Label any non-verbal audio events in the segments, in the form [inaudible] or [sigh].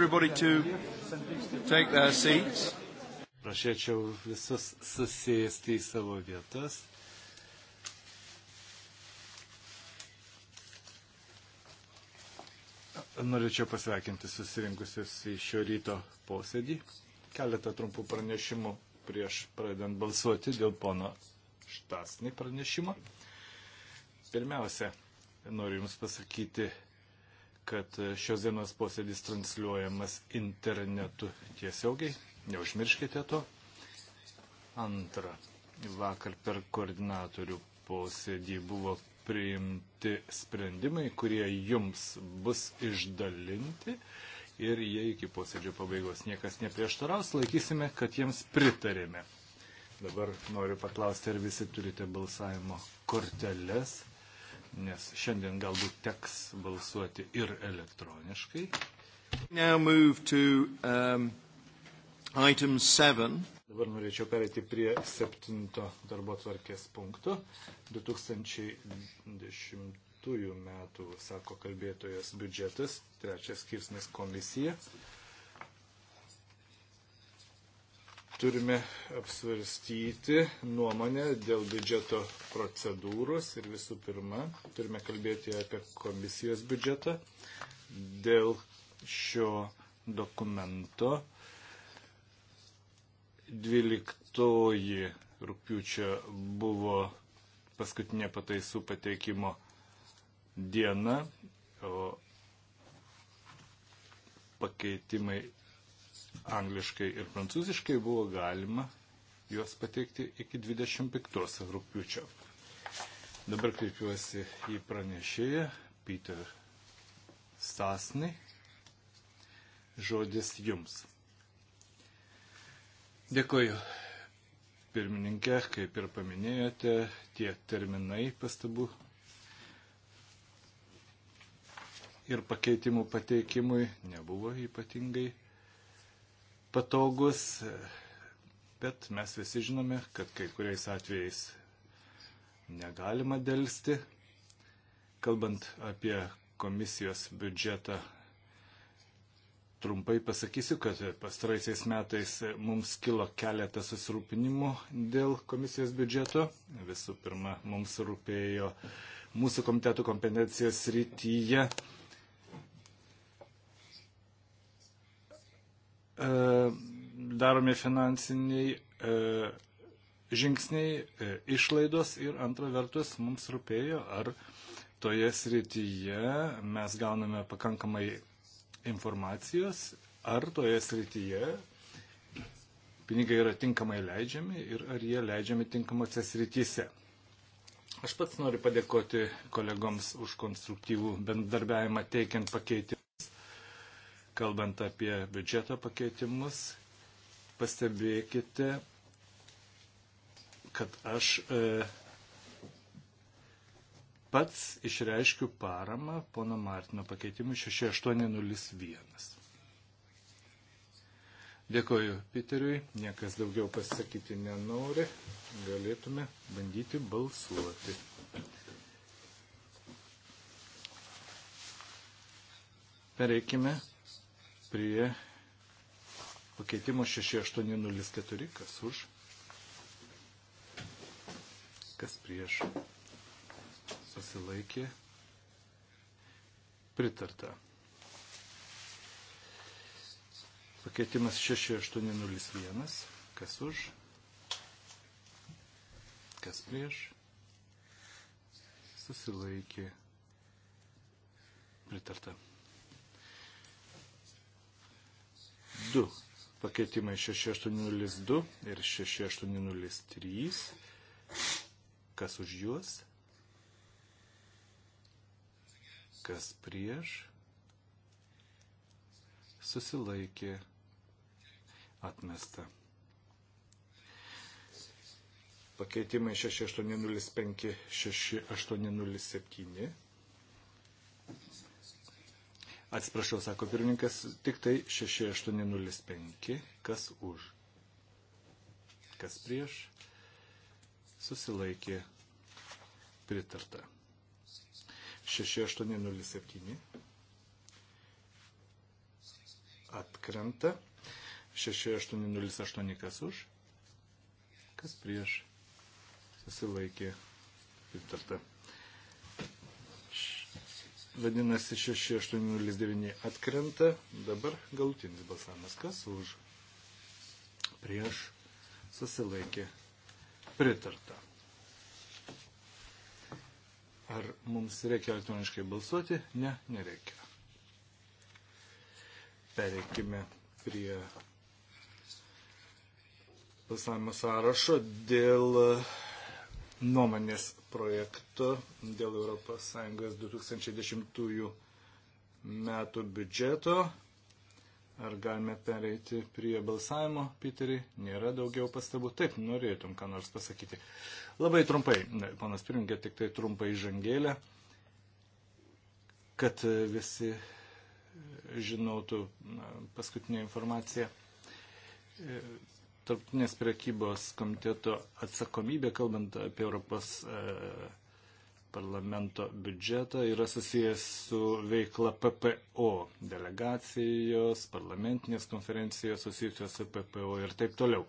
everybody to take their seats. Prašėčiau visus susėsti į savo vietas. Norėčiau pasveikinti susirinkusius į šio ryto posėdį. Keletą trumpų pranešimų prieš pradedant balsuoti dėl pono Štasnį pranešimo. Pirmiausia, noriu Jums pasakyti, kad šios dienos posėdis transliuojamas internetu tiesiogiai. Neužmirškite to. Antra, vakar per koordinatorių posėdį buvo priimti sprendimai, kurie jums bus išdalinti ir jei iki posėdžio pabaigos niekas neprieštaraus, laikysime, kad jiems pritarėme. Dabar noriu paklausti, ar visi turite balsavimo korteles nes šiandien galbūt teks balsuoti ir elektroniškai. To, um, Dabar norėčiau pereiti prie septinto darbo tvarkės punkto. 2010 metų, sako kalbėtojas, biudžetas, trečias skirsnis komisija. turime apsvarstyti nuomonę dėl biudžeto procedūros ir visų pirma turime kalbėti apie komisijos biudžetą dėl šio dokumento 12 rūpiučio buvo paskutinė pataisų pateikimo diena, o pakeitimai angliškai ir prancūziškai buvo galima juos pateikti iki 25 rūpiučio. Dabar kreipiuosi į pranešėją Peter Stasny. Žodis jums. Dėkuoju. Pirmininkė, kaip ir paminėjote, tie terminai pastabų ir pakeitimų pateikimui nebuvo ypatingai patogus, bet mes visi žinome, kad kai kuriais atvejais negalima dėlsti. Kalbant apie komisijos biudžetą, trumpai pasakysiu, kad pastaraisiais metais mums kilo keletas susirūpinimų dėl komisijos biudžeto. Visų pirma, mums rūpėjo mūsų komitetų kompetencijos rytyje E, daromi finansiniai e, žingsniai, e, išlaidos ir antra vertus mums rūpėjo, ar toje srityje mes gauname pakankamai informacijos, ar toje srityje pinigai yra tinkamai leidžiami ir ar jie leidžiami tinkamose srityse. Aš pats noriu padėkoti kolegoms už konstruktyvų bendarbiavimą teikiant pakeitimą. Kalbant apie biudžeto pakeitimus, pastebėkite, kad aš e, pats išreiškiu paramą pono Martino pakeitimui 6801. Dėkoju Piteriui, niekas daugiau pasakyti nenori, galėtume bandyti balsuoti. Pereikime prie pakeitimo 6804, kas už, kas prieš, susilaikė, pritarta. Pakeitimas 6801, kas už, kas prieš, susilaikė, pritarta. Du pakeitimai 6802 ir 6803. Kas už juos? Kas prieš? Susilaikė. Atmesta. Pakeitimai 6805, 6807. Atsiprašau, sako pirmininkas, tik tai 6805. Kas už? Kas prieš? Susilaikė. Pritarta. 6807. Atkrenta. 6808 kas už, kas prieš. Susilaikė. Pritarta. Vadinasi, 6809 atkrenta. Dabar galutinis balsavimas. Kas už? Prieš susilaikė pritarta. Ar mums reikia elektroniškai balsuoti? Ne, nereikia. Pereikime prie balsavimo sąrašo dėl nuomonės projekto dėl ES 2010 metų biudžeto. Ar galime pereiti prie balsavimo, Piterį? Nėra daugiau pastabų. Taip, norėtum ką nors pasakyti. Labai trumpai, panas pirmininkė, tik tai trumpai žangėlę, kad visi žinotų paskutinę informaciją tarptautinės priekybos komiteto atsakomybė, kalbant apie Europos e, parlamento biudžetą, yra susijęs su veikla PPO delegacijos, parlamentinės konferencijos susijusios su PPO ir taip toliau.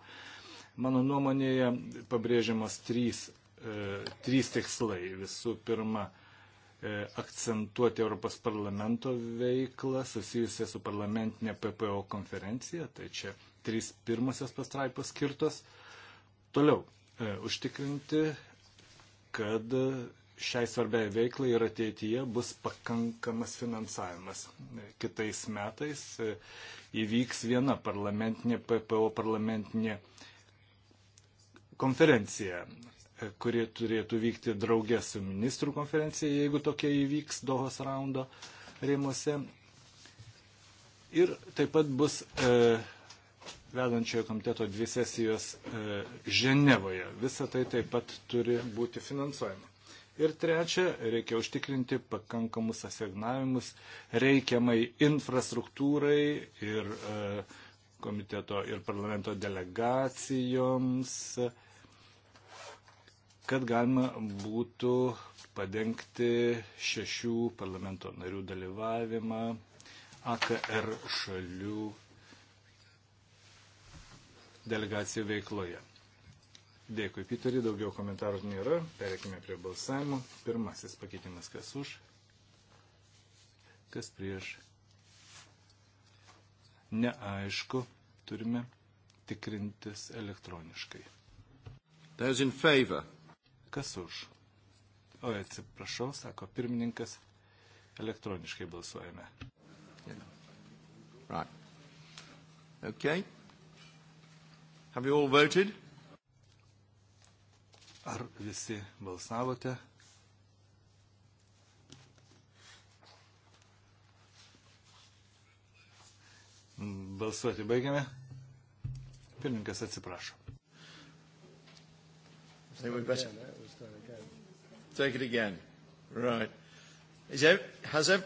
Mano nuomonėje pabrėžiamas trys, e, trys tikslai. Visų pirma, e, akcentuoti Europos parlamento veiklą susijusią su parlamentinė PPO konferencija, tai čia trys pirmasios pastraipos skirtos. Toliau, e, užtikrinti, kad šiai svarbiai veiklai ir ateityje bus pakankamas finansavimas. E, kitais metais e, įvyks viena parlamentinė PPO parlamentinė konferencija, kuri turėtų vykti draugė su ministrų konferencija, jeigu tokia įvyks Dohos raundo rėmose. Ir taip pat bus e, vedančiojo komiteto dvi sesijos e, Ženevoje. Visa tai taip pat turi būti finansuojama. Ir trečia, reikia užtikrinti pakankamus asignavimus reikiamai infrastruktūrai ir e, komiteto ir parlamento delegacijoms, kad galima būtų padengti šešių parlamento narių dalyvavimą AKR šalių delegacijų veikloje. Dėkui, Piterį, daugiau komentarų nėra. Pereikime prie balsavimo. Pirmasis pakeitimas, kas už, kas prieš. Neaišku, turime tikrintis elektroniškai. Kas už? O atsiprašau, sako pirmininkas, elektroniškai balsuojame. Yeah. Right. Okay. Have you all voted? Ar visi balsavote? Balsuoti baigiame. Pirmininkas atsiprašo. Take it again. Right. Is it, has it,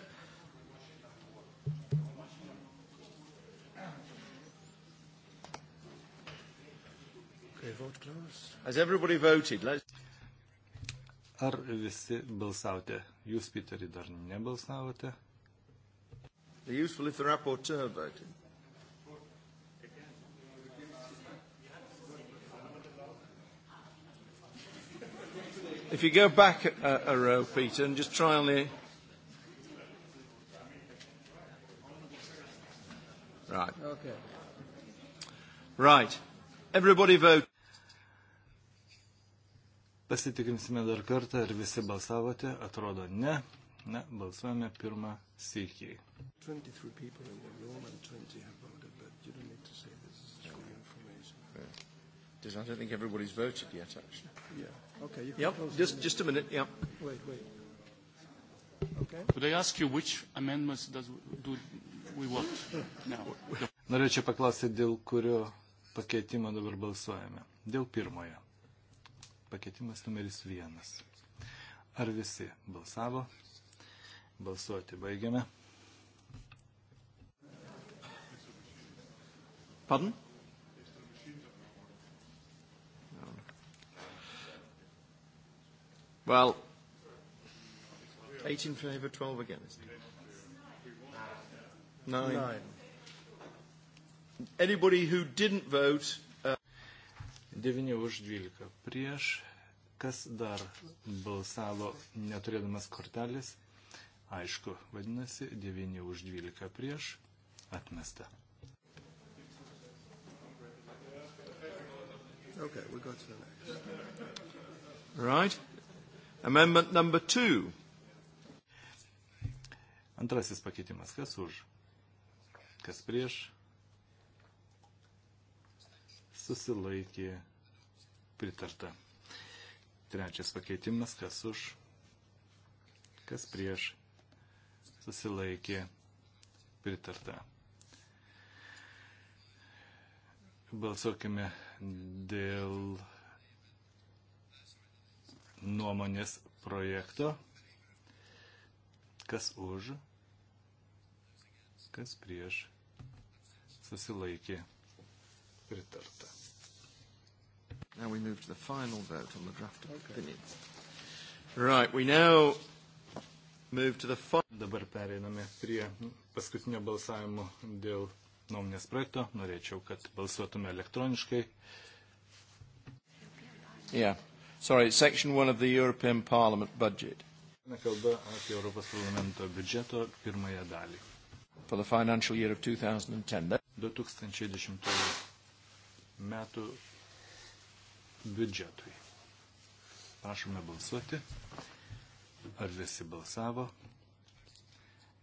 Ar visi balsavote? Jūs, Piterį, dar nebalsavote? If you go back a, a row, Peter, and just try on the... Right. Okay. Right. Everybody vote. Pasitikrinsime dar kartą, ar visi balsavote. Atrodo, ne. Na, balsuojame pirmą sykį. Does I don't think everybody's voted yet, actually. Yeah. Okay. You yep. Just, just a minute. Yeah. Wait, wait. Okay. Could I ask you which amendments does do we what now? Norėčiau paklausyti, dėl kurio pakeitimo dabar balsuojame. Dėl pirmojo pakeitimas numeris vienas. Ar visi balsavo? Balsuoti baigiame. Pardon? Well, 18 favor, 12 against. Nine. Nine. Anybody who didn't vote 9 už 12 prieš. Kas dar balsavo neturėdamas kortelės? Aišku, vadinasi, 9 už 12 prieš atmesta. Okay, we go to the next. Right. Amendment number two. Antrasis pakeitimas. Kas už? Kas prieš? susilaikė pritarta. Trečias pakeitimas, kas už, kas prieš, susilaikė pritarta. Balsuokime dėl nuomonės projekto. Kas už, kas prieš, susilaikė pritarta. Now we move to the final vote on the draft okay. opinion. Right, we now move to the Dabar pereiname prie paskutinio balsavimo dėl nuomonės projekto. Norėčiau, kad balsuotume elektroniškai. Yeah. Sorry, section 1 of the European Parliament budget. Kalba apie Europos parlamento biudžeto pirmąją dalį. For the financial year of 2010. 2010 metų biudžetui. Prašome balsuoti. Ar visi balsavo?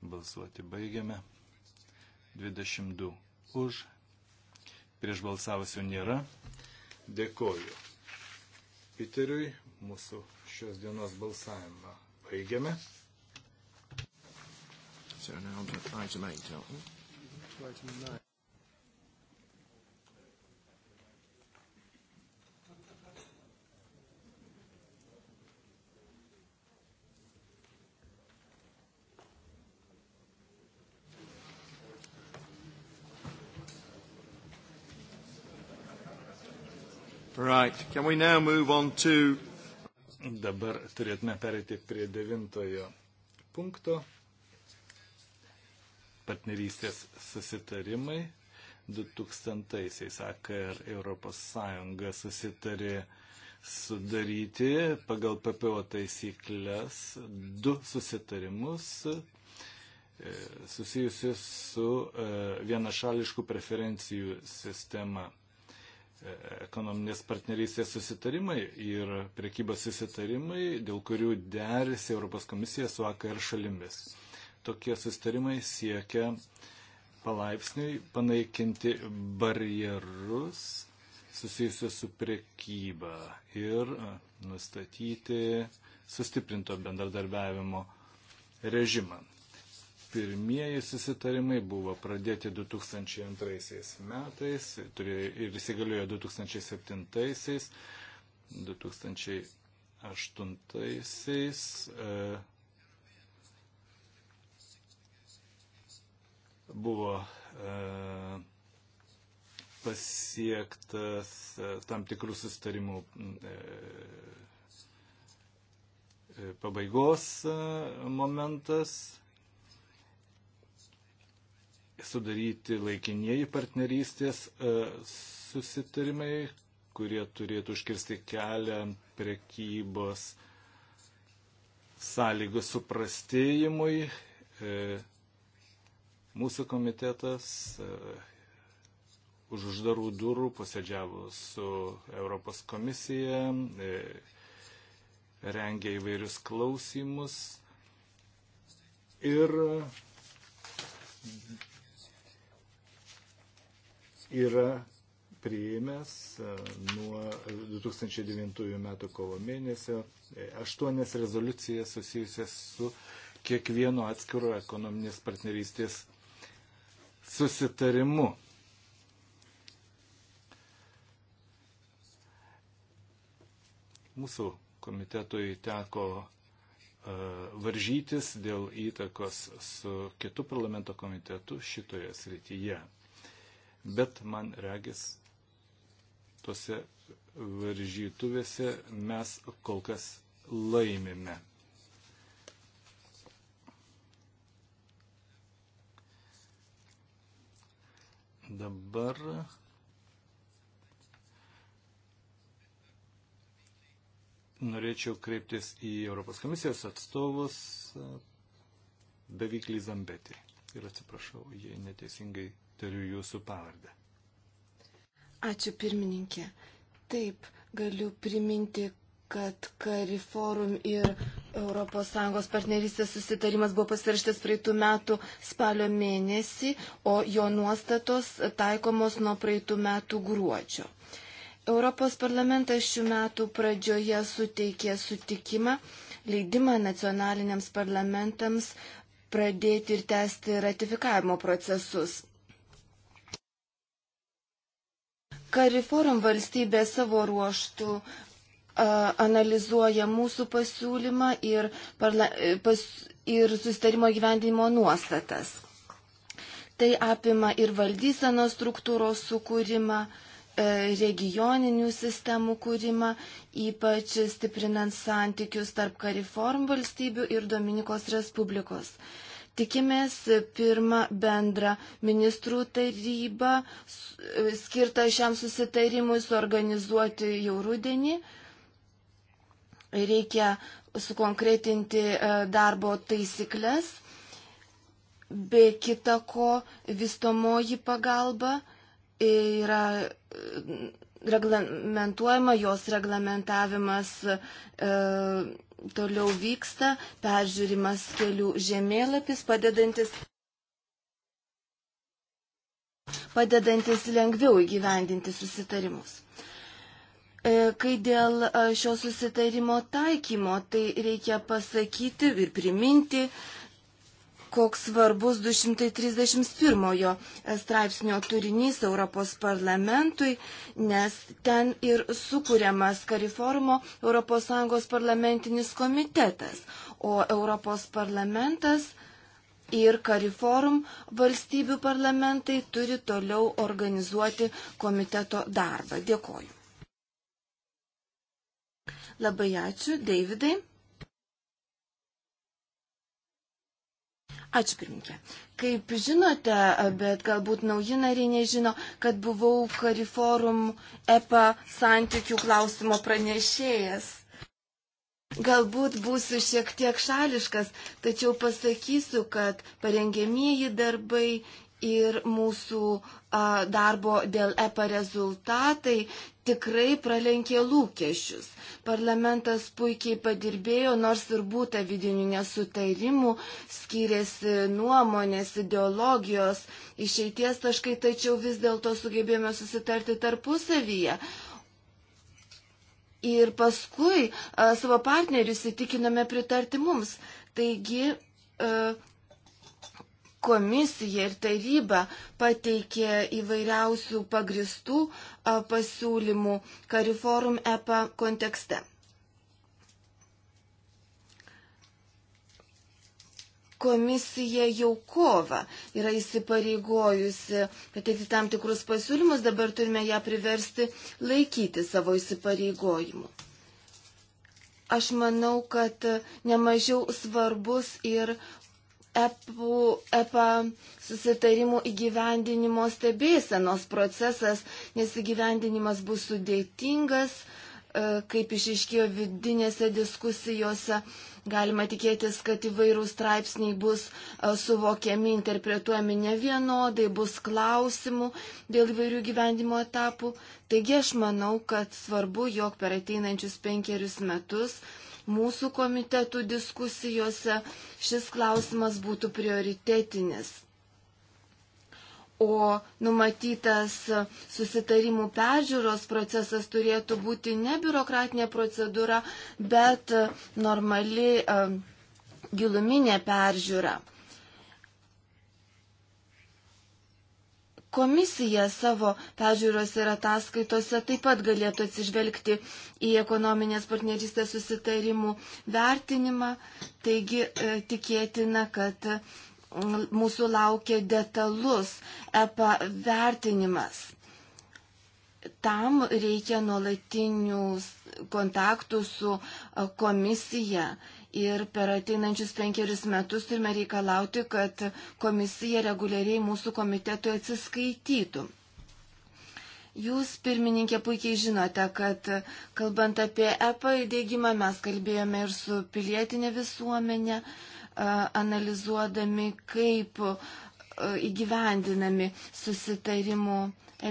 Balsuoti baigiame. 22 už. Prieš balsavusių nėra. Dėkoju. Piteriui mūsų šios dienos balsavimą baigiame. So now to item 8, Elton. To item 9. Right. Can we now move on to... Dabar turėtume perėti prie devintojo punkto. Partnerystės susitarimai. 2000-aisiais AKR Europos Sąjunga susitarė sudaryti pagal PPO taisyklės du susitarimus e, susijusius su e, vienašališkų preferencijų sistema ekonominės partnerystės susitarimai ir prekybos susitarimai, dėl kurių derisi Europos komisija su AKR šalimis. Tokie susitarimai siekia palaipsniui panaikinti barjerus susijusius su prekyba ir nustatyti sustiprinto bendradarbiavimo režimą. Pirmieji susitarimai buvo pradėti 2002 metais ir įsigaliojo 2007, 2008 e, buvo e, pasiektas e, tam tikrų sustarimų pabaigos momentas sudaryti laikinieji partnerystės e, susitarimai, kurie turėtų užkirsti kelią prekybos sąlygų suprastėjimui. E, mūsų komitetas e, už uždarų durų posėdžiavo su Europos komisija, rengė įvairius klausimus ir yra priėmęs e, nuo 2009 metų kovo mėnesio e, aštuonias rezoliucijas susijusias su kiekvieno atskiro ekonominės partnerystės susitarimu. Mūsų komitetui teko e, varžytis dėl įtakos su kitu parlamento komitetu šitoje srityje bet man regis tuose varžytuvėse mes kol kas laimime. Dabar norėčiau kreiptis į Europos komisijos atstovus bevyklį Zambetį. Ir atsiprašau, jei neteisingai tariu jūsų pavardę. Ačiū pirmininkė. Taip, galiu priminti, kad Kariforum ir ES partnerystės susitarimas buvo pasirašytas praeitų metų spalio mėnesį, o jo nuostatos taikomos nuo praeitų metų gruodžio. Europos parlamentas šių metų pradžioje suteikė sutikimą, leidimą nacionaliniams parlamentams pradėti ir tęsti ratifikavimo procesus. Kariforum valstybė savo ruoštų analizuoja mūsų pasiūlymą ir, parla, pas, ir sustarimo gyvendinimo nuostatas. Tai apima ir valdysenos struktūros sukūrimą, e, regioninių sistemų kūrimą, ypač stiprinant santykius tarp Kariform valstybių ir Dominikos Respublikos. Tikimės pirmą bendrą ministrų tarybą e, skirtą šiam susitarimui suorganizuoti jau rudenį. Reikia sukonkretinti e, darbo taisyklės, be kita ko vystomoji pagalba yra e, reglamentuojama, jos reglamentavimas e, toliau vyksta, peržiūrimas kelių žemėlapis, padedantis, padedantis lengviau įgyvendinti susitarimus. E, kai dėl e, šio susitarimo taikymo, tai reikia pasakyti ir priminti, e, koks svarbus 231 straipsnio turinys Europos parlamentui, nes ten ir sukūriamas Kariformo ES parlamentinis komitetas, o Europos parlamentas ir Kariforum valstybių parlamentai turi toliau organizuoti komiteto darbą. Dėkoju. Labai ačiū, Davidai. Ačiū, pirinkė. Kaip žinote, bet galbūt nauji nariai nežino, kad buvau Kariforum EPA santykių klausimo pranešėjas. Galbūt būsiu šiek tiek šališkas, tačiau pasakysiu, kad parengėmieji darbai ir mūsų a, darbo dėl EPA rezultatai tikrai pralenkė lūkesčius. Parlamentas puikiai padirbėjo, nors ir būta vidinių nesutarimų, skiriasi nuomonės, ideologijos, išeities taškai, tačiau vis dėlto sugebėjome susitarti tarpusavyje. Ir paskui a, savo partnerius įtikinome pritarti mums. Taigi, a, komisija ir taryba pateikė įvairiausių pagristų pasiūlymų Kariforum EPA kontekste. Komisija jau kova yra įsipareigojusi pateikti tam tikrus pasiūlymus, dabar turime ją priversti laikyti savo įsipareigojimų aš manau, kad nemažiau svarbus ir EPU, EPA susitarimų įgyvendinimo stebėsenos procesas, nes įgyvendinimas bus sudėtingas, e, kaip išiškėjo vidinėse diskusijose. Galima tikėtis, kad įvairūs straipsniai bus e, suvokiami, interpretuojami nevienodai, bus klausimų dėl įvairių gyvendimo etapų. Taigi aš manau, kad svarbu, jog per ateinančius penkerius metus uh, mūsų komitetų diskusijose šis klausimas būtų prioritetinis. O numatytas susitarimų peržiūros procesas turėtų būti ne biurokratinė procedūra, bet normali e, giluminė peržiūra. komisija savo pežiūros ir ataskaitose taip pat galėtų atsižvelgti į ekonominės partnerystės susitarimų vertinimą. Taigi e, tikėtina, kad mūsų laukia detalus EPA vertinimas. Tam reikia nuolatinių kontaktų su e, komisija ir per ateinančius penkerius metus turime reikalauti, kad komisija reguliariai mūsų komitetui atsiskaitytų. Jūs, pirmininkė, puikiai žinote, kad kalbant apie EPA įdėgymą, mes kalbėjome ir su pilietinė visuomenė, analizuodami, kaip įgyvendinami susitarimų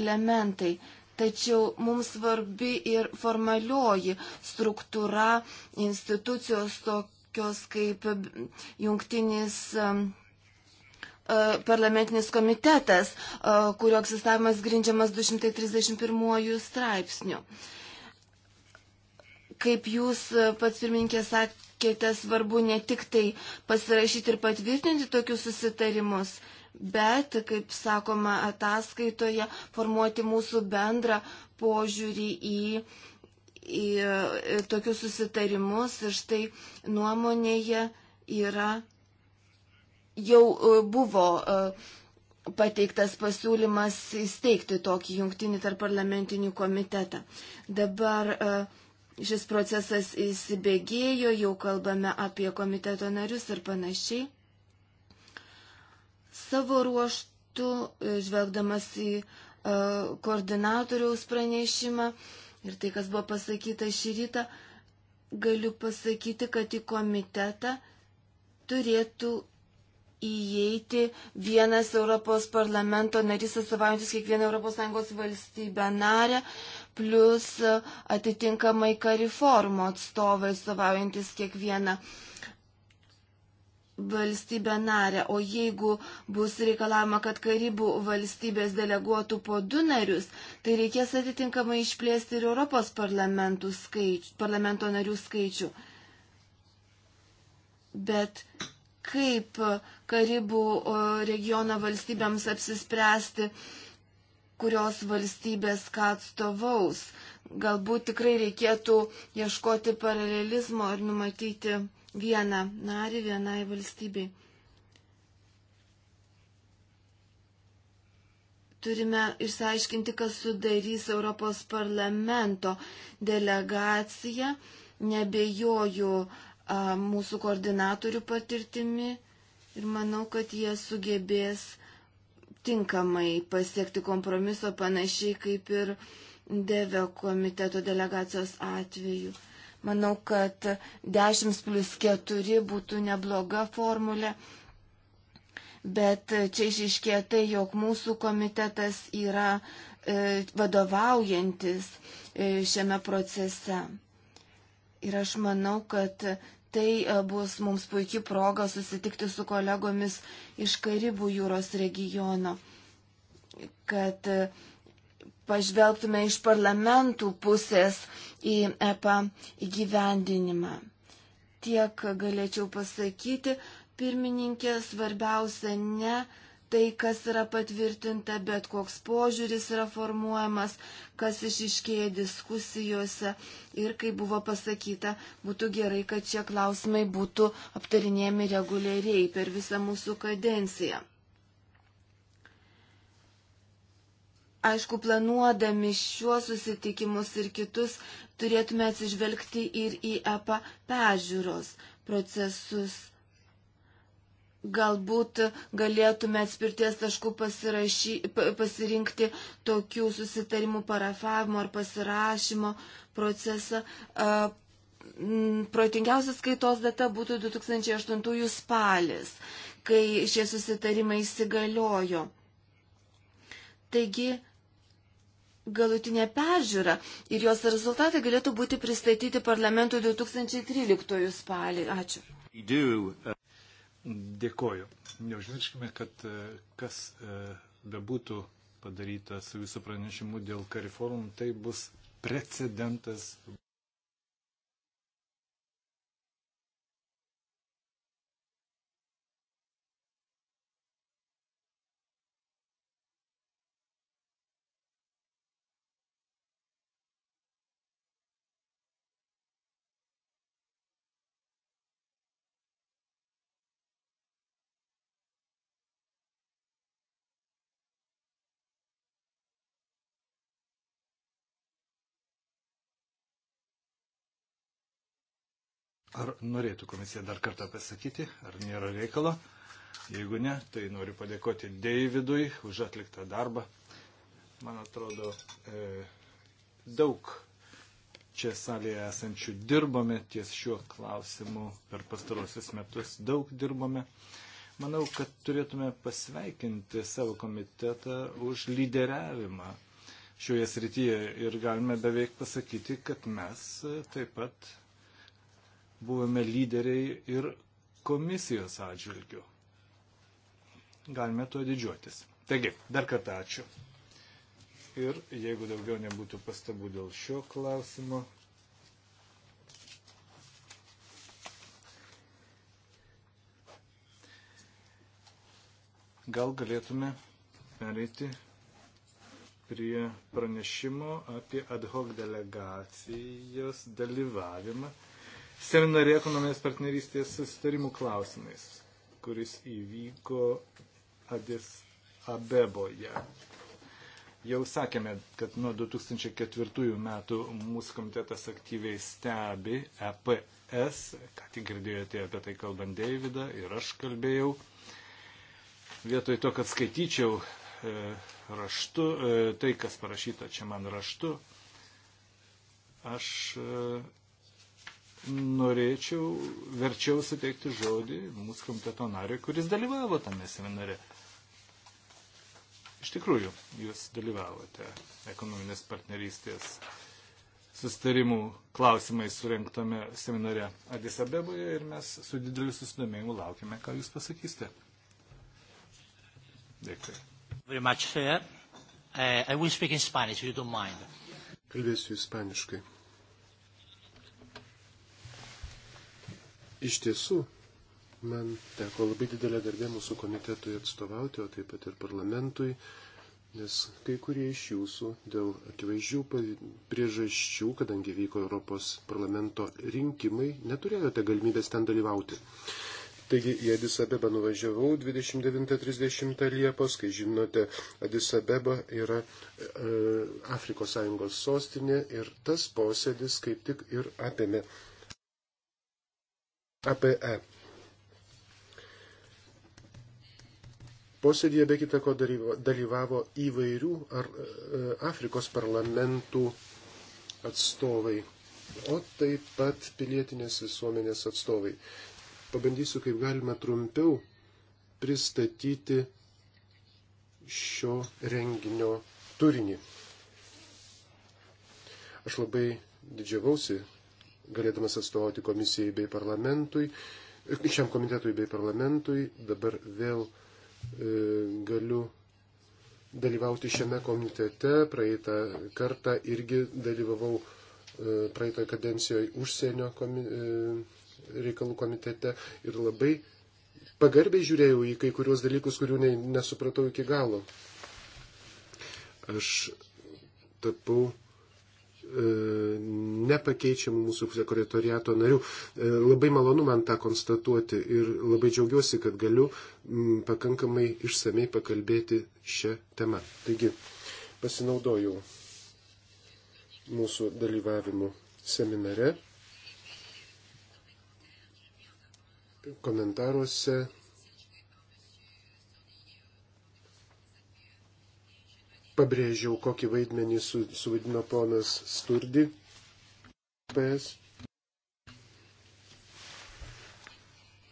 elementai tačiau mums svarbi ir formalioji struktūra institucijos tokios kaip jungtinis e, parlamentinis komitetas, e, kurio egzistavimas grindžiamas 231 straipsniu. Kaip jūs e, pats pirmininkė sakėte, svarbu ne tik tai pasirašyti ir patvirtinti tokius susitarimus, bet, kaip sakoma ataskaitoje, formuoti mūsų bendrą požiūrį į, į, į tokius susitarimus ir štai nuomonėje yra jau e, buvo e, pateiktas pasiūlymas įsteigti tokį jungtinį tarp parlamentinių komitetą. Dabar e, šis procesas įsibėgėjo, jau kalbame apie komiteto narius ir panašiai. Savo ruoštų, e, žvelgdamas į e, koordinatoriaus pranešimą ir tai, kas buvo pasakyta šį rytą, galiu pasakyti, kad į komitetą turėtų įeiti vienas Europos parlamento narys atstovaujantis kiekvieną ES valstybę narę, plus e, atitinkamai kariformo atstovai atstovaujantis kiekvieną uh, valstybę narę, o jeigu bus reikalama, kad Karibų valstybės deleguotų po du narius, tai reikės atitinkamai išplėsti ir Europos skaičių, parlamento narių skaičių. Bet kaip Karibų regiono valstybėms apsispręsti, kurios valstybės ką atstovaus. Galbūt tikrai reikėtų ieškoti paralelizmo ir numatyti vieną narį vienai valstybei. Turime išsiaiškinti, kas sudarys Europos parlamento delegaciją. Nebejoju a, mūsų koordinatorių patirtimi ir manau, kad jie sugebės tinkamai pasiekti kompromiso panašiai kaip ir Deve komiteto delegacijos atveju. Manau, kad 10 plus 4 būtų nebloga formulė. Bet čia išiškė tai, jog mūsų komitetas yra e, vadovaujantis e, šiame procese. Ir aš manau, kad tai e, bus mums puikia proga susitikti su kolegomis iš Karibų jūros regiono, kad e, pažvelgtume iš parlamentų pusės į EPA įgyvendinimą. Tiek galėčiau pasakyti, pirmininkė, svarbiausia ne tai, kas yra patvirtinta, bet koks požiūris yra formuojamas, kas išiškėja diskusijose ir, kaip buvo pasakyta, būtų gerai, kad šie klausimai būtų aptarinėjami reguliariai per visą mūsų kadenciją. Aišku, planuodami šiuos susitikimus ir kitus turėtume atsižvelgti ir į EPA pežiūros procesus. Galbūt galėtume atspirties taškų pasirašy, pasirinkti tokių susitarimų parafavimo ar pasirašymo procesą. Protingiausias skaitos data būtų 2008 spalis, kai šie susitarimai įsigaliojo. Taigi, galutinė peržiūra ir jos rezultatai galėtų būti pristatyti parlamentui 2013 spalį. Ačiū. Uh, Dėkoju. Neužmirškime, kad uh, kas uh, bebūtų padaryta su visų pranešimu dėl kariforum, tai bus precedentas. Ar norėtų komisija dar kartą pasakyti, ar nėra reikalo? Jeigu ne, tai noriu padėkoti Davidui už atliktą darbą. Man atrodo, e, daug čia salėje esančių dirbame ties šiuo klausimu per pastarosius metus. Daug dirbame. Manau, kad turėtume pasveikinti savo komitetą už lyderiavimą šioje srityje ir galime beveik pasakyti, kad mes e, taip pat buvome lyderiai ir komisijos atžvilgių. Galime tuo didžiuotis. Taigi, dar kartą ačiū. Ir jeigu daugiau nebūtų pastabų dėl šio klausimo. Gal galėtume pereiti prie pranešimo apie ad hoc delegacijos dalyvavimą seminarė ekonominės partnerystės susitarimų klausimais, kuris įvyko Adis Abeboje. Jau sakėme, kad nuo 2004 metų mūsų komitetas aktyviai stebi EPS, ką tik girdėjote apie tai kalbant Davidą ir aš kalbėjau. Vietoj to, kad skaityčiau e, raštu, e, tai kas parašyta čia man raštu, aš e, norėčiau verčiau suteikti žodį mūsų komiteto nariui, kuris dalyvavo tame seminare. Iš tikrųjų, jūs dalyvavote ekonominės partnerystės sustarimų klausimais surinktame seminare Adisabeboje ir mes su dideliu susidomėjimu laukime, ką jūs pasakysite. Dėkui. Uh, Kalbėsiu ispaniškai. Iš tiesų, man teko labai didelė garbė mūsų komitetui atstovauti, o taip pat ir parlamentui, nes kai kurie iš jūsų dėl akivaizdžių priežasčių, kadangi vyko Europos parlamento rinkimai, neturėjote galimybės ten dalyvauti. Taigi į Adis Abebą nuvažiavau 29-30 Liepos, kai žinote, Adis Abeba yra e, Afrikos Sąjungos sostinė ir tas posėdis kaip tik ir apėmė APE. Posėdėje be kita ko dalyvavo įvairių ar, e, e, Afrikos parlamentų atstovai, o taip pat pilietinės visuomenės atstovai. Pabandysiu kaip galima trumpiau pristatyti šio renginio turinį. Aš labai didžiavausi galėdamas atstovauti komisijai bei parlamentui, šiam komitetui bei parlamentui, dabar vėl e, galiu dalyvauti šiame komitete. Praeitą kartą irgi dalyvavau e, praeitą kadencijoje užsienio komi, e, reikalų komitete ir labai pagarbiai žiūrėjau į kai kuriuos dalykus, kurių ne, nesupratau iki galo. Aš tapau E, nepakeičiamų mūsų sekretoriato narių. E, labai malonu man tą konstatuoti ir labai džiaugiuosi, kad galiu pakankamai išsamei pakalbėti šią temą. Taigi, pasinaudojau mūsų dalyvavimu seminare, komentaruose pabrėžiau, kokį vaidmenį su, suvadino ponas Sturdi. PS.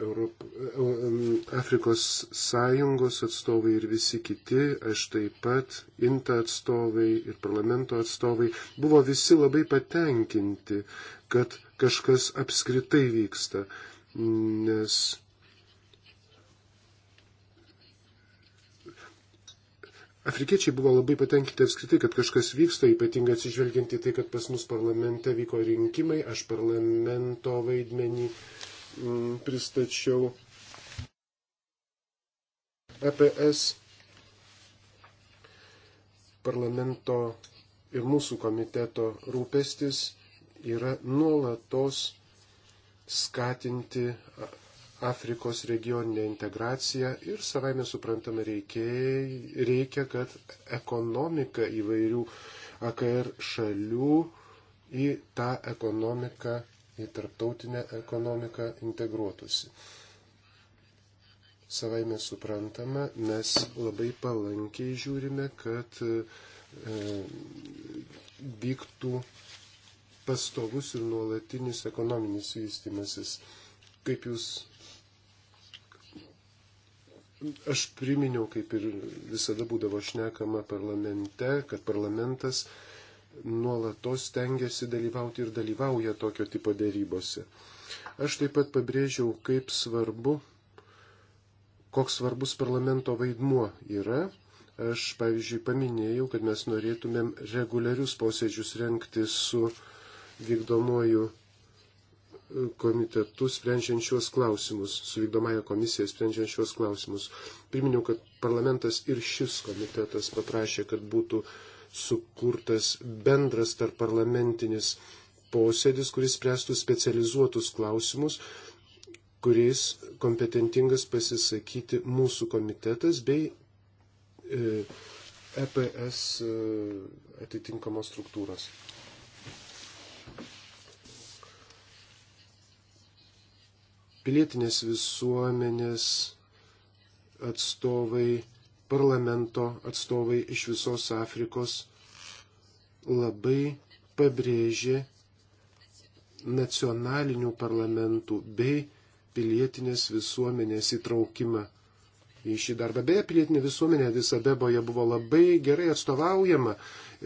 Europ... E, Afrikos sąjungos atstovai ir visi kiti, aš taip pat, INTA atstovai ir parlamento atstovai, buvo visi labai patenkinti, kad kažkas apskritai vyksta, nes Afrikiečiai buvo labai patenkinti apskritai, kad kažkas vyksta, ypatingai atsižvelgiant į tai, kad pas mus parlamente vyko rinkimai, aš parlamento vaidmenį m, mm, pristačiau. EPS parlamento ir mūsų komiteto rūpestis yra nuolatos skatinti Afrikos regioninę integraciją ir savai mes suprantame reikia, reikia, kad ekonomika įvairių AKR šalių į tą ekonomiką, į tarptautinę ekonomiką integruotųsi. Savai mes suprantama, mes labai palankiai žiūrime, kad e, vyktų pastovus ir nuolatinis ekonominis vystimasis. Kaip jūs Aš priminiau, kaip ir visada būdavo šnekama parlamente, kad parlamentas nuolatos tengiasi dalyvauti ir dalyvauja tokio tipo dėrybose. Aš taip pat pabrėžiau, kaip svarbu, koks svarbus parlamento vaidmuo yra. Aš, pavyzdžiui, paminėjau, kad mes norėtumėm reguliarius posėdžius renkti su vykdomuoju komitetu sprendžiančios klausimus, su vykdomąją komisiją sprendžiančios klausimus. Priminiau, kad parlamentas ir šis komitetas paprašė, kad būtų sukurtas bendras tarp parlamentinis posėdis, kuris spręstų specializuotus klausimus, kuriais kompetentingas pasisakyti mūsų komitetas bei EPS e e, atitinkamos struktūros. pilietinės visuomenės atstovai, parlamento atstovai iš visos Afrikos labai pabrėžė nacionalinių parlamentų bei pilietinės visuomenės įtraukimą į šį darbą. Beje, pilietinė visuomenė Visabeboje buvo labai gerai atstovaujama.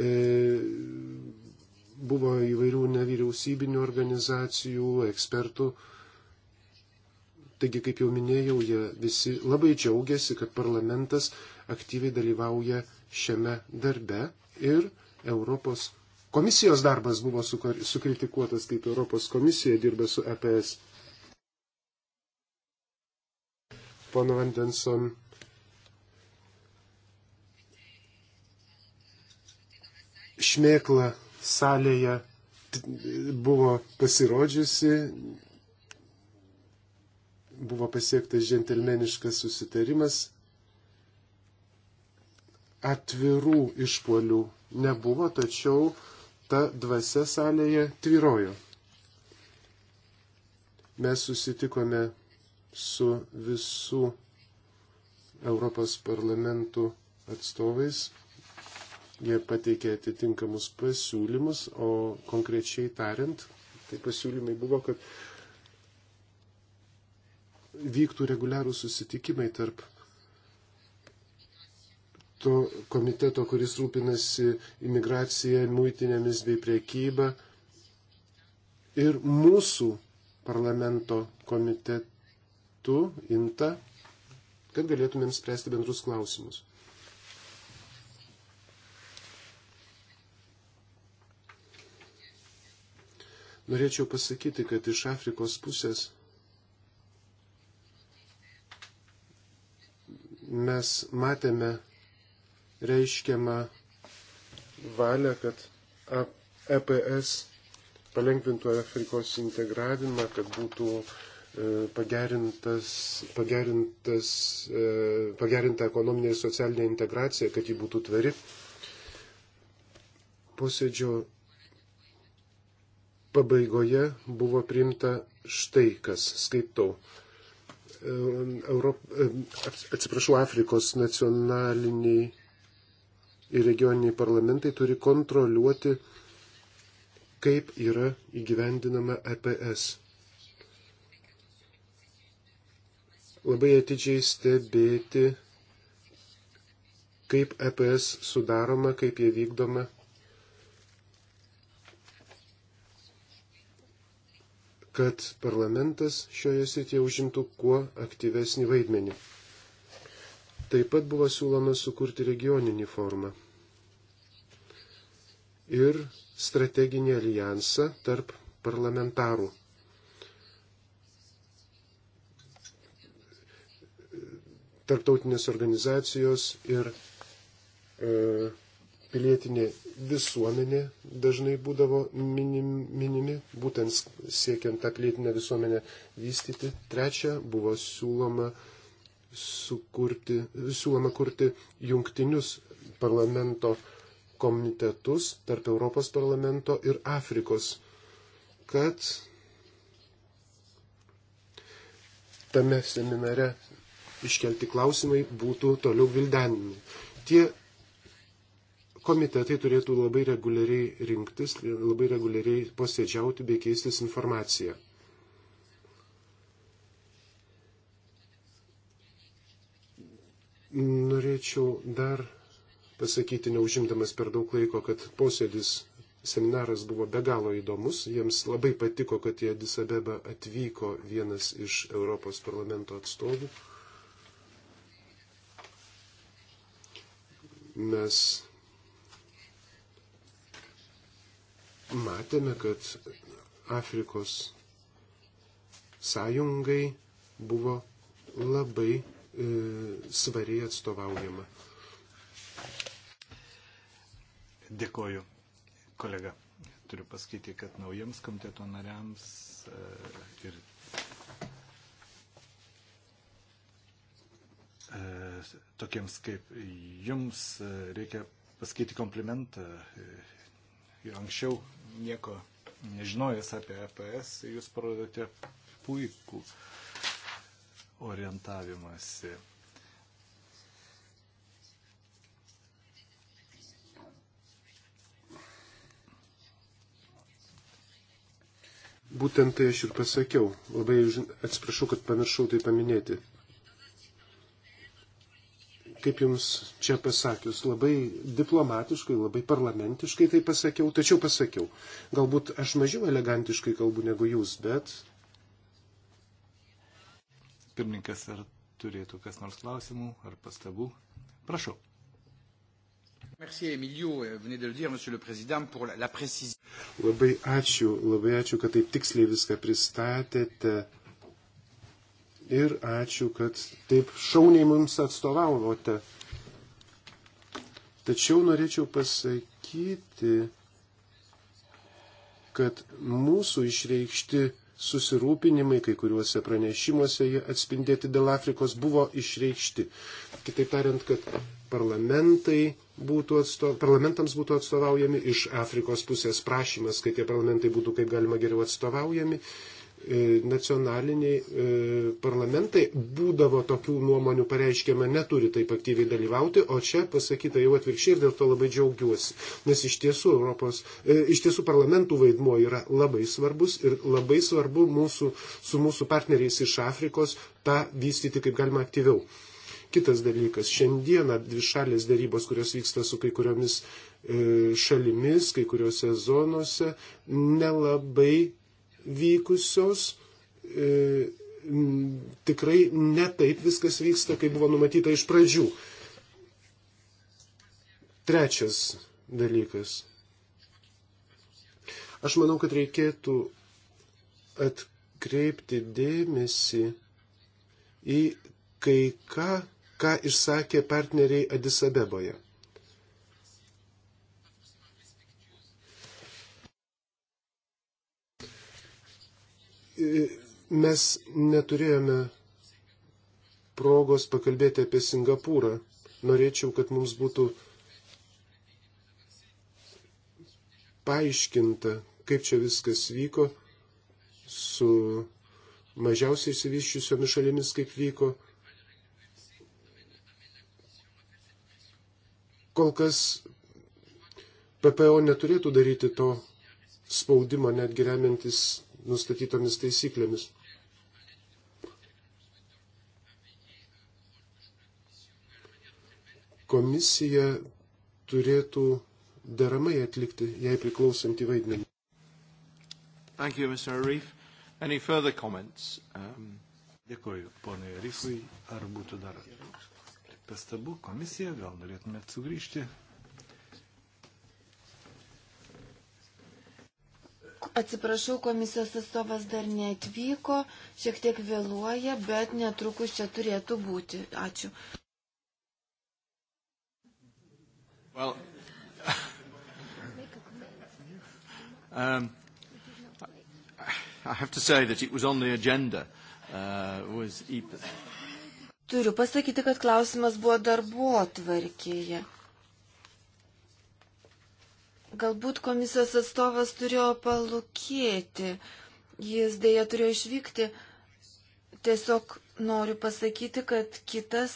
E, buvo įvairių nevyriausybinių organizacijų, ekspertų. E, Taigi, kaip jau minėjau, jie visi labai džiaugiasi, kad parlamentas aktyviai dalyvauja šiame darbe ir Europos komisijos darbas buvo sukritikuotas, kaip Europos komisija dirba su EPS. Pono Vandenson šmėkla salėje buvo pasirodžiusi, buvo pasiektas džentelmeniškas susitarimas, atvirų išpolių nebuvo, tačiau ta dvasia salėje tvirojo. Mes susitikome su visų Europos parlamentų atstovais. Jie pateikė atitinkamus pasiūlymus, o konkrečiai tariant, tai pasiūlymai buvo, kad vyktų reguliarų susitikimai tarp to komiteto, kuris rūpinasi imigracija, muitinėmis bei priekyba ir mūsų parlamento komitetu INTA, kad galėtumėm spręsti bendrus klausimus. Norėčiau pasakyti, kad iš Afrikos pusės mes matėme reiškiamą valią, kad EPS palengvintų Afrikos integravimą, kad būtų e, pagerintas, pagerintas, e, pagerinta ekonominė ir socialinė integracija, kad ji būtų tvari. Posėdžio pabaigoje buvo priimta štai kas, skaitau. Europ, atsiprašau, Afrikos nacionaliniai ir regioniniai parlamentai turi kontroliuoti, kaip yra įgyvendinama EPS. Labai atidžiai stebėti, kaip EPS sudaroma, kaip jie vykdoma kad parlamentas šioje srityje užimtų kuo aktyvesnį vaidmenį. Taip pat buvo siūloma sukurti regioninį formą ir strateginį alijansą tarp parlamentarų. Tarptautinės organizacijos ir e, pilietinė visuomenė dažnai būdavo minimi, būtent siekiant tą pilietinę visuomenę vystyti. Trečia, buvo siūloma, sukurti, siūloma kurti jungtinius parlamento komitetus tarp Europos parlamento ir Afrikos, kad tame seminare iškelti klausimai būtų toliau vildenimi. Tie komitetai turėtų labai reguliariai rinktis, labai reguliariai posėdžiauti bei keistis informaciją. Norėčiau dar pasakyti, neužimdamas per daug laiko, kad posėdis seminaras buvo be galo įdomus. Jiems labai patiko, kad į Adisabebą atvyko vienas iš Europos parlamento atstovų. Mes matėme, kad Afrikos sąjungai buvo labai e, svariai atstovaujama. Dėkoju, kolega. Turiu pasakyti, kad naujiems komiteto nariams e, ir e, tokiems kaip jums e, reikia pasakyti komplimentą. E, anksčiau nieko nežinojęs apie EPS, jūs parodote puikų orientavimąsi. Būtent tai aš ir pasakiau. Labai atsiprašau, kad pamiršau tai paminėti kaip jums čia pasakius, labai diplomatiškai, labai parlamentiškai tai pasakiau, tačiau pasakiau. Galbūt aš mažiau elegantiškai kalbu negu jūs, bet. Pirmininkas, ar turėtų kas nors klausimų ar pastabų? Prašau. Merci, Emilio, venez de le dire, monsieur le président, pour la, la précision. Labai ačiū, labai ačiū, kad taip tiksliai viską pristatėte ir ačiū, kad taip šauniai mums atstovavote. Tačiau norėčiau pasakyti, kad mūsų išreikšti susirūpinimai, kai kuriuose pranešimuose jie atspindėti dėl Afrikos buvo išreikšti. Kitaip tariant, kad būtų atstov, parlamentams būtų atstovaujami iš Afrikos pusės prašymas, kad tie parlamentai būtų kaip galima geriau atstovaujami E, nacionaliniai e, parlamentai būdavo tokių nuomonių pareiškiama, neturi taip aktyviai dalyvauti, o čia pasakyta jau atvirkščiai ir dėl to labai džiaugiuosi. Nes iš tiesų, Europos, e, iš tiesų parlamentų vaidmuo yra labai svarbus ir labai svarbu mūsų, su mūsų partneriais iš Afrikos tą vystyti kaip galima aktyviau. Kitas dalykas, šiandieną dvi šalės darybos, kurios vyksta su kai kuriomis šalimis, kai kuriuose zonose, nelabai vykusios. E, tikrai netaip viskas vyksta, kaip buvo numatyta iš pradžių. Trečias dalykas. Aš manau, kad reikėtų atkreipti dėmesį į kai ką, ką išsakė partneriai Adisabeboje. mes neturėjome progos pakalbėti apie Singapūrą. Norėčiau, kad mums būtų paaiškinta, kaip čia viskas vyko su mažiausiai išsivyščiusiomis šalimis, kaip vyko. Kol kas PPO neturėtų daryti to spaudimo, netgi remiantis nustatytomis taisyklėmis. Komisija turėtų deramai atlikti jai priklausantį vaidmenį. Thank you, Mr. Arif. Any further comments? Um... Dėkoju, ponai Arifui. Ar būtų dar pastabų komisija? Gal norėtumėt sugrįžti Atsiprašau, komisijos atstovas dar neatvyko, šiek tiek vėluoja, bet netrukus čia turėtų būti. Ačiū. Well, [laughs] um, I have to say that it was on the agenda. Uh, was... E Turiu pasakyti, kad klausimas buvo darbo atvarkėje. Galbūt komisijos atstovas turėjo palūkėti. Jis dėja turėjo išvykti. Tiesiog noriu pasakyti, kad kitas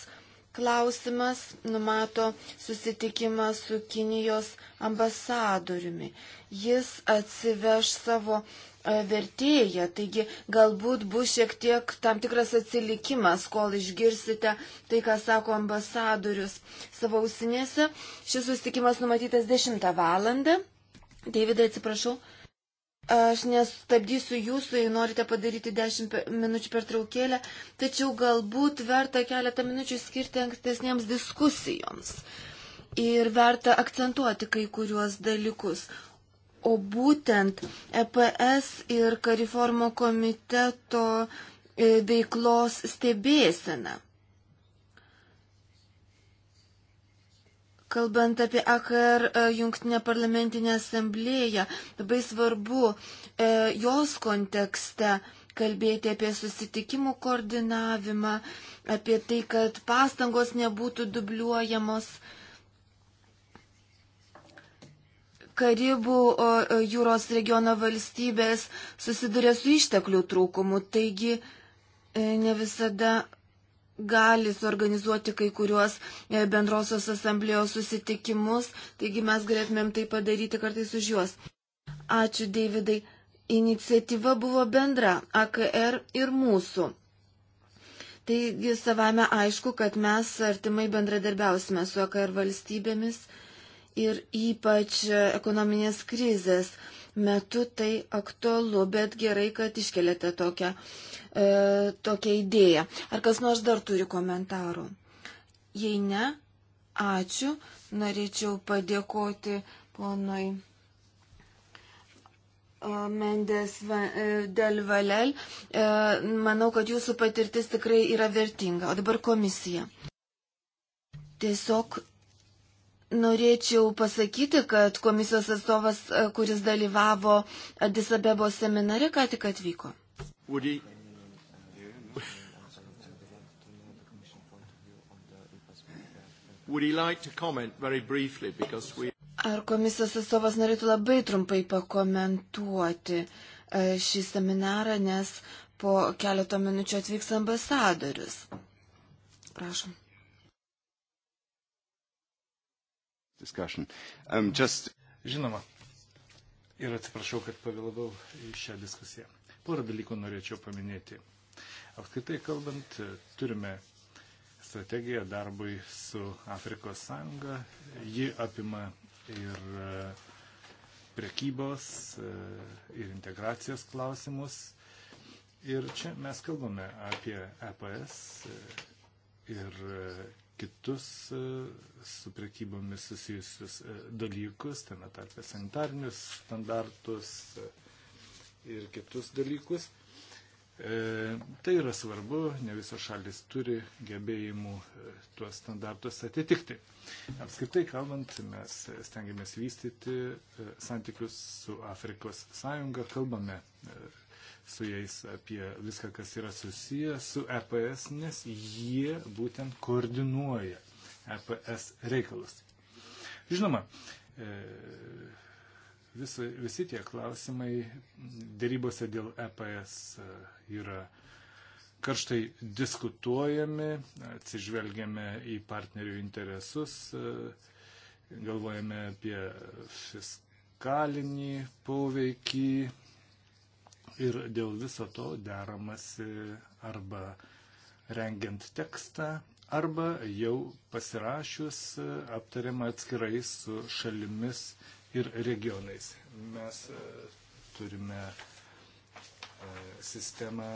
klausimas numato susitikimą su Kinijos ambasadoriumi. Jis atsiveš savo E, vertėja, taigi galbūt bus šiek tiek tam tikras atsilikimas, kol išgirsite tai, ką sako ambasadorius savo ausinėse. Šis susitikimas numatytas 10 valandą. Davidai, atsiprašau. Aš nestabdysiu jūsų, jei norite padaryti 10 minučių per traukėlę, tačiau galbūt verta keletą minučių skirti ankstesniems diskusijoms. Ir verta akcentuoti kai kuriuos dalykus o būtent EPS ir Kariformo komiteto e, veiklos stebėsena. Kalbant apie AKR e, jungtinę parlamentinę asamblėją, labai svarbu e, jos kontekste kalbėti apie susitikimų koordinavimą, apie tai, kad pastangos nebūtų dubliuojamos. E, Karibų jūros regiono valstybės susiduria su išteklių trūkumu, taigi e, ne visada gali suorganizuoti kai kuriuos e, bendrosios asamblėjos susitikimus, taigi mes galėtumėm tai padaryti kartais už juos. Ačiū, Davidai. Iniciatyva buvo bendra AKR ir mūsų. Taigi savame aišku, kad mes artimai bendradarbiausime su AKR valstybėmis ir ypač ekonominės krizės metu tai aktualu, bet gerai, kad iškeliate tokią, e, tokią idėją. Ar kas nors dar turi komentarų? Jei ne, ačiū. Norėčiau padėkoti ponui. E, Mendes e, Del Valel. E, manau, kad jūsų patirtis tikrai yra vertinga. O dabar komisija. Tiesiog Norėčiau pasakyti, kad komisijos atstovas, e, kuris dalyvavo Disabebo seminare, ką tik atvyko. Woody. Would he like to comment very briefly because we Ar komisijos atstovas norėtų labai trumpai pakomentuoti e, šį seminarą, nes po keleto minučių atvyks ambasadorius. Prašom. discussion. Um, just... Žinoma. Ir atsiprašau, kad pavėlavau į šią diskusiją. Porą dalykų norėčiau paminėti. Apskritai kalbant, turime strategiją darbui su Afrikos sąjunga. Ji apima ir e, prekybos, e, ir integracijos klausimus. Ir čia mes kalbame apie EPS e, ir kitus e, su prekybomis susijusius e, dalykus, tame tarpe sanitarinius standartus e, ir kitus dalykus. E, tai yra svarbu, ne visos šalis turi gebėjimų tuos standartus atitikti. Apskritai kalbant, mes stengiamės vystyti santykius su Afrikos sąjunga, kalbame su jais apie viską, kas yra susiję su EPS, nes jie būtent koordinuoja EPS reikalus. Žinoma, e, vis, visi tie klausimai dėrybose dėl EPS e, yra karštai diskutuojami, atsižvelgiame į partnerių interesus, e, galvojame apie fiskalinį poveikį ir dėl viso to deramasi arba rengiant tekstą, arba jau pasirašius aptariama atskirai su šalimis ir regionais. Mes e, turime e, sistemą,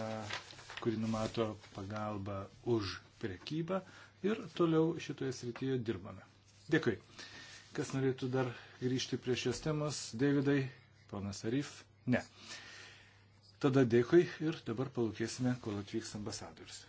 kuri numato pagalbą už priekybą ir toliau šitoje srityje dirbame. Dėkui. Kas norėtų dar grįžti prie šios temos? Davidai, ponas Arif? Ne. Tada dėkui ir dabar palūkėsime, kol atvyks ambasadorius.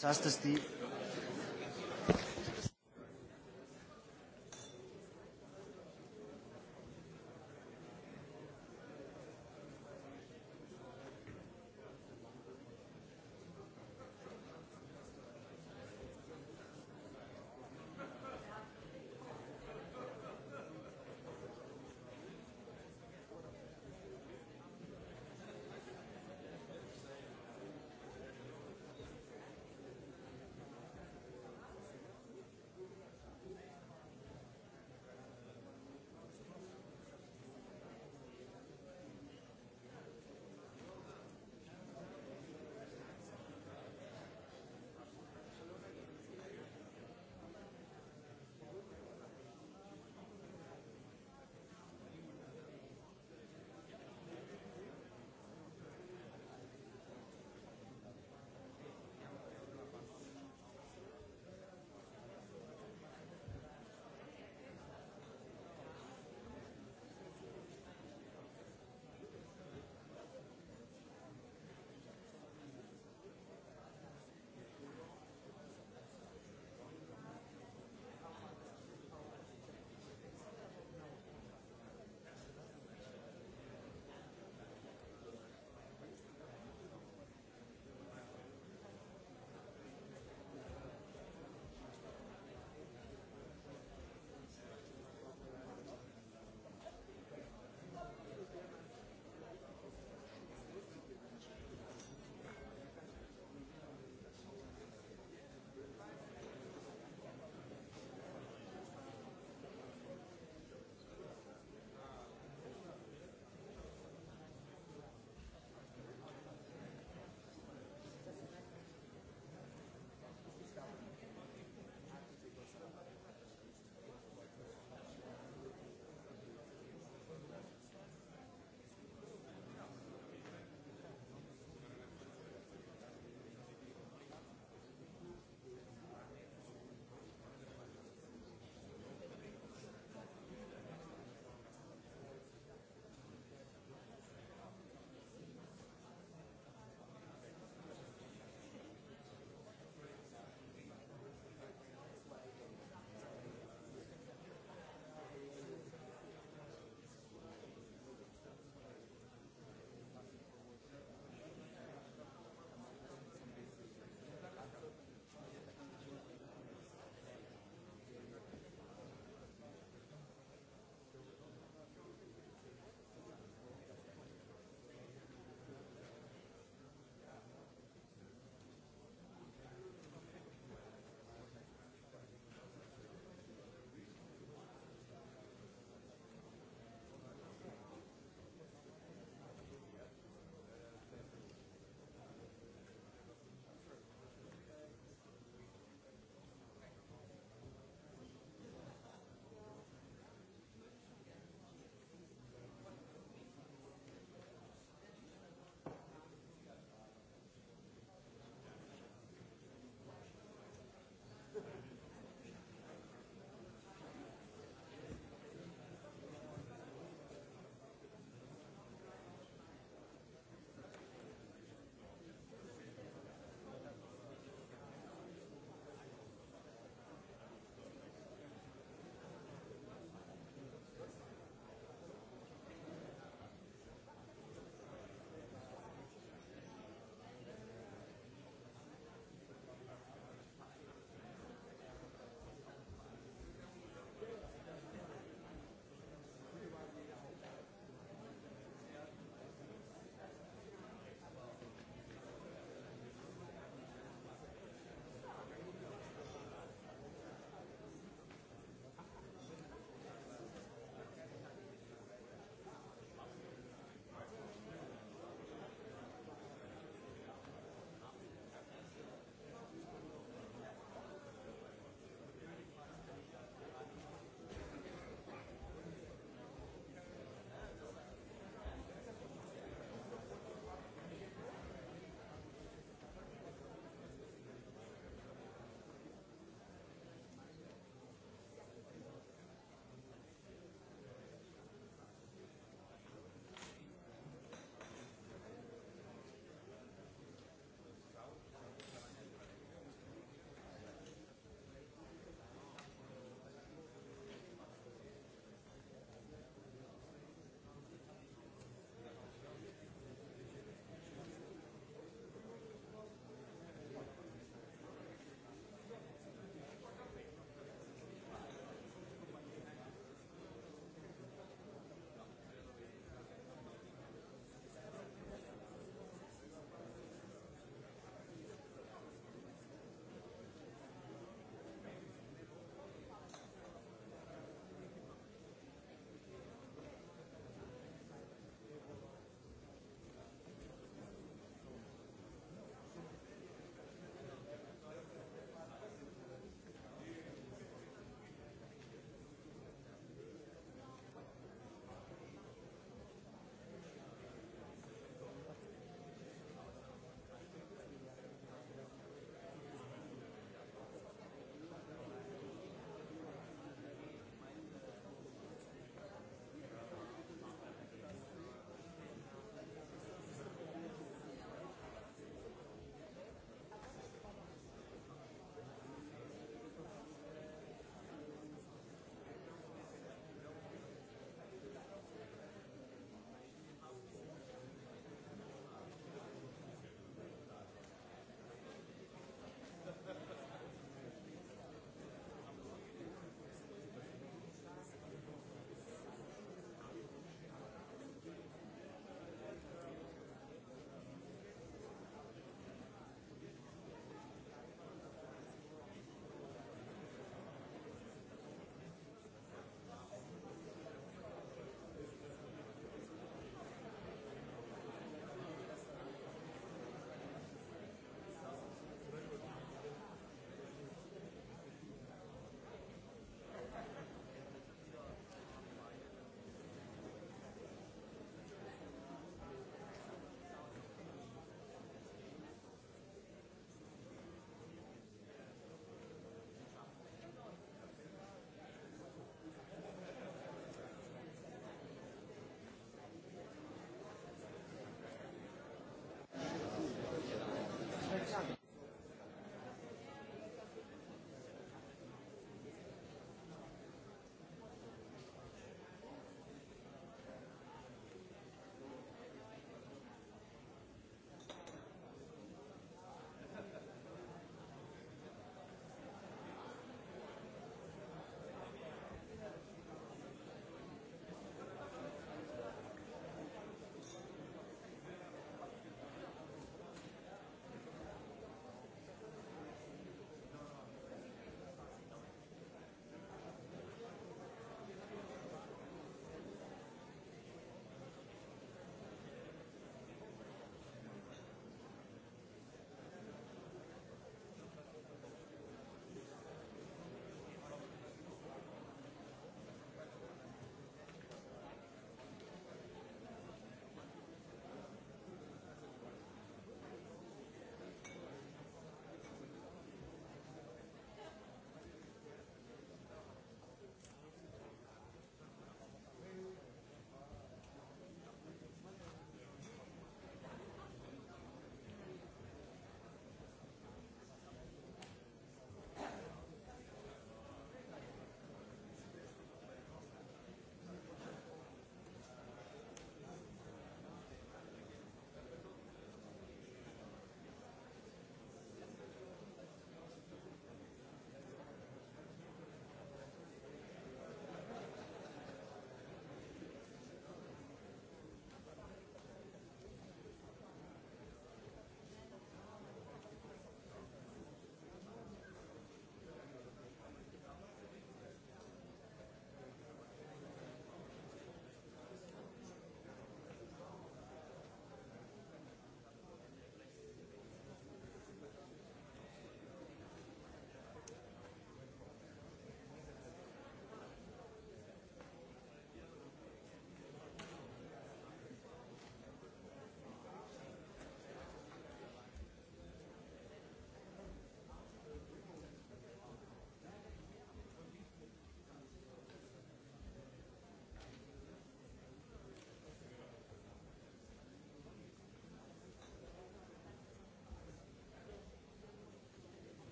Das heißt, dass die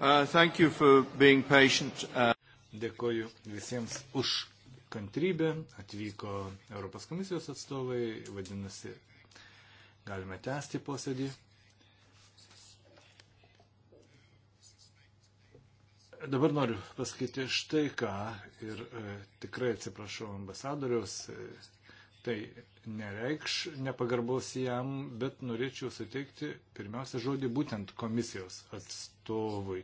Uh, uh, Dėkoju visiems už kantrybę. Atvyko Europos komisijos atstovai, vadinasi, galime tęsti posėdį. Dabar noriu pasakyti štai ką ir e, tikrai atsiprašau ambasadoriaus. E, Tai nereikš nepagarbos jam, bet norėčiau suteikti pirmiausia žodį būtent komisijos atstovui,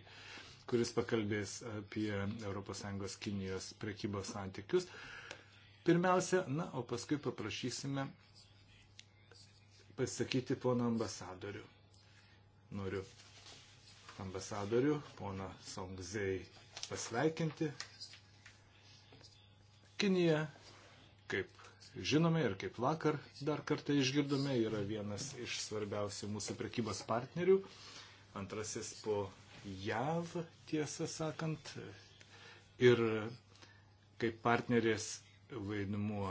kuris pakalbės apie ES Kinijos prekybos santykius. Pirmiausia, na, o paskui paprašysime pasakyti poną ambasadorių. Noriu ambasadorių, poną Songzei, pasveikinti. Kinija, kaip žinome ir kaip vakar dar kartą išgirdome, yra vienas iš svarbiausių mūsų prekybos partnerių, antrasis po JAV, tiesą sakant, ir kaip partnerės vaidmuo.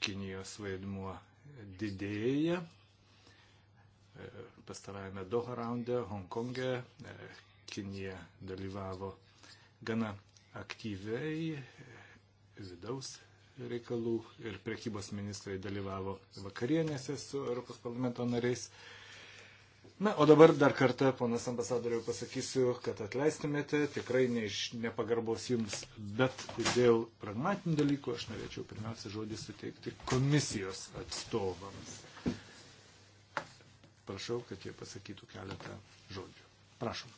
Kinijos vaidmuo didėja. Pastarajame Doha raunde, Hongkonge, Kinija dalyvavo gana aktyviai vidaus reikalų ir prekybos ministrai dalyvavo vakarienėse su Europos parlamento nariais. Na, o dabar dar kartą, ponas ambasadoriau, pasakysiu, kad atleistumėte, tikrai ne iš nepagarbos jums, bet dėl pragmatinių dalykų aš norėčiau pirmiausia žodį suteikti komisijos atstovams. Prašau, kad jie pasakytų keletą žodžių. Prašom.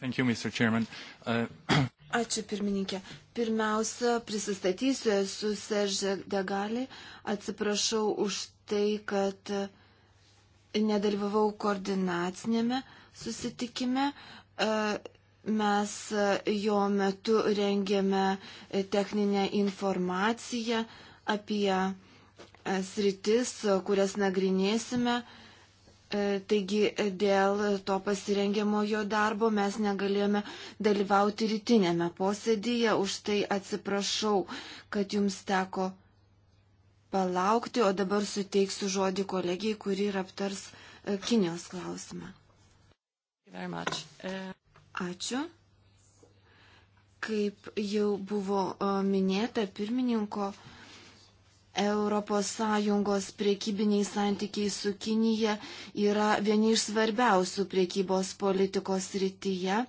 Thank you, Mr. Chairman. Uh... [clears throat] Ačiū pirmininkė. Pirmiausia, prisistatysiu, esu Seržė Degali. Atsiprašau už tai, kad nedalyvavau koordinacinėme susitikime. E, mes jo metu rengėme techninę informaciją apie e, sritis, kurias nagrinėsime E, taigi dėl to pasirengiamojo darbo mes negalėjome dalyvauti rytinėme posėdyje, už tai atsiprašau, kad jums teko palaukti, o dabar suteiksiu žodį kolegijai, kuri ir aptars e, Kinijos klausimą. E, Ačiū. Kaip jau buvo minėta pirmininko, uh, ES priekybiniai santykiai su Kinija yra vieni iš svarbiausių priekybos politikos rytyje.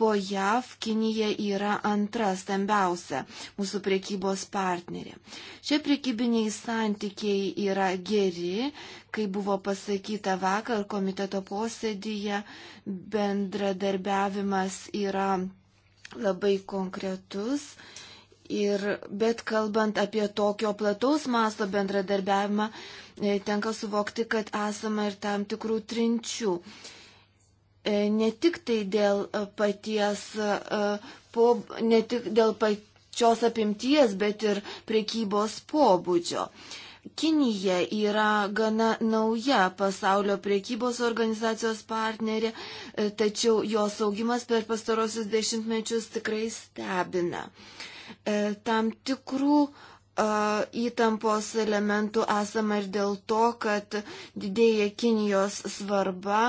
Po JAV Kinija yra antra stambiausia mūsų priekybos partnerė. Šie priekybiniai santykiai yra geri, kaip buvo pasakyta vakar komiteto posėdyje, bendradarbiavimas yra labai konkretus. Ir bet kalbant apie tokio plataus masto bendradarbiavimą, e, tenka suvokti, kad esama ir tam tikrų trinčių. E, ne tik tai dėl e, paties, po, ne tik dėl pačios apimties, bet ir prekybos pobūdžio. Kinija yra gana nauja pasaulio priekybos organizacijos partnerė, tačiau jos augimas per pastarosius dešimtmečius tikrai stebina. Uh, E, tam tikrų e, įtampos elementų esama ir dėl to, kad didėja Kinijos svarba,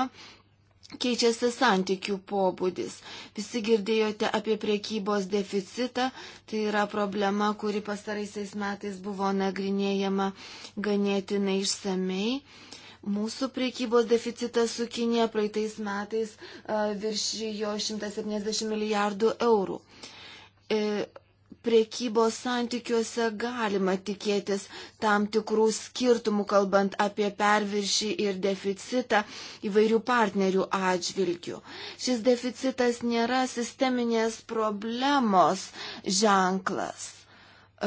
keičiasi santykių pobūdis. Visi girdėjote apie priekybos deficitą, tai yra problema, kuri pastaraisiais metais buvo nagrinėjama ganėtinai išsamei. Mūsų priekybos deficitas su Kinė praeitais metais e, viršijo 170 milijardų eurų. E, priekybos santykiuose galima tikėtis tam tikrų skirtumų, kalbant apie perviršį ir deficitą įvairių partnerių atžvilgių. Šis deficitas nėra sisteminės problemos ženklas.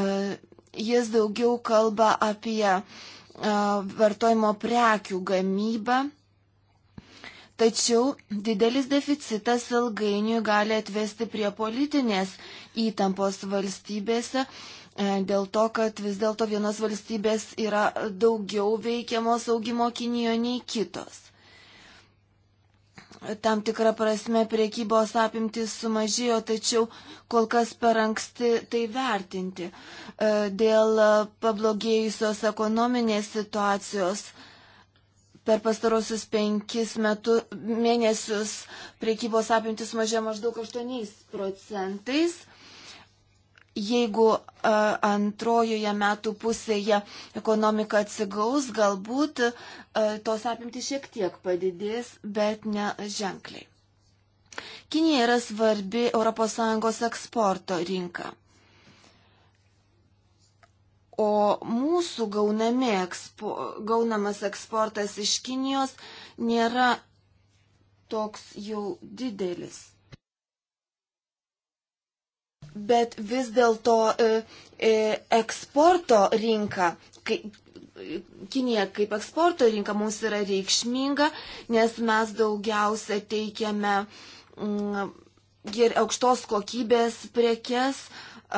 E, jis daugiau kalba apie e, vartojimo prekių gamybą Tačiau didelis deficitas ilgainiui gali atvesti prie politinės įtampos valstybėse, e, dėl to, kad vis dėlto vienos valstybės yra daugiau veikiamos augimo Kinijoje nei kitos. Tam tikrą prasme priekybos apimtis sumažėjo, tačiau kol kas per anksti tai vertinti. E, dėl pablogėjusios ekonominės situacijos per pastarosius penkis metų, mėnesius priekybos apimtis mažėjo maždaug 8 procentais. Jeigu uh, antrojoje metų pusėje ekonomika atsigaus, galbūt uh, tos apimtis šiek tiek padidės, bet ne ženkliai. Kinija yra svarbi ES eksporto rinka. O mūsų gaunami ekspo, gaunamas eksportas iš Kinijos nėra toks jau didelis. Bet vis dėlto e, e, eksporto rinka, kai, Kinija kaip eksporto rinka mums yra reikšminga, nes mes daugiausia teikiame mm, aukštos kokybės prekes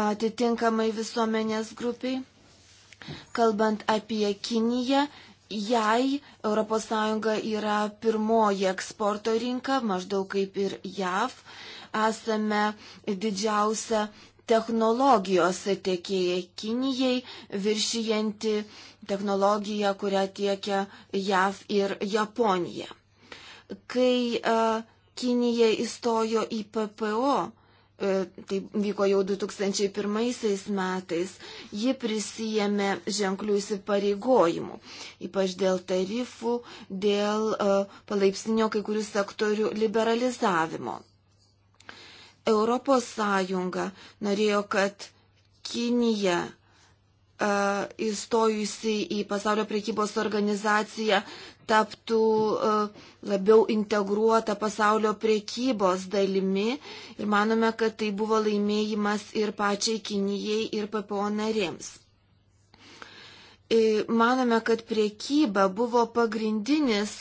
atitinkamai visuomenės grupiai. Kalbant apie Kiniją, jai ES yra pirmoji eksporto rinka, maždaug kaip ir JAV. Esame didžiausia technologijos tiekėja Kinijai, viršijanti technologiją, kurią tiekia JAV ir Japonija. Kai a, Kinija įstojo į PPO, E, tai vyko jau 2001 metais, ji prisijėmė ženklių įsipareigojimų, ypač dėl tarifų, dėl e, palaipsnio kai kurių sektorių liberalizavimo. Europos Sąjunga norėjo, kad Kinija įstojusi į pasaulio priekybos organizaciją taptų labiau integruota pasaulio priekybos dalimi ir manome, kad tai buvo laimėjimas ir pačiai Kinijai ir PPO narėms. E, manome, kad priekyba buvo pagrindinis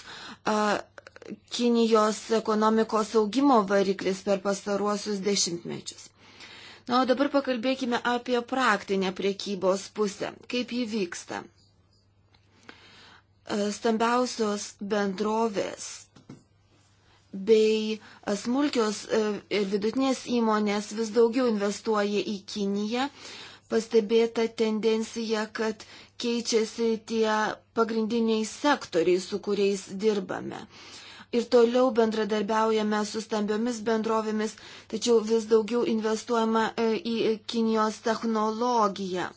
Kinijos ekonomikos augimo variklis per pastaruosius dešimtmečius. Na, o dabar pakalbėkime apie praktinę priekybos pusę, kaip ji vyksta. E, stambiausios bendrovės bei smulkios e, ir vidutinės įmonės vis daugiau investuoja į Kiniją. Pastebėta tendencija, kad keičiasi tie pagrindiniai sektoriai, su kuriais dirbame. Uh, ir toliau bendradarbiaujame su stambiomis bendrovėmis, tačiau vis daugiau investuojama e, į Kinijos technologiją.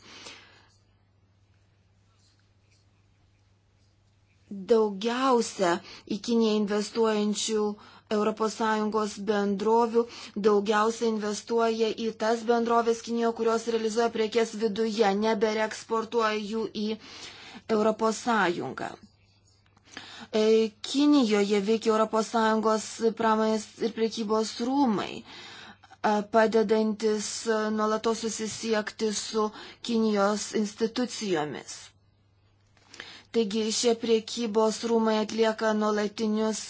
Daugiausia į Kiniją investuojančių ES bendrovių daugiausia investuoja į tas bendrovės Kinijoje, kurios realizuoja priekės viduje, nebereeksportuoja jų į ES. E, Kinijoje veikia ES pramonės ir prekybos rūmai, e, padedantis e, nuolatos susisiekti su Kinijos institucijomis. Taigi šie priekybos rūmai atlieka nuolatinius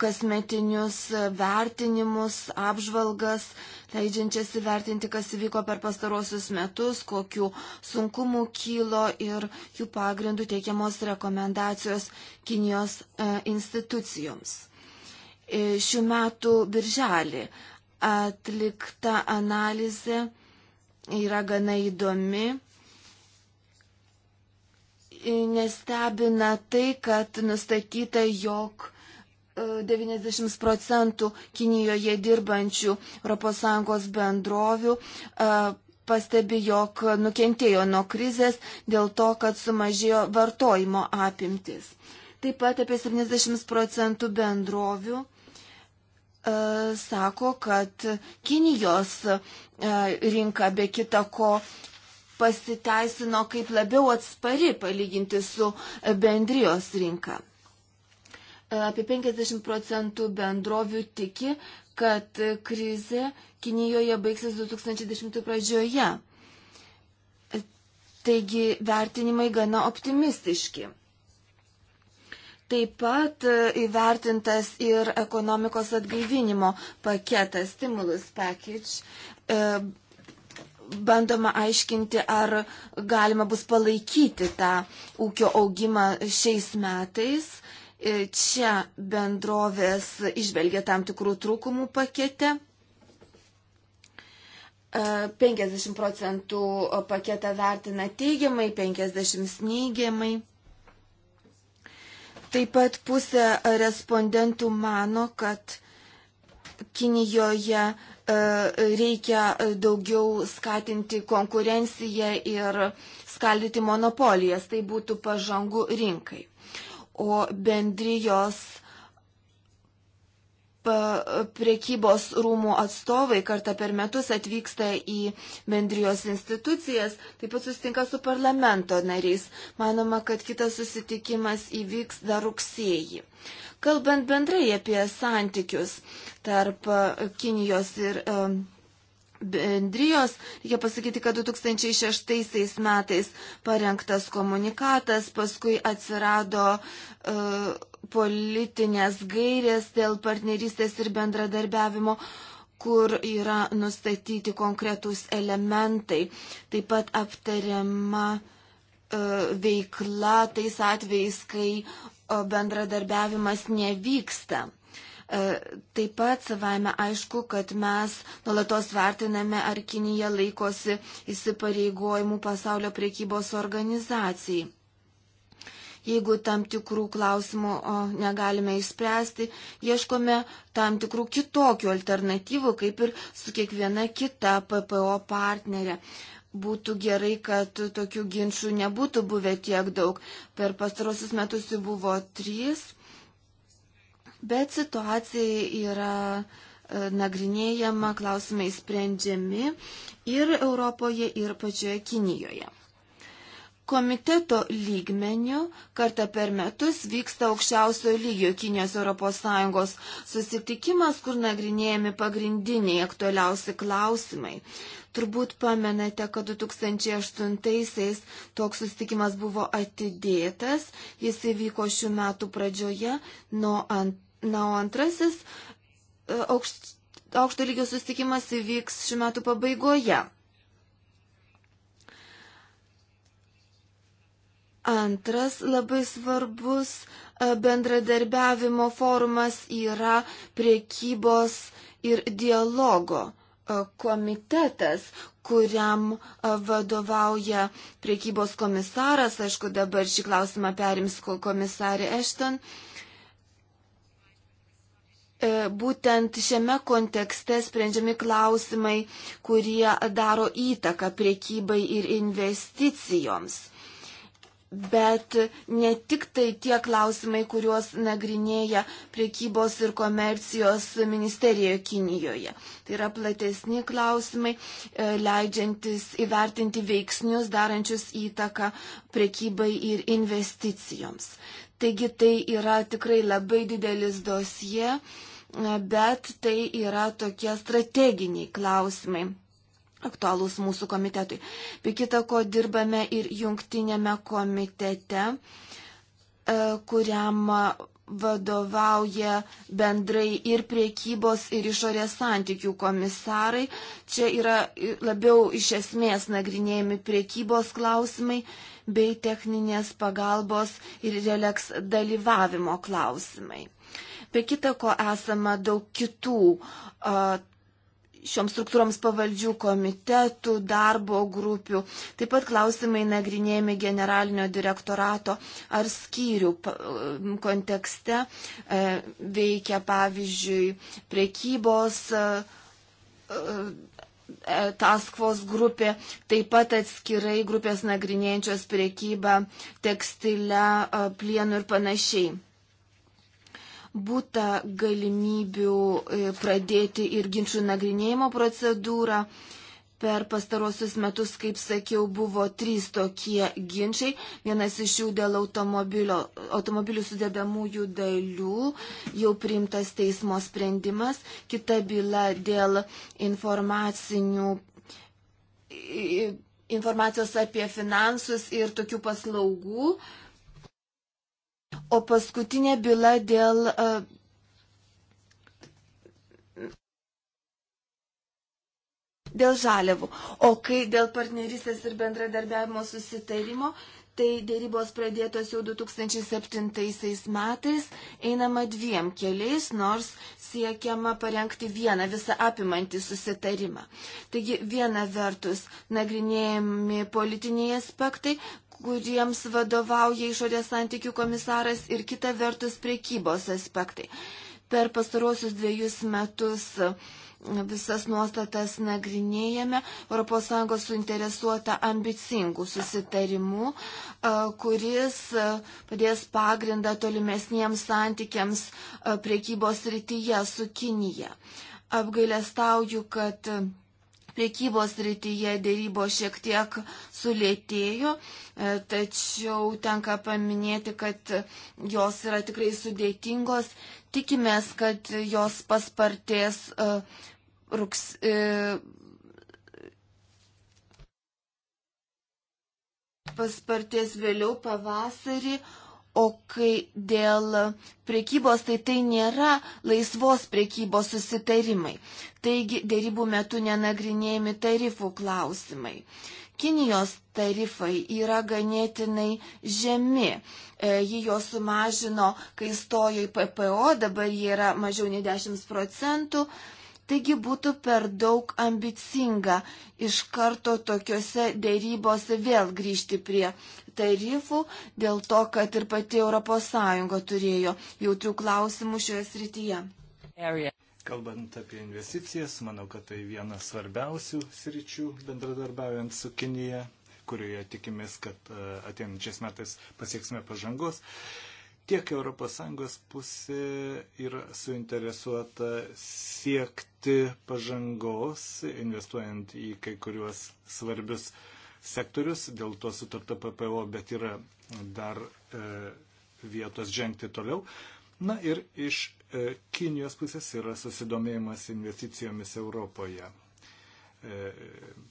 kasmetinius vertinimus, apžvalgas, leidžiančias įvertinti, kas įvyko per pastarosius metus, kokiu sunkumu kylo ir jų pagrindų teikiamos rekomendacijos Kinijos e, institucijoms. E, šių metų birželį atlikta analizė yra gana įdomi nestebina tai, kad nustatyta, jog 90 procentų Kinijoje dirbančių ES bendrovių e, pastebi, jog nukentėjo nuo krizės dėl to, kad sumažėjo vartojimo apimtis. Taip pat apie 70 procentų bendrovių e, sako, kad Kinijos e, rinka be kita ko pasiteisino kaip labiau atspari palyginti su bendrijos rinka. Apie 50 procentų bendrovių tiki, kad krizė Kinijoje baigsis 2010 pradžioje. Taigi vertinimai gana optimistiški. Taip pat įvertintas ir ekonomikos atgaivinimo paketas, stimulus package. E, bandoma aiškinti, ar galima bus palaikyti tą ūkio augimą šiais metais E, čia bendrovės išvelgia tam tikrų trūkumų pakete. 50 e, procentų paketą vertina teigiamai, 50 neigiamai. Taip pat pusė respondentų mano, kad Kinijoje e, reikia daugiau skatinti konkurenciją ir skaldyti monopolijas, tai būtų pažangų rinkai o bendrijos priekybos rūmų atstovai kartą per metus atvyksta į bendrijos institucijas, taip pat susitinka su parlamento nariais. Manoma, kad kitas susitikimas įvyks dar rugsėjį. Kalbant bendrai apie santykius tarp Kinijos ir um, bendrijos, reikia pasakyti, kad 2006 metais parengtas komunikatas, paskui atsirado uh, politinės gairės dėl partnerystės ir bendradarbiavimo kur yra nustatyti konkretūs elementai. Taip pat aptariama uh, veikla tais atvejais, kai uh, bendradarbiavimas nevyksta. E, taip pat savaime aišku, kad mes nuolatos vertiname, ar Kinija laikosi įsipareigojimų pasaulio priekybos organizacijai. Jeigu tam tikrų klausimų negalime išspręsti, ieškome tam tikrų kitokių alternatyvų, kaip ir su kiekviena kita PPO partnerė būtų gerai, kad tokių ginčių nebūtų buvę tiek daug. Per pastarosius metus jų buvo trys. Bet situacija yra e, nagrinėjama, klausimai sprendžiami ir Europoje, ir pačioje Kinijoje. Komiteto lygmenių kartą per metus vyksta aukščiausio lygio Kinijos ES susitikimas, kur nagrinėjami pagrindiniai aktualiausi klausimai. Turbūt pamenate, kad 2008-aisiais toks susitikimas buvo atidėtas, jis įvyko šių metų pradžioje, nuo ant Na, o antrasis e, aukšt, aukšto lygio susitikimas įvyks šių metų pabaigoje. Antras labai svarbus e, bendradarbiavimo forumas yra priekybos ir dialogo e, komitetas, kuriam vadovauja priekybos komisaras, aišku, dabar šį klausimą perims komisarė Ešton. Uh, E, būtent šiame kontekste sprendžiami klausimai, kurie daro įtaką priekybai ir investicijoms. Bet ne tik tai tie klausimai, kuriuos nagrinėja priekybos ir komercijos ministerijoje Kinijoje. Tai yra platesni klausimai, e, leidžiantis įvertinti veiksnius, darančius įtaką priekybai ir investicijoms. Taigi tai yra tikrai labai didelis dosie, bet tai yra tokie strateginiai klausimai aktualūs mūsų komitetui. Be kita ko dirbame ir jungtinėme komitete, e, kuriam vadovauja bendrai ir priekybos, ir išorės santykių komisarai. Čia yra labiau iš esmės nagrinėjami priekybos klausimai bei techninės pagalbos ir releks dalyvavimo klausimai. Be kita ko esama daug kitų a, šioms struktūroms pavaldžių komitetų, darbo grupių. Taip pat klausimai nagrinėjami generalinio direktorato ar skyrių kontekste. E, veikia pavyzdžiui priekybos e, e, E, taskvos grupė, taip pat atskirai grupės nagrinėjančios priekybą tekstilę, e, plienų ir panašiai. Būta galimybių e, pradėti ir ginčių nagrinėjimo procedūrą Per pastarosius metus, kaip sakiau, buvo trys tokie ginčiai. Vienas iš jų dėl automobilių sudėdamųjų dalių jau priimtas teismo sprendimas. Kita byla dėl informacinių informacijos apie finansus ir tokių paslaugų. O paskutinė byla dėl dėl žaliavų. O kai dėl partnerystės ir bendradarbiavimo susitarimo, tai dėrybos pradėtos jau 2007 metais, einama dviem keliais, nors siekiama parengti vieną visą apimantį susitarimą. Taigi viena vertus nagrinėjami politiniai aspektai, kuriems vadovauja išorės santykių komisaras ir kita vertus priekybos aspektai. Per pastarosius dviejus metus uh, visas nuostatas nagrinėjame. ES suinteresuota ambicingų susitarimų, kuris padės pagrindą tolimesniems santykiams priekybos rytyje su Kinija. Apgailestauju, kad priekybos rytyje dėrybo šiek tiek sulėtėjo, e, tačiau tenka paminėti, kad jos yra tikrai sudėtingos. Tikimės, kad jos paspartės uh, rugs, e, paspartės vėliau pavasarį, o kai dėl priekybos, tai tai nėra laisvos priekybos susitarimai. Taigi dėrybų metu nenagrinėjami tarifų klausimai. Kinijos tarifai yra ganėtinai žemi. E, jį juos sumažino, kai stojo į PPO, dabar jie yra mažiau nei 10 procentų. E, Taigi būtų per daug ambicinga iš karto tokiuose dėrybose vėl grįžti prie tarifų, dėl to, kad ir pati ES turėjo jautrių klausimų šioje srityje. Area. Kalbant apie investicijas, manau, kad tai vienas svarbiausių sričių bendradarbiaujant su Kinija, kurioje tikimės, kad e, ateinančiais metais pasieksime pažangos. Uh, tiek ES pusė yra suinteresuota siekti pažangos, investuojant į kai kuriuos svarbius sektorius, dėl to sutarta PPO, bet yra dar e, vietos žengti toliau. Na ir iš e, Kinijos pusės yra susidomėjimas investicijomis Europoje. E,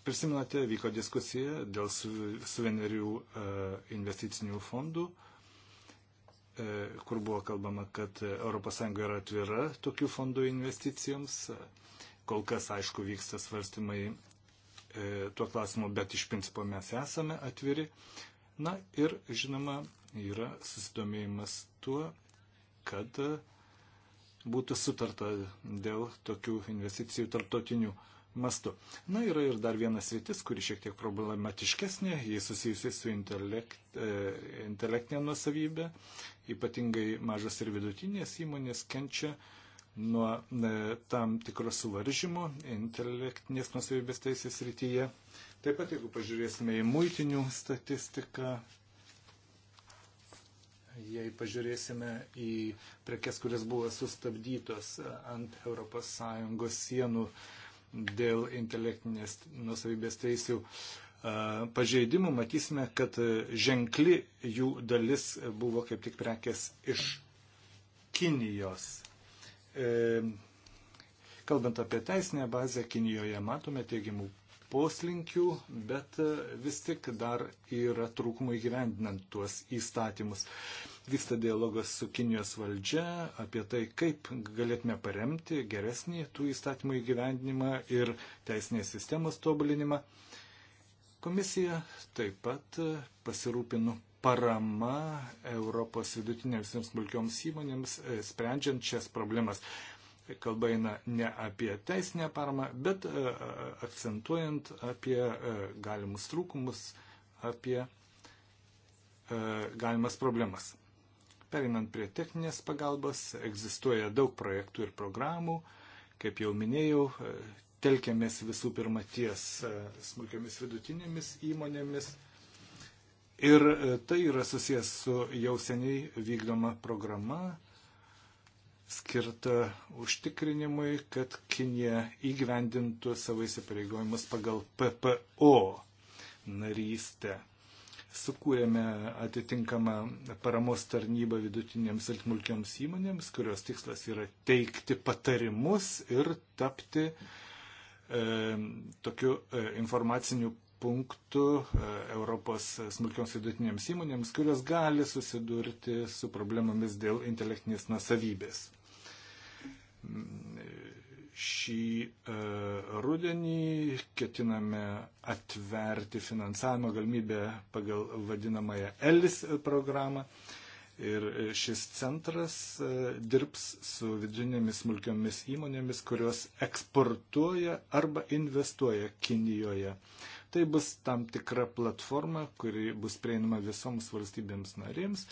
prisimenate, vyko diskusija dėl suvenerių e, investicinių fondų. E, kur buvo kalbama, kad ES yra atvira tokių fondų investicijoms. Kol kas, aišku, vyksta svarstymai e, tuo klausimu, bet iš principo mes esame atviri. Na ir, žinoma, yra susidomėjimas tuo, kad būtų sutarta dėl tokių investicijų tarptautinių mastu. Na, yra ir dar vienas rytis, kuri šiek tiek problematiškesnė, jie susijusi su intelekt, e, intelektinė nusavybė, ypatingai mažas ir vidutinės įmonės kenčia nuo e, tam tikro suvaržymo intelektinės nusavybės teisės rytyje. Taip pat, jeigu pažiūrėsime į muitinių statistiką, jei pažiūrėsime į prekes, kurias buvo sustabdytos ant ES sienų, dėl intelektinės nusavybės teisių pažeidimų, matysime, kad ženkli jų dalis buvo kaip tik prekės iš Kinijos. E, kalbant apie teisinę bazę, Kinijoje matome teigiamų poslinkių, bet vis tik dar yra trūkumų įgyvendinant tuos įstatymus. Vyksta dialogas su Kinijos valdžia apie tai, kaip galėtume paremti geresnį tų įstatymų įgyvendinimą ir teisinės sistemos tobulinimą. Komisija taip pat pasirūpinu parama Europos vidutinėms ir smulkioms įmonėms e, sprendžiant šias problemas. Kalba eina ne apie teisinę paramą, bet e, akcentuojant apie e, galimus trūkumus, apie galimas problemas. Perinant prie techninės pagalbos, egzistuoja daug projektų ir programų. Kaip jau minėjau, e, telkiamės visų pirma ties e, smulkiamis vidutinėmis įmonėmis. Ir e, tai yra susijęs su jau seniai vykdoma programa skirta užtikrinimui, kad Kinė įgyvendintų savo įsipareigojimus pagal PPO narystę sukūrėme atitinkamą paramos tarnybą vidutinėms ir smulkiams įmonėms, kurios tikslas yra teikti patarimus ir tapti e, tokiu e, informaciniu punktu e, Europos smulkioms vidutinėms įmonėms, kurios gali susidurti su problemomis dėl intelektinės nusavybės šį e, rudenį ketiname atverti finansavimo galimybę pagal vadinamąją ELIS programą. Ir šis centras e, dirbs su vidurinėmis smulkiomis įmonėmis, kurios eksportuoja arba investuoja Kinijoje. Tai bus tam tikra platforma, kuri bus prieinama visoms valstybėms narėms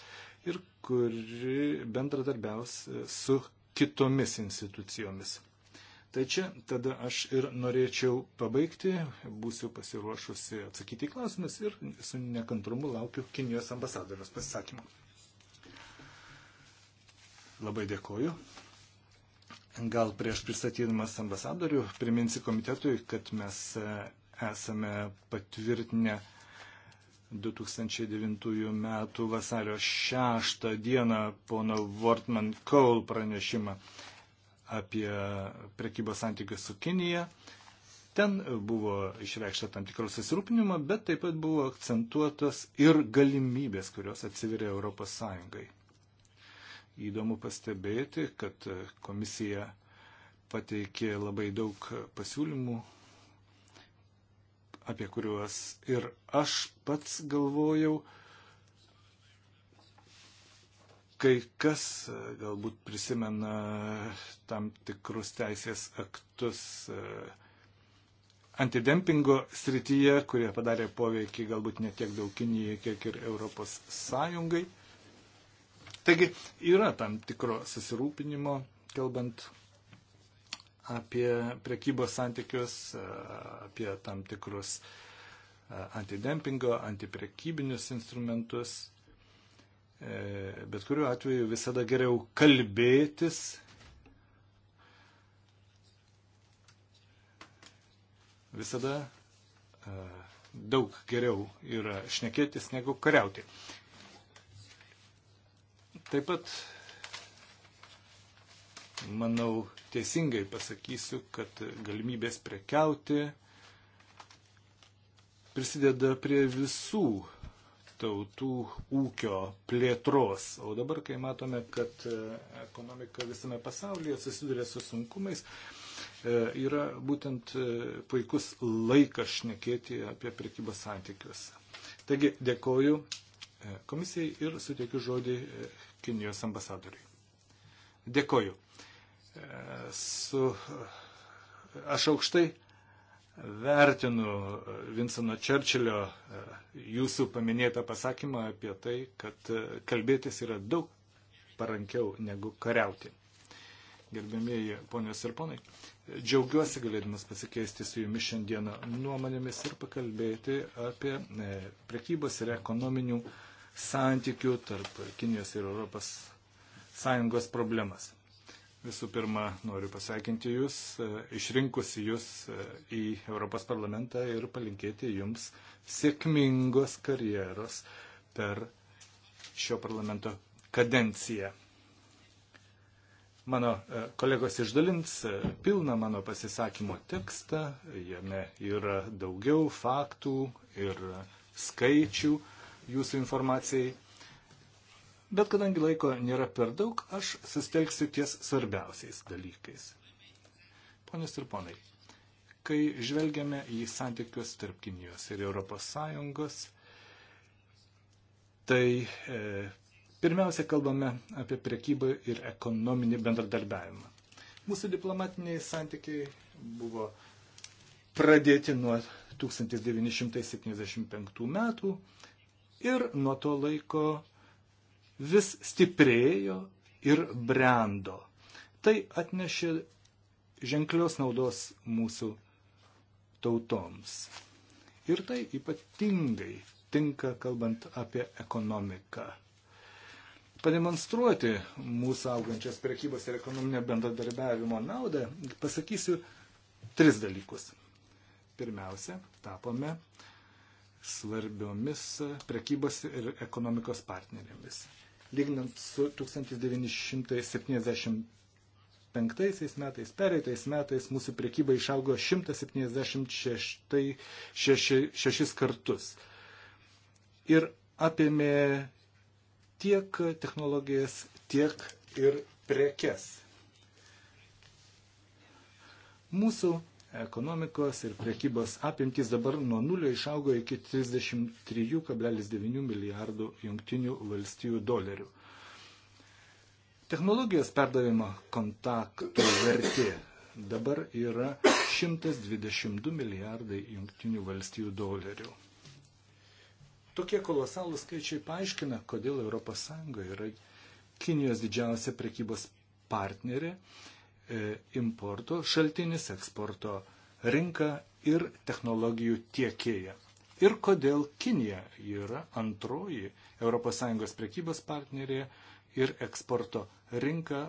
ir kuri bendradarbiaus e, su kitomis institucijomis. Tai čia tada aš ir norėčiau pabaigti, būsiu pasiruošusi atsakyti į klausimus ir su nekantrumu laukiu Kinijos ambasadoriaus pasisakymų. Labai dėkoju. Gal prieš pristatydamas ambasadorių priminsiu komitetui, kad mes e, esame patvirtinę 2009 m. vasario 6 dieną pono Wortman Kohl pranešimą apie prekybos santykius su Kinija. Ten buvo išreikšta tam tikro susirūpinimo, bet taip pat buvo akcentuotas ir galimybės, kurios atsiveria Europos Sąjungai. Įdomu pastebėti, kad komisija pateikė labai daug pasiūlymų, apie kuriuos ir aš pats galvojau, kai kas e, galbūt prisimena e, tam tikrus teisės aktus e, antidempingo srityje, kurie padarė poveikį galbūt ne tiek daug Kinijai, kiek ir Europos Sąjungai. Taigi yra tam tikro susirūpinimo, kalbant apie prekybos santykius, apie tam tikrus antidempingo, antiprekybinius instrumentus. E, bet kuriuo atveju visada geriau kalbėtis. Visada e, daug geriau yra šnekėtis negu kariauti. Taip pat, manau, teisingai pasakysiu, kad galimybės prekiauti prisideda prie visų tautų ūkio plėtros. O dabar, kai matome, kad e, ekonomika visame pasaulyje susiduria su sunkumais, e, yra būtent e, puikus laikas šnekėti apie prekybos santykius. Taigi, dėkoju komisijai ir suteikiu žodį Kinijos ambasadoriai. Dėkoju. Su, aš aukštai vertinu e, Vinsono Čerčilio e, jūsų paminėtą pasakymą apie tai, kad e, kalbėtis yra daug parankiau negu kariauti. Gerbėmieji ponios ir ponai, džiaugiuosi galėdamas pasikeisti su jumis šiandieną nuomonėmis ir pakalbėti apie prekybos ir ekonominių santykių tarp Kinijos ir Europos Sąjungos problemas. Visų pirma, noriu pasveikinti Jūs, e, išrinkusi Jūs e, į Europos parlamentą ir palinkėti Jums sėkmingos karjeros per šio parlamento kadenciją. Mano e, kolegos išdalins pilną mano pasisakymo tekstą, jame yra daugiau faktų ir skaičių jūsų informacijai Bet kadangi laiko nėra per daug, aš sustelksiu ties svarbiausiais dalykais. Ponios ir ponai, kai žvelgiame į santykius tarp Kinijos ir ES, tai e, pirmiausia kalbame apie priekybą ir ekonominį bendradarbiavimą. Mūsų diplomatiniai santykiai buvo pradėti nuo 1975 metų ir nuo to laiko vis stiprėjo ir brendo. Tai atnešė ženklios naudos mūsų tautoms. Ir tai ypatingai tinka, kalbant apie ekonomiką. Pademonstruoti mūsų augančios prekybos ir ekonominio bendradarbiavimo naudą, pasakysiu tris dalykus. Pirmiausia, tapome svarbiomis prekybos ir ekonomikos partnerėmis lyginant su 1975 metais. Pereitais metais mūsų priekyba išaugo 176 kartus. Ir apėmė tiek technologijas, tiek ir prekes. Mūsų ekonomikos ir priekybos apimtis dabar nuo nulio išaugo iki 33,9 milijardų jungtinių valstijų dolerių. Technologijos perdavimo kontaktų vertė dabar yra 122 milijardai jungtinių valstijų dolerių. Tokie kolosalūs skaičiai paaiškina, kodėl ES yra Kinijos didžiausia prekybos partnerė E, importo šaltinis, eksporto rinka ir technologijų tiekėja. Ir kodėl Kinija yra antroji ES prekybos partnerė ir eksporto rinka,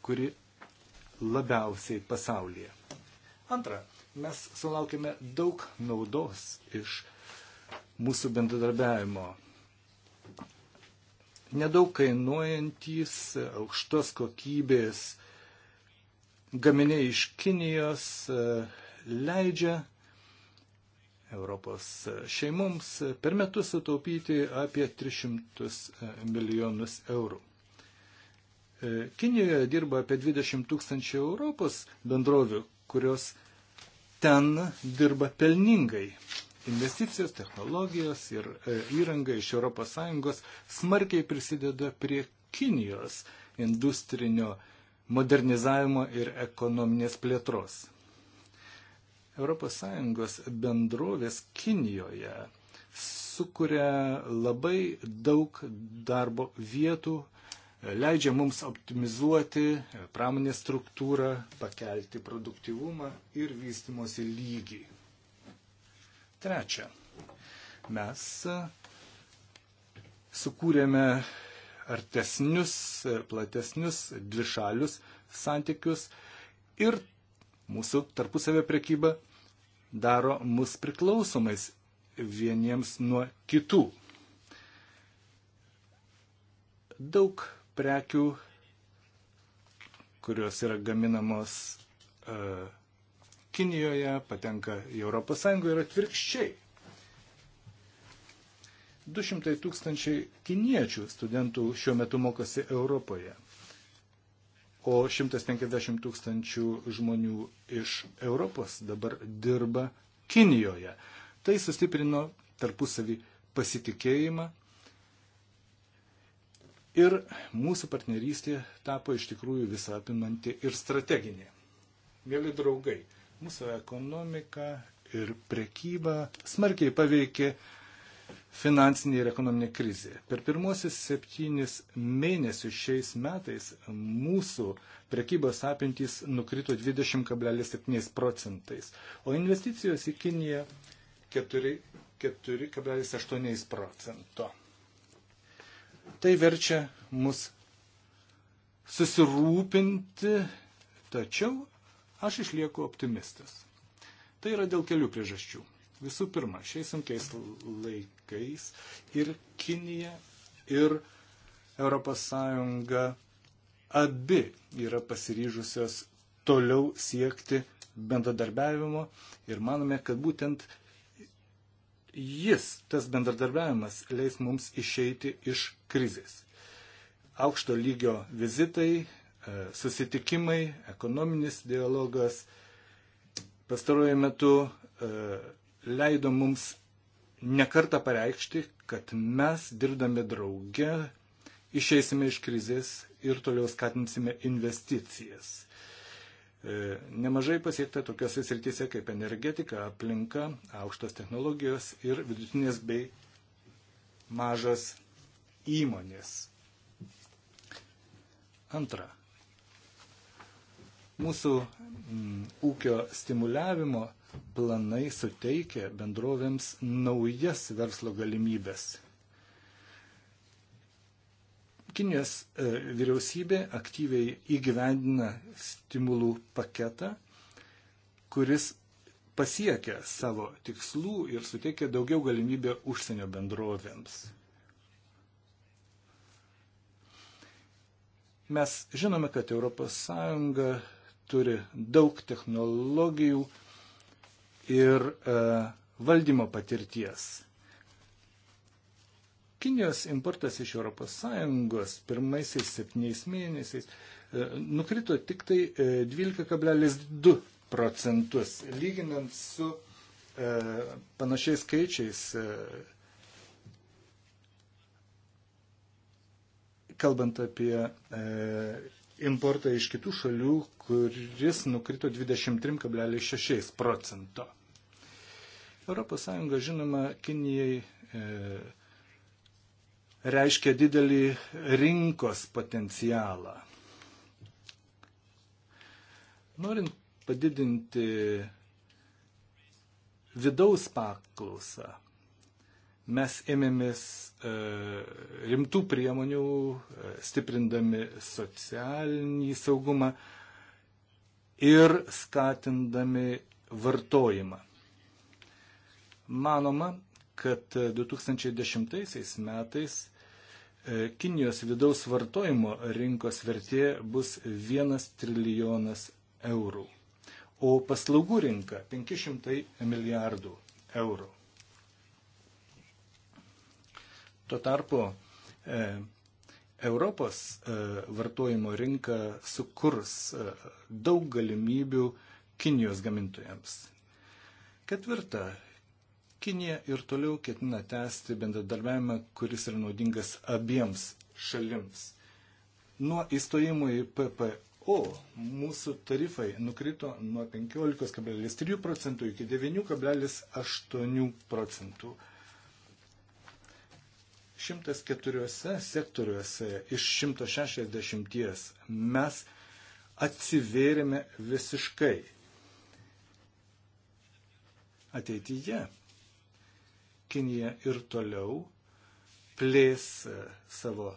kuri labiausiai pasaulyje. Antra, mes sulaukime daug naudos iš mūsų bendradarbiavimo. Nedaug kainuojantys aukštos kokybės gaminiai iš Kinijos e, leidžia Europos šeimoms per metus sutaupyti apie 300 e, milijonus eurų. E, Kinijoje dirba apie 20 tūkstančių Europos bendrovių, kurios ten dirba pelningai. Investicijos, technologijos ir įranga iš ES smarkiai prisideda prie Kinijos industrinio uh, modernizavimo ir ekonominės plėtros. ES bendrovės Kinijoje sukuria labai daug darbo vietų, leidžia mums optimizuoti pramonės struktūrą, pakelti produktivumą ir vystimosi lygį. Trečia, mes sukūrėme artesnius, platesnius dvišalius santykius ir mūsų tarpusavio prekyba daro mus priklausomais vieniems nuo kitų. Daug prekių, kurios yra gaminamos uh, Kinijoje, patenka į ES ir atvirkščiai. 200 tūkstančiai kiniečių studentų šiuo metu mokosi Europoje, o 150 tūkstančių žmonių iš Europos dabar dirba Kinijoje. Tai sustiprino tarpusavį pasitikėjimą ir mūsų partnerystė tapo iš tikrųjų visapimanti ir strateginė. Mėly draugai, mūsų ekonomika ir prekyba smarkiai paveikė finansinė ir ekonominė krizė. Per pirmosius septynis mėnesius šiais metais mūsų prekybos apimtys nukrito 20,7 procentais, o investicijos į Kiniją 4,8 procento. Tai verčia mus susirūpinti, tačiau aš išlieku optimistas. Tai yra dėl kelių priežasčių. Visų pirma, šiais sunkiais laikais laikais ir Kinija, ir ES abi yra pasiryžusios toliau siekti bendradarbiavimo ir manome, kad būtent jis, tas bendradarbiavimas, leis mums išeiti iš krizės. Aukšto lygio vizitai, e, susitikimai, ekonominis dialogas pastaruoju metu e, leido mums nekarta pareikšti, kad mes dirbdami drauge išeisime iš krizės ir toliau skatinsime investicijas. E, nemažai pasiekta tokiuose srityse kaip energetika, aplinka, aukštos technologijos ir vidutinės bei mažas įmonės. Antra. Mūsų m, ūkio stimuliavimo planai suteikia bendrovėms naujas verslo galimybės. Kinijos e, vyriausybė aktyviai įgyvendina stimulų paketą, kuris pasiekia savo tikslų ir suteikia daugiau galimybę užsienio bendrovėms. Mes žinome, kad ES turi daug technologijų, ir e, valdymo patirties. Kinijos importas iš ES pirmaisiais septyniais mėnesiais e, nukrito tik tai 12,2 e, procentus, lyginant su panašiais skaičiais, kalbant apie importą iš kitų šalių, kuris nukrito 23,6 procento. ES, žinoma, Kinijai e, reiškia didelį rinkos potencialą. Norint padidinti vidaus paklausą, mes ėmėmės e, rimtų priemonių, e, stiprindami socialinį saugumą ir skatindami vartojimą. Manoma, kad 2010 e, metais e, Kinijos vidaus vartojimo rinkos vertė bus 1 trilijonas eurų, o paslaugų rinka 500 milijardų eurų. Tuo tarpu e, Europos e, vartojimo rinka sukurs e, daug galimybių Kinijos gamintojams. Ketvirta, Kinija ir toliau ketina tęsti bendradarbiavimą, kuris yra naudingas abiems šalims. Nuo įstojimo į PPO mūsų tarifai nukrito nuo 15,3 procentų iki 9,8 procentų. 104 sektoriuose iš 160 mes atsivėrėme visiškai. Ateityje Kinija ir toliau plės e, savo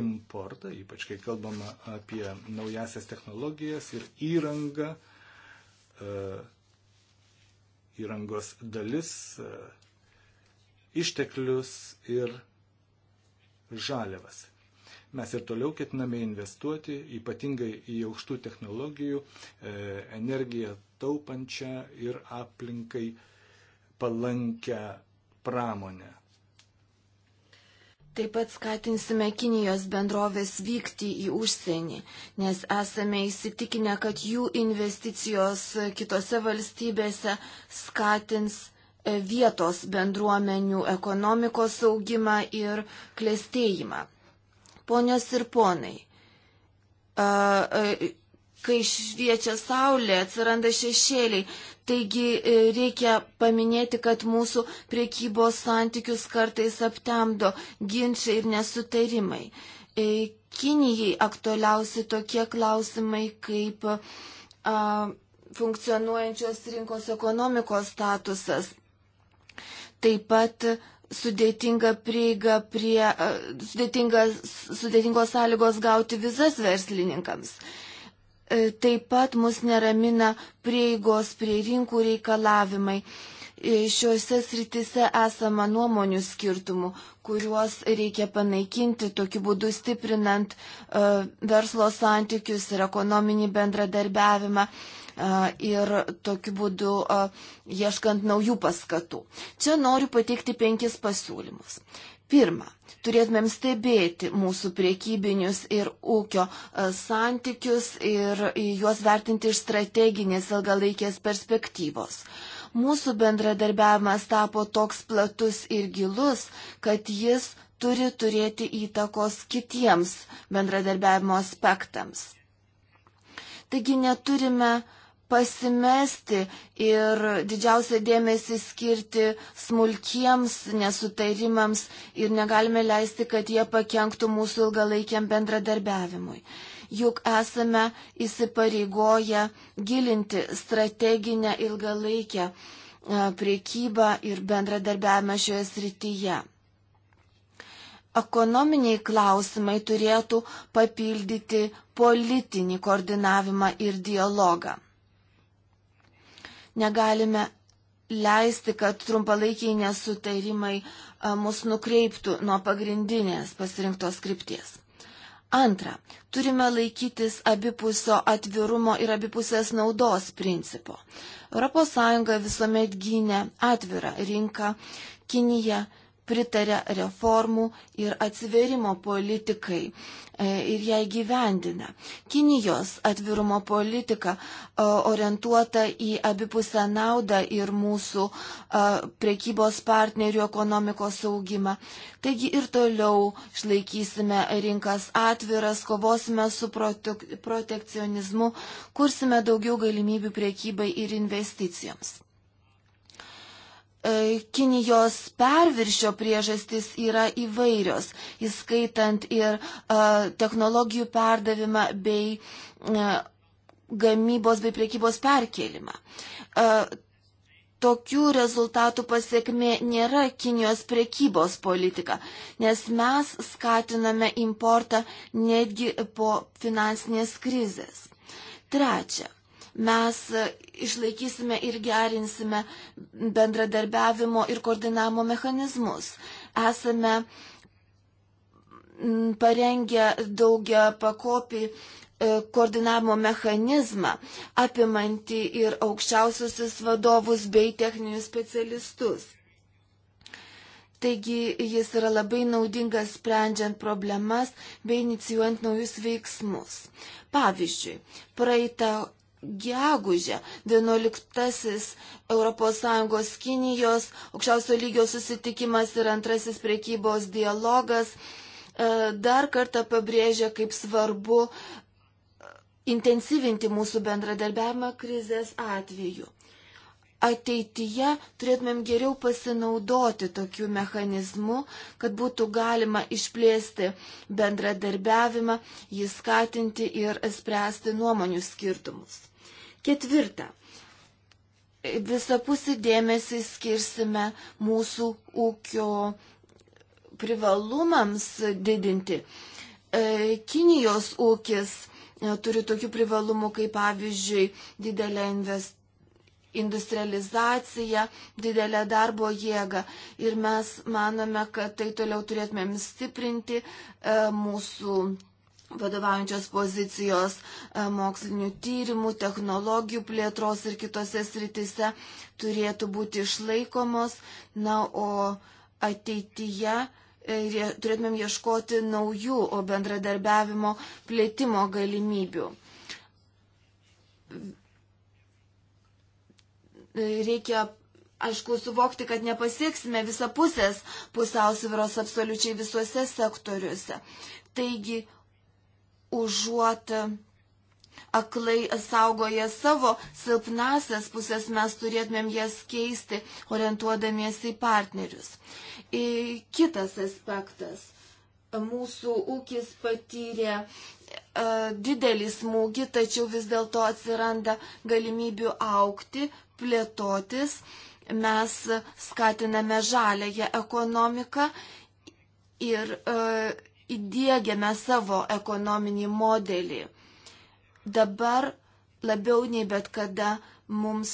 importą, ypač kai kalbama apie naujasias technologijas ir įrangą, e, įrangos dalis, e, išteklius ir žaliavas. Mes ir toliau ketiname investuoti ypatingai į aukštų technologijų, energiją taupančią ir aplinkai palankę pramonę. Taip pat skatinsime Kinijos bendrovės vykti į užsienį, nes esame įsitikinę, kad jų investicijos kitose valstybėse skatins e, vietos bendruomenių ekonomikos augimą ir klėstėjimą. Ponios ir ponai, kai šviečia saulė, atsiranda šešėliai. Taigi e, reikia paminėti, kad mūsų priekybos santykius kartais aptemdo ginčiai ir nesutarimai. E, Kinijai aktualiausi tokie klausimai kaip a, funkcionuojančios rinkos ekonomikos statusas. Taip pat sudėtinga prieiga prie, sudėtingos sąlygos gauti vizas verslininkams. A, E, taip pat mus neramina prieigos prie rinkų reikalavimai. E, šiuose sritise esama nuomonių skirtumų, kuriuos reikia panaikinti, tokiu būdu stiprinant uh, verslo santykius ir ekonominį bendradarbiavimą ir tokiu būdu ieškant naujų paskatų. Čia noriu pateikti penkis pasiūlymus. Pirma, turėtumėm stebėti mūsų priekybinius ir ūkio e, santykius ir juos vertinti iš strateginės ilgalaikės perspektyvos. Mūsų bendradarbiavimas tapo toks platus ir gilus, kad jis turi turėti įtakos kitiems bendradarbiavimo aspektams. Taigi neturime uh, pasimesti ir didžiausią dėmesį skirti smulkiems nesutarimams ir negalime leisti, kad jie pakenktų mūsų ilgalaikiam bendradarbiavimui. Juk esame įsipareigoję gilinti strateginę ilgalaikę e, priekybą ir bendradarbiavimą šioje srityje. Ekonominiai klausimai turėtų papildyti politinį koordinavimą ir dialogą. Negalime leisti, kad trumpalaikiai nesutarimai mus nukreiptų nuo pagrindinės pasirinktos skripties. Antra, turime laikytis abipusio atvirumo ir abipusės naudos principo. ES visuomet gynė atvirą rinką, Kinija pritarė reformų ir atsiverimo politikai e, ir ją gyvendina. Kinijos atvirumo politika e, orientuota į abipusę naudą ir mūsų e, prekybos partnerių ekonomikos augimą. Taigi ir toliau išlaikysime rinkas atviras, kovosime su protek protekcionizmu, kursime daugiau galimybių prekybai ir investicijoms. E, Kinijos perviršio priežastis yra įvairios, įskaitant ir e, technologijų perdavimą bei e, gamybos bei priekybos perkelimą. Tokių rezultatų pasiekmė nėra Kinijos priekybos politika, nes mes skatiname importą netgi po finansinės krizės. Trečia, mes išlaikysime ir gerinsime bendradarbiavimo ir koordinavimo mechanizmus. Esame mm, parengę daugia pakopį e, koordinavimo mechanizmą, apimanti ir aukščiausiusius vadovus bei techninius specialistus. Taigi jis yra labai naudingas sprendžiant problemas bei inicijuojant naujus veiksmus. Pavyzdžiui, praeitą gegužę 11-asis ES Kinijos aukščiausio lygio susitikimas ir antrasis priekybos dialogas e, dar kartą pabrėžia, kaip svarbu e, intensyvinti mūsų bendradarbiavimą krizės atveju. Ateityje turėtumėm geriau pasinaudoti tokiu mechanizmu, kad būtų galima išplėsti bendradarbiavimą, jį skatinti ir spręsti nuomonių skirtumus. Ketvirta. Visapusį dėmesį skirsime mūsų ūkio privalumams didinti. E, Kinijos ūkis e, turi tokių privalumų kaip pavyzdžiui didelė invest... industrializacija, didelė darbo jėga. Ir mes manome, kad tai toliau turėtumėm stiprinti e, mūsų vadovaujančios pozicijos e, mokslinių tyrimų, technologijų plėtros ir kitose sritise turėtų būti išlaikomos. Na, o ateityje e, turėtumėm ieškoti naujų, o bendradarbiavimo plėtimo galimybių. Reikia aišku, suvokti, kad nepasieksime visapusės pusiausvyros absoliučiai visuose sektoriuose. Taigi, užuot aklai saugoja savo silpnasias pusės, mes turėtumėm jas keisti, orientuodamiesi į partnerius. Ir kitas aspektas. Mūsų ūkis patyrė e, didelį smūgį, tačiau vis dėlto atsiranda galimybių aukti, plėtotis. Mes skatiname žalėje ekonomiką ir e, įdėgiame savo ekonominį modelį. Dabar labiau nei bet kada mums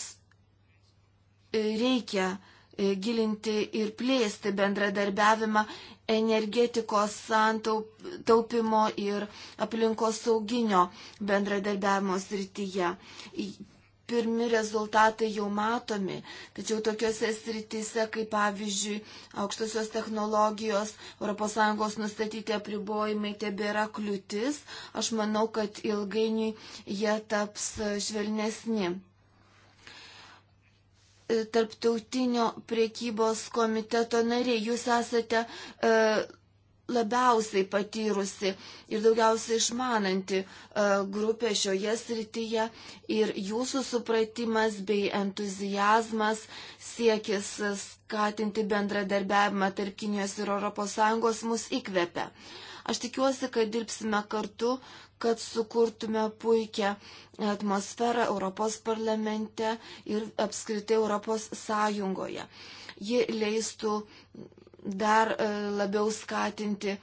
e, reikia e, gilinti ir plėsti bendradarbiavimą energetikos santaupimo ir aplinkos sauginio bendradarbiavimo srityje pirmi rezultatai jau matomi. Tačiau tokiuose sritise, kaip pavyzdžiui, aukštosios technologijos, ES nustatyti apribojimai tebėra kliūtis, aš manau, kad ilgainiui jie taps švelnesni. Tarptautinio priekybos komiteto nariai, jūs esate e, labiausiai patyrusi ir daugiausiai išmananti e, grupė šioje srityje ir jūsų supratimas bei entuzijazmas siekis skatinti bendradarbiavimą tarp Kinijos ir ES mus įkvepia. Aš tikiuosi, kad dirbsime kartu, kad sukurtume puikią atmosferą Europos parlamente ir apskritai Europos sąjungoje. Ji leistų dar e, labiau skatinti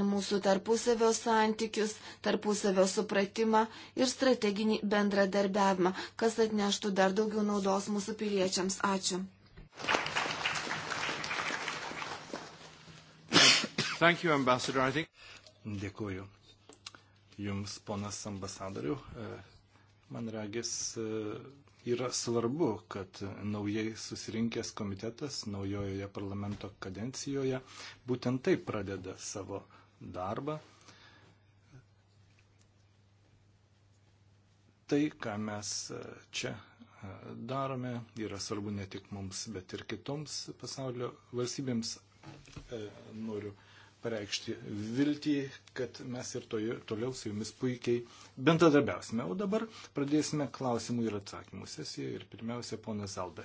mūsų tarpusavio santykius, tarpusavio supratimą ir strateginį bendradarbiavimą, kas atneštų dar daugiau naudos mūsų piliečiams. Ačiū. Thank you, Ambassador. I think... Dėkuoju. Jums, ponas ambasadoriu. E, man regis e, yra svarbu, kad naujai susirinkęs komitetas naujojoje parlamento kadencijoje būtent taip pradeda savo darbą. Tai, ką mes e, čia darome, yra svarbu ne tik mums, bet ir kitoms pasaulio valstybėms. Noriu pareikšti viltį, kad mes ir to, toliau su jumis puikiai bendradarbiausime. O dabar pradėsime klausimų ir atsakymų sesiją ir pirmiausia, ponė Zalbe.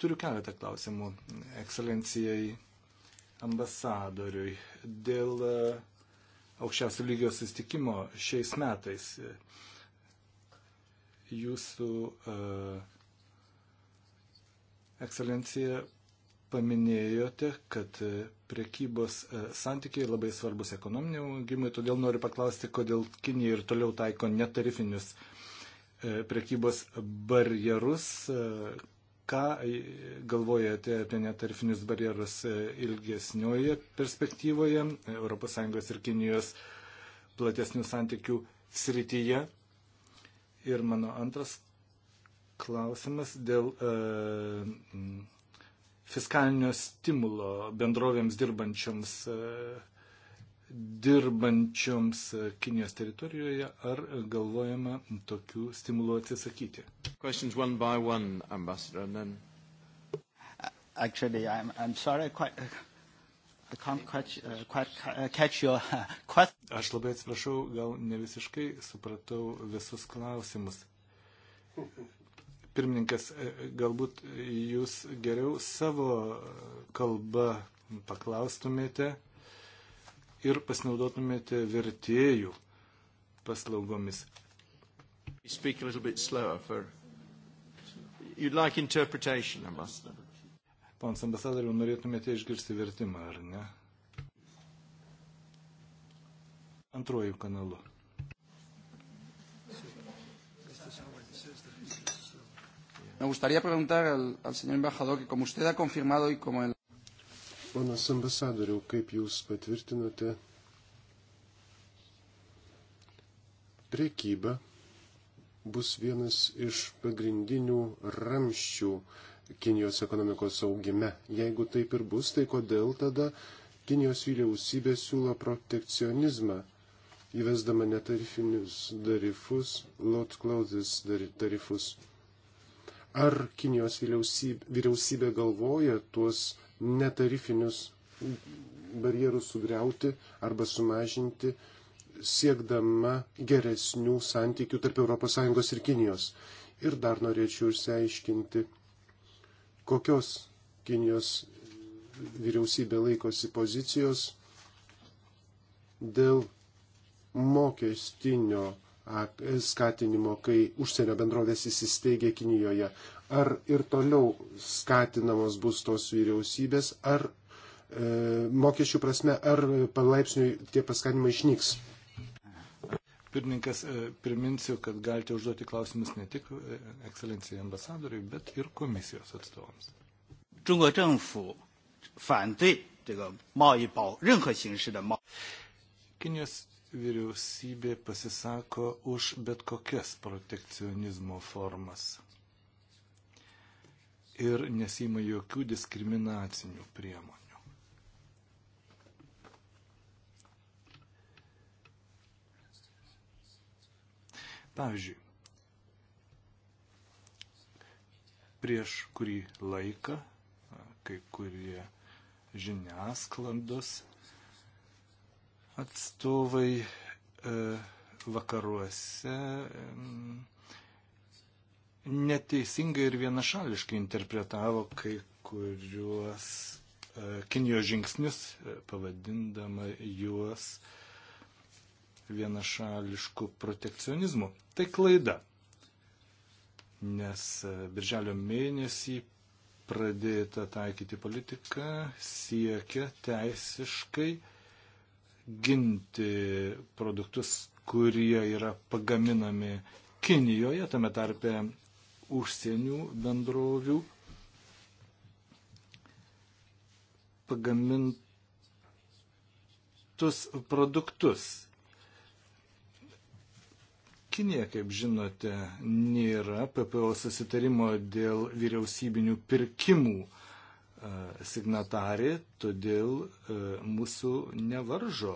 Turiu keletą klausimų ekscelencijai ambasadoriui dėl e, aukščiausio lygio sustikimo šiais metais. E, jūsų uh, ekscelencija paminėjote, kad e, prekybos e, santykiai labai svarbus ekonominiam augimui, todėl noriu paklausti, kodėl Kinija ir toliau taiko netarifinius e, prekybos barjerus. Ką galvojate apie netarifinius barjerus ilgesnioje perspektyvoje ES ir Kinijos platesnių santykių srityje? Ir mano antras klausimas dėl e, fiskalinio stimulo bendrovėms dirbančioms, e, dirbančioms e, Kinijos teritorijoje, ar galvojama tokių stimulų atsisakyti? One one, then... Actually, I'm, I'm sorry, quite, I can't catch, uh, quite, uh, catch your [laughs] question. Aš labai atsiprašau, gal ne visiškai supratau visus klausimus. Pirmininkas, e, galbūt jūs geriau savo kalbą paklaustumėte ir pasinaudotumėte vertėjų paslaugomis. For... You'd like interpretation, ambassador. Pons ambasadoriu, norėtumėte išgirsti vertimą, ar ne? Antruoju kanalu. Me gustaría preguntar al, al señor embajador que como usted ha confirmado y como el. Ponas ambasadoriau, kaip jūs patvirtinote prekyba bus vienas iš pagrindinių ramščių Kinijos ekonomikos augime. Jeigu taip ir bus, tai kodėl tada Kinijos vyriausybė siūlo protekcionizmą, įvesdama netarifinius tarifus, lot clothes tarifus. Ar Kinijos vyriausybė, vyriausybė galvoja tuos netarifinius barjerus sugriauti arba sumažinti, siekdama geresnių santykių tarp ES ir Kinijos? Ir dar norėčiau išsiaiškinti, kokios Kinijos vyriausybė laikosi pozicijos dėl mokestinio skatinimo, kai užsienio bendrovės įsisteigė Kinijoje. Ar ir toliau skatinamos bus tos vyriausybės, ar e, mokesčių prasme, ar palaipsniui tie paskatinimai išnyks? Pirmininkas, e, priminsiu, kad galite užduoti klausimus ne tik e, ekscelencijai ambasadoriui, bet ir komisijos atstovams. 中国政府反对这个贸易保任何形式的贸。Kinijos vyriausybė pasisako už bet kokias protekcionizmo formas ir nesima jokių diskriminacinių priemonių. Pavyzdžiui, prieš kurį laiką kai kurie žiniasklandos atstovai e, vakaruose neteisingai ir vienašališkai interpretavo kai kuriuos e, Kinijos žingsnius, e, pavadindama juos vienašališku protekcionizmu. Tai klaida, nes birželio mėnesį pradėta taikyti politika siekia teisiškai uh, ginti produktus, kurie yra pagaminami Kinijoje, tame tarpe užsienių bendrovių, pagamintus produktus. Kinija, kaip žinote, nėra PPO susitarimo dėl vyriausybinių pirkimų E, signatarė, todėl e, mūsų nevaržo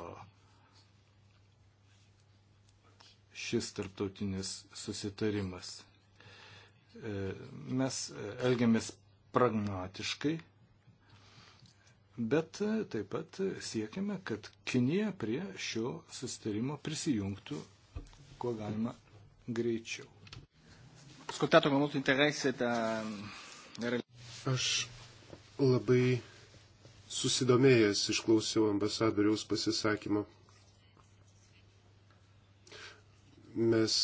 šis tarptautinis susitarimas. E, mes elgiamės pragmatiškai, bet taip pat siekiame, kad Kinija prie šio susitarimo prisijungtų kuo galima greičiau. Ascoltato con molto interesse da... Aš Labai susidomėjęs išklausiau ambasadoriaus pasisakymo. Mes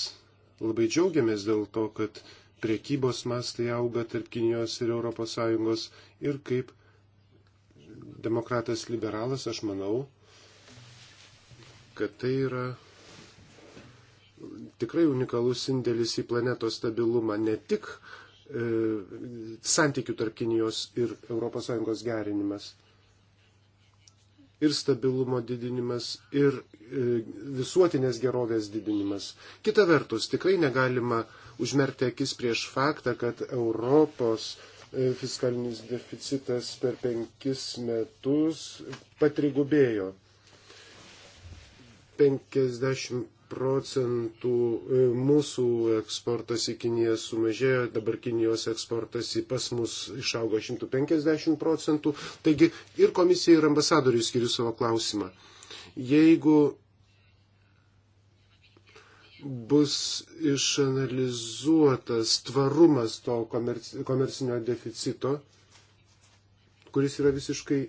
labai džiaugiamės dėl to, kad priekybos mastai auga tarp Kinijos ir ES ir kaip demokratas liberalas aš manau, kad tai yra tikrai unikalus indėlis į planetos stabilumą ne tik uh, E, santykių tarp Kinijos ir ES gerinimas. Ir stabilumo didinimas, ir e, visuotinės gerovės didinimas. Kita vertus, tikrai negalima užmerkti akis prieš faktą, kad Europos e, fiskalinis deficitas per penkis metus patrigubėjo. 50 procentų e, mūsų eksportas į Kiniją sumažėjo, dabar Kinijos eksportas į pas mus išaugo 150 procentų. Taigi ir komisija, ir ambasadoriui skiriu savo klausimą. Jeigu bus išanalizuotas tvarumas to komercinio deficito, kuris yra visiškai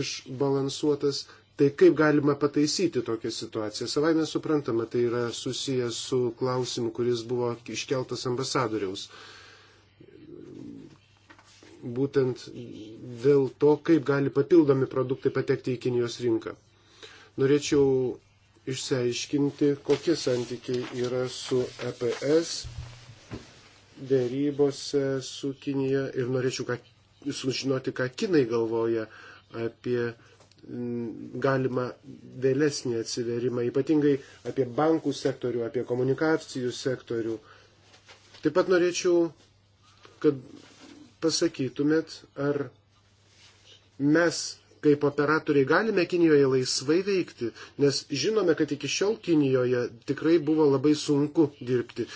išbalansuotas, Tai kaip galima pataisyti tokią situaciją? Savai mes suprantama, tai yra susijęs su klausimu, kuris buvo iškeltas ambasadoriaus. Būtent dėl to, kaip gali papildomi produktai patekti į Kinijos rinką. Norėčiau išsiaiškinti, kokie santykiai yra su EPS dėrybose su Kinija ir norėčiau ką, sužinoti, ką Kinai galvoja apie Mm, galima vėlesnį atsiverimą, ypatingai apie bankų sektorių, apie komunikacijų sektorių. Taip pat norėčiau, kad pasakytumėt, ar mes kaip operatoriai galime Kinijoje laisvai veikti, nes žinome, kad iki šiol Kinijoje tikrai buvo labai sunku dirbti.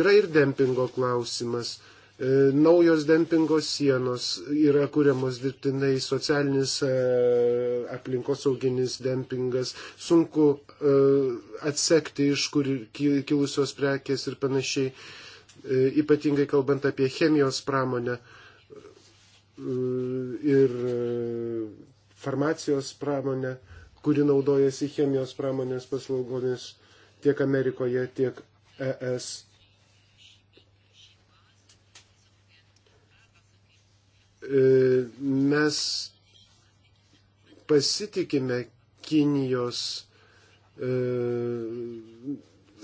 Yra ir dempingo klausimas. E, naujos dempingo sienos yra kuriamos dirbtinai, socialinis e, aplinkosauginis dempingas, sunku e, atsekti, iš kur kilusios prekės ir panašiai, ypatingai kalbant apie chemijos pramonę ir farmacijos pramonę, kuri naudojasi chemijos pramonės paslaugomis tiek Amerikoje, tiek ES E, mes pasitikime Kinijos e,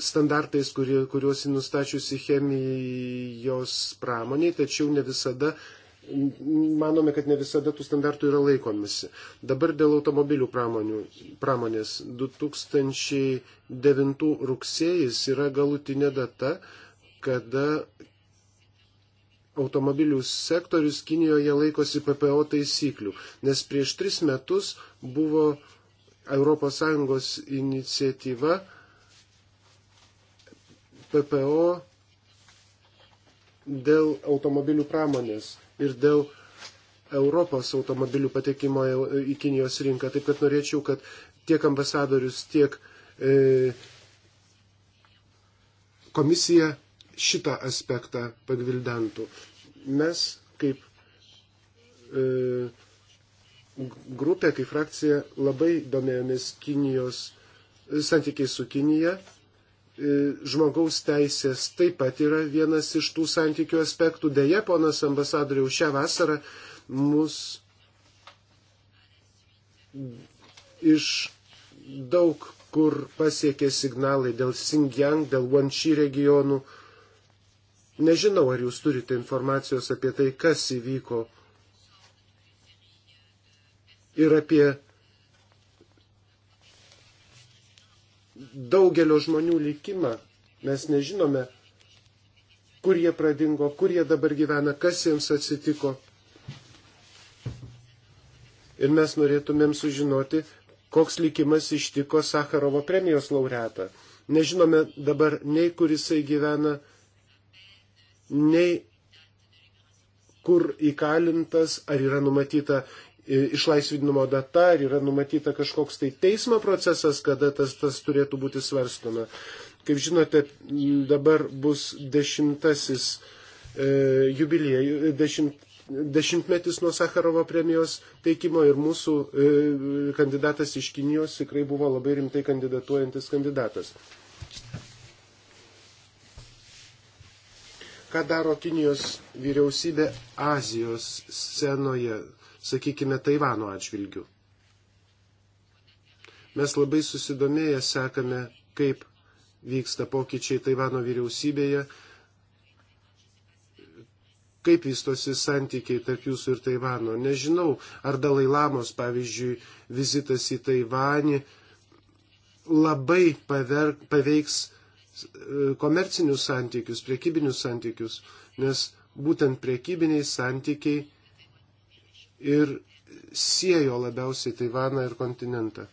standartais, kuriuos jį nustačiusi chemijos pramoniai, tačiau ne visada, manome, kad ne visada tų standartų yra laikomisi. Dabar dėl automobilių pramonių, pramonės 2009 rugsėjas yra galutinė data, kada automobilių sektorius Kinijoje laikosi PPO taisyklių, nes prieš tris metus buvo ES iniciatyva PPO dėl automobilių pramonės ir dėl Europos automobilių patekimo į Kinijos rinką. Taip kad norėčiau, kad tiek ambasadorius, tiek e, komisija šitą aspektą pagvildantų. Mes kaip e, grupė, kaip frakcija labai domėjomės Kinijos, e, santykiai su Kinija. E, žmogaus teisės taip pat yra vienas iš tų santykių aspektų. Deja, ponas ambasadoriau, šią vasarą mus iš daug kur pasiekė signalai dėl Xinjiang, dėl Wanxi regionų, e, Nežinau, ar jūs turite informacijos apie tai, kas įvyko ir apie daugelio žmonių likimą. Mes nežinome, kur jie pradingo, kur jie dabar gyvena, kas jiems atsitiko. Ir mes norėtumėm sužinoti, koks likimas ištiko Sakarovo premijos laureatą. Nežinome dabar nei kur jisai gyvena, nei kur įkalintas, ar yra numatyta e, išlaisvinimo data, ar yra numatyta kažkoks tai teismo procesas, kada tas, tas turėtų būti svarstoma. Kaip žinote, dabar bus dešimtasis e, jubiliejų, e, dešimt, dešimtmetis nuo Sakarovo premijos teikimo ir mūsų e, kandidatas iš Kinijos tikrai buvo labai rimtai kandidatuojantis kandidatas. ką daro Kinijos vyriausybė Azijos scenoje, sakykime, Taivano atžvilgių. Mes labai susidomėję sekame, kaip vyksta pokyčiai Taivano vyriausybėje, kaip vystosi santykiai tarp jūsų ir Taivano. Nežinau, ar Dalai Lamos, pavyzdžiui, vizitas į Taivanį labai paver, paveiks komercinius santykius, priekybinius santykius, nes būtent priekybiniai santykiai ir siejo labiausiai Taivaną ir kontinentą.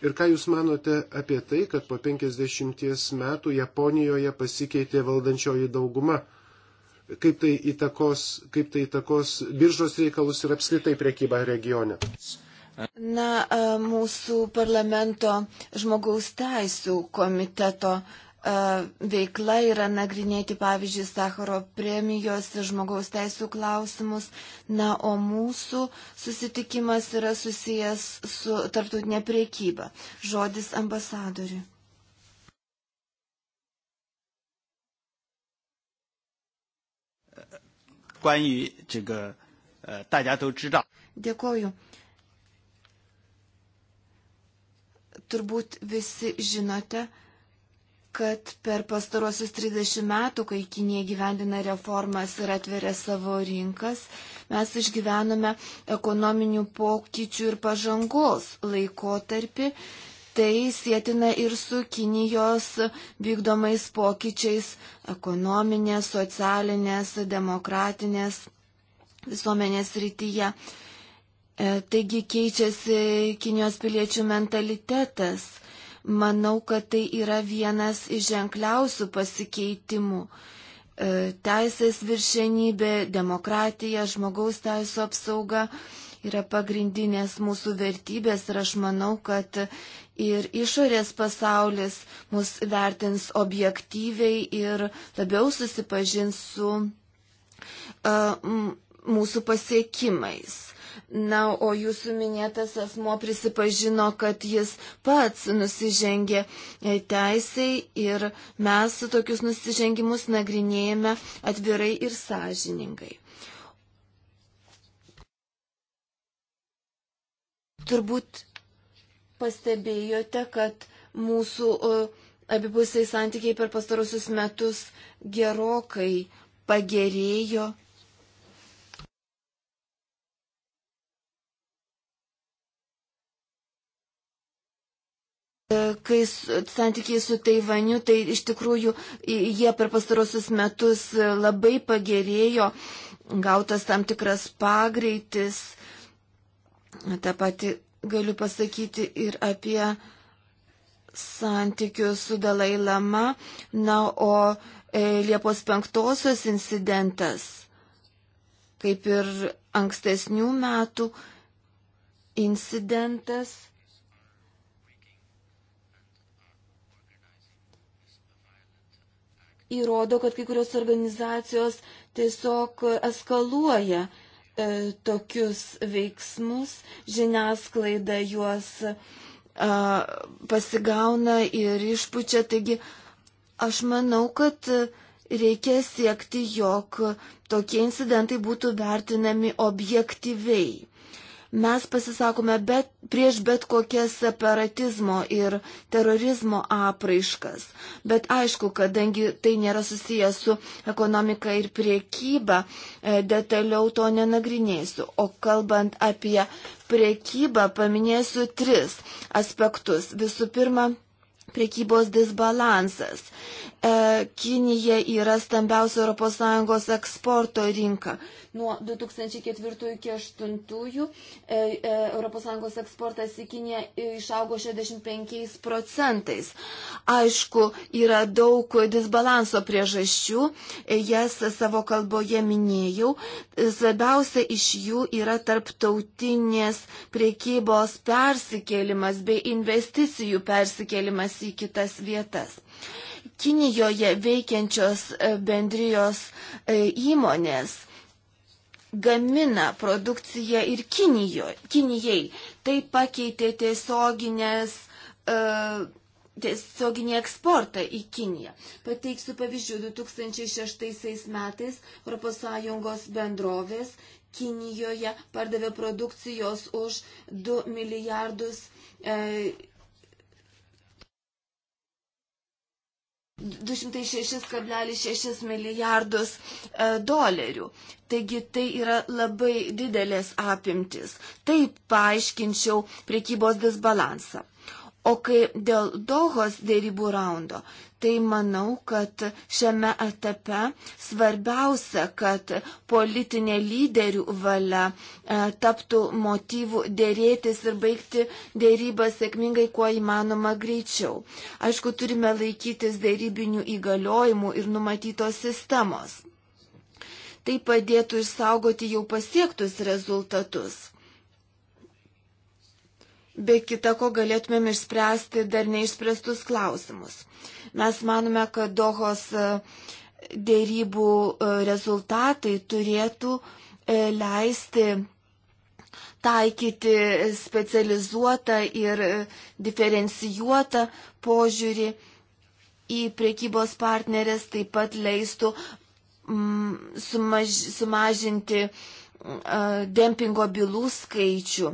Ir ką Jūs manote apie tai, kad po 50 metų Japonijoje pasikeitė valdančioji dauguma? Kaip tai įtakos, kaip tai įtakos biržos reikalus ir apskritai priekybą regione? Na, e, mūsų parlamento žmogaus teisų komiteto e, veikla yra nagrinėti, pavyzdžiui, Sakaro premijos ir žmogaus teisų klausimus. Na, o mūsų susitikimas yra susijęs su tarptautinė priekyba. Žodis ambasadoriui. Dėkoju. turbūt visi žinote, kad per pastarosius 30 metų, kai Kinė gyvendina reformas ir atveria savo rinkas, mes išgyvename ekonominių pokyčių ir pažangos laikotarpį. Tai sėtina ir su Kinijos vykdomais pokyčiais ekonominės, socialinės, demokratinės visuomenės rytyje. E, taigi keičiasi Kinijos piliečių mentalitetas. Manau, kad tai yra vienas iš ženkliausių pasikeitimų. E, teisės viršenybė, demokratija, žmogaus teisų apsauga yra pagrindinės mūsų vertybės ir aš manau, kad ir išorės pasaulis mus vertins objektyviai ir labiau susipažins su uh, mūsų pasiekimais. Na, o jūsų minėtas asmo prisipažino, kad jis pats nusižengė e, teisai ir mes tokius nusižengimus nagrinėjame atvirai ir sąžiningai. Turbūt pastebėjote, kad mūsų e, abipusiai santykiai per pastarusius metus gerokai pagerėjo Kai santykiai su Taivaniu, tai iš tikrųjų jie per pastarosius metus labai pagerėjo, gautas tam tikras pagreitis. Ta pati galiu pasakyti ir apie santykius su Dalai Lama. Na, o e, Liepos penktosios incidentas, kaip ir ankstesnių metų incidentas, įrodo, kad kai kurios organizacijos tiesiog eskaluoja e, tokius veiksmus, žiniasklaida juos e, pasigauna ir išpučia. Taigi aš manau, kad reikia siekti, jog tokie incidentai būtų vertinami objektyviai. Mes pasisakome bet, prieš bet kokias separatizmo ir terorizmo apraiškas. Bet aišku, kadangi tai nėra susijęs su ekonomika ir priekyba, e, detaliau to nenagrinėsiu. O kalbant apie priekybą, paminėsiu tris aspektus. Visų pirma, priekybos disbalansas. E, Kinija yra stambiausia ES eksporto rinka. Nuo 2004 iki 2008 e, e, ES eksportas į Kiniją išaugo 65 procentais. Aišku, yra daug disbalanso priežasčių, jas savo kalboje minėjau. Svarbiausia iš jų yra tarptautinės priekybos persikėlimas bei investicijų persikėlimas į kitas vietas. Kinijoje veikiančios e, bendrijos e, įmonės gamina produkciją ir Kinijo, Kinijai. Tai pakeitė tiesioginės, e, tiesioginį eksportą į Kiniją. Pateiksiu pavyzdžių. 2006 metais ES bendrovės Kinijoje pardavė produkcijos už 2 milijardus 206,6 milijardus e, dolerių. Taigi tai yra labai didelės apimtis. Taip paaiškinčiau priekybos disbalansą. O kai dėl Dohos dėrybų raundo, tai manau, kad šiame etape svarbiausia, kad politinė lyderių valia e, taptų motyvų dėrėtis ir baigti dėrybą sėkmingai kuo įmanoma greičiau. Aišku, turime laikytis dėrybinių įgaliojimų ir numatytos sistemos. Tai padėtų išsaugoti jau pasiektus rezultatus be kita ko galėtumėm išspręsti dar neišspręstus klausimus. Mes manome, kad Dohos e, dėrybų e, rezultatai turėtų e, leisti taikyti specializuotą ir diferencijuotą požiūrį į priekybos partnerės, taip pat leistų mm, sumaž, sumažinti uh, dempingo bylų skaičių,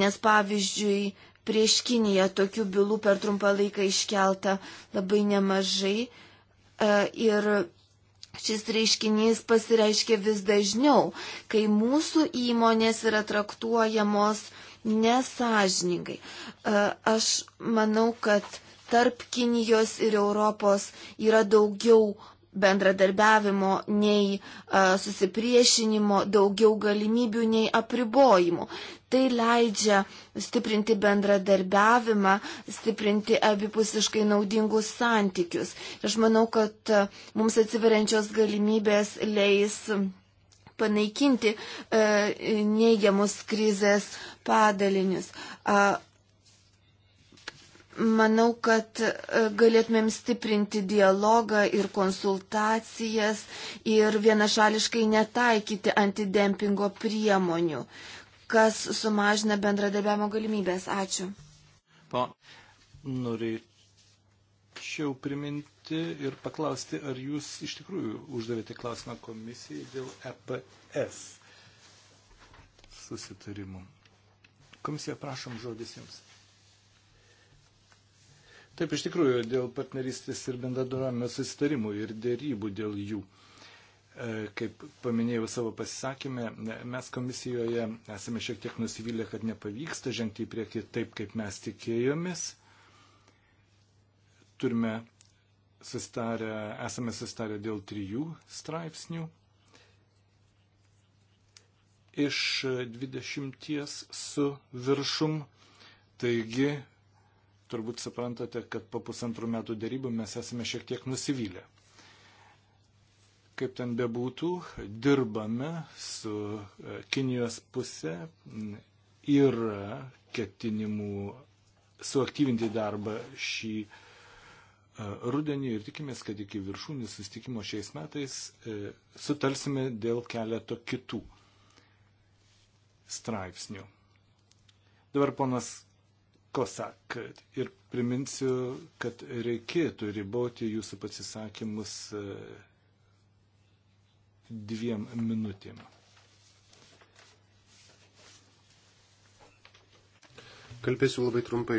nes pavyzdžiui, prieš Kiniją tokių bylų per trumpą laiką iškelta labai nemažai ir šis reiškinys pasireiškia vis dažniau, kai mūsų įmonės yra traktuojamos nesažiningai. Aš manau, kad tarp Kinijos ir Europos yra daugiau bendradarbiavimo, nei a, susipriešinimo, daugiau galimybių, nei apribojimų. Tai leidžia stiprinti bendradarbiavimą, stiprinti abipusiškai naudingus santykius. Aš manau, kad a, mums atsiveriančios galimybės leis panaikinti e, neigiamus krizės padalinius. A, Manau, kad e, galėtumėm stiprinti dialogą ir konsultacijas ir vienašališkai netaikyti antidempingo priemonių, kas sumažina bendradarbiavimo galimybės. Ačiū. Pa, norėčiau priminti ir paklausti, ar jūs iš tikrųjų uždavėte klausimą komisijai dėl EPS susitarimų. Komisija, prašom žodis jums. Taip iš tikrųjų, dėl partnerystės ir bendradarbiavimo susitarimų ir dėrybų dėl jų. E, kaip paminėjau savo pasisakymę, mes komisijoje esame šiek tiek nusivylę, kad nepavyksta žengti į priekį taip, kaip mes tikėjomės. Turime sustarę, esame sustarę dėl trijų straipsnių iš 20 su viršum. Taigi turbūt suprantate, kad po pusantrų metų dėrybų mes esame šiek tiek nusivylę. Kaip ten bebūtų, dirbame su e, Kinijos pusė, yra ketinimų suaktyvinti darbą šį e, rudenį ir tikimės, kad iki viršūnių sustikimo šiais metais e, sutarsime dėl keleto kitų straipsnių. Dabar ponas COSAC. Ir priminsiu, kad reikėtų riboti jūsų pasisakymus e, dviem minutėm. Kalbėsiu labai trumpai.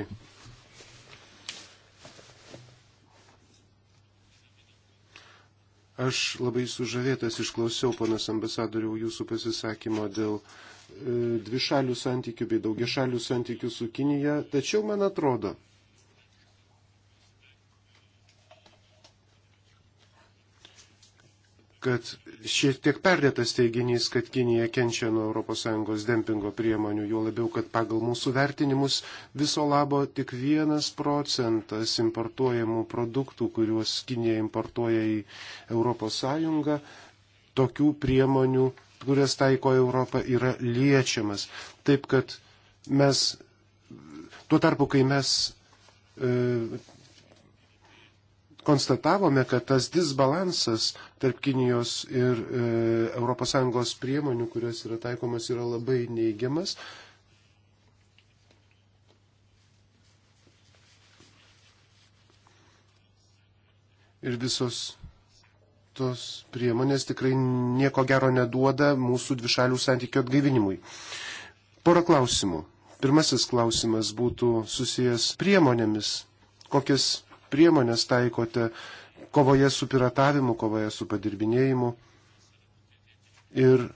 Aš labai sužavėtas išklausiau, ponas ambasadoriau, jūsų pasisakymo dėl uh, E, dvišalių santykių bei daugiešalių santykių su Kinija, tačiau man atrodo, kad šiek tiek perdėtas teiginys, kad Kinija kenčia nuo ES dempingo priemonių, juo labiau, kad pagal mūsų vertinimus viso labo tik vienas procentas importuojamų produktų, kuriuos Kinija importuoja į ES, tokių priemonių kurias taiko Europą, yra liečiamas. Taip kad mes, tuo tarpu, kai mes e, konstatavome, kad tas disbalansas tarp Kinijos ir e, ES priemonių, kurios yra taikomas, yra labai neigiamas. Ir visos tos priemonės tikrai nieko gero neduoda mūsų dvišalių santykių atgaivinimui. Porą klausimų. Pirmasis klausimas būtų susijęs priemonėmis. Kokias priemonės taikote kovoje su piratavimu, kovoje su padirbinėjimu ir e,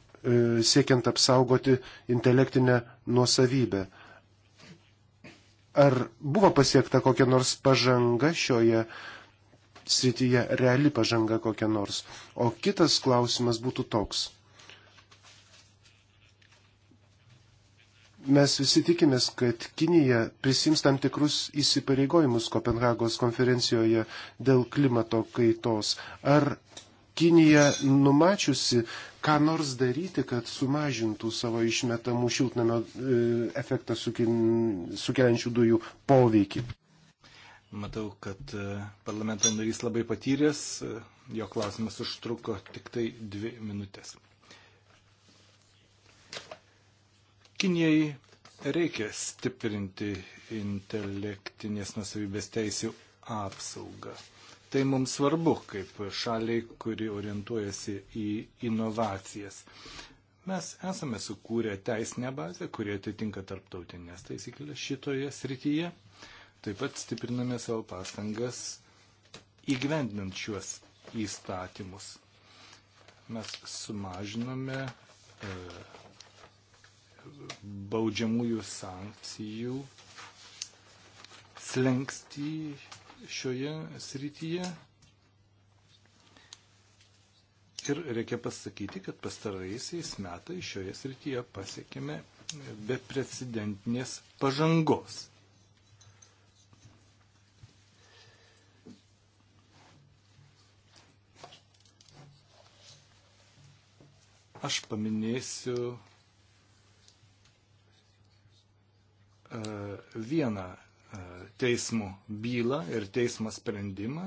siekiant apsaugoti intelektinę nuosavybę? Ar buvo pasiekta kokia nors pažanga šioje srityje reali pažanga kokia nors. O kitas klausimas būtų toks. Mes visi tikimės, kad Kinija prisims tam tikrus įsipareigojimus Kopenhagos konferencijoje dėl klimato kaitos. Ar Kinija numačiusi, ką nors daryti, kad sumažintų savo išmetamų šiltnamio e, efektą sukeliančių dujų poveikį? Matau, kad e, parlamento narys labai patyręs, e, jo klausimas užtruko tik tai dvi minutės. Kinijai reikia stiprinti intelektinės nusavybės teisių apsaugą. Tai mums svarbu kaip šaliai, kuri orientuojasi į inovacijas. Mes esame sukūrę teisinę bazę, kurie atitinka tarptautinės taisyklės šitoje srityje. Taip pat stipriname savo pastangas įgyvendinant šiuos įstatymus. Mes sumažinome e, baudžiamųjų sankcijų slengsti šioje srityje. Ir reikia pasakyti, kad pastaraisiais metais šioje srityje pasiekėme beprecedentinės pažangos. Aš paminėsiu e, vieną e, teismų bylą ir teismo sprendimą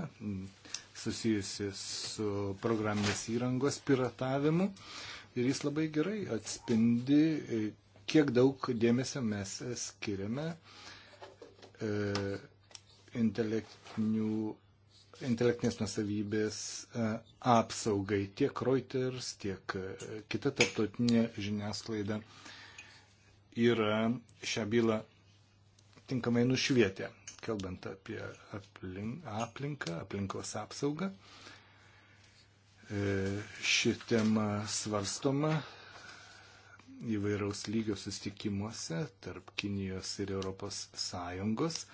susijusi su programinės įrangos piratavimu. Ir jis labai gerai atspindi, e, kiek daug dėmesio mes skiriame e, intelektinių intelektinės nusavybės e, apsaugai. Tiek Reuters, tiek e, kita tarptautinė žiniasklaida yra šią bylą tinkamai nušvietę, kalbant apie aplinką, aplinkos apsaugą. E, ši tema svarstoma įvairaus lygio sustikimuose tarp Kinijos ir Europos Sąjungos.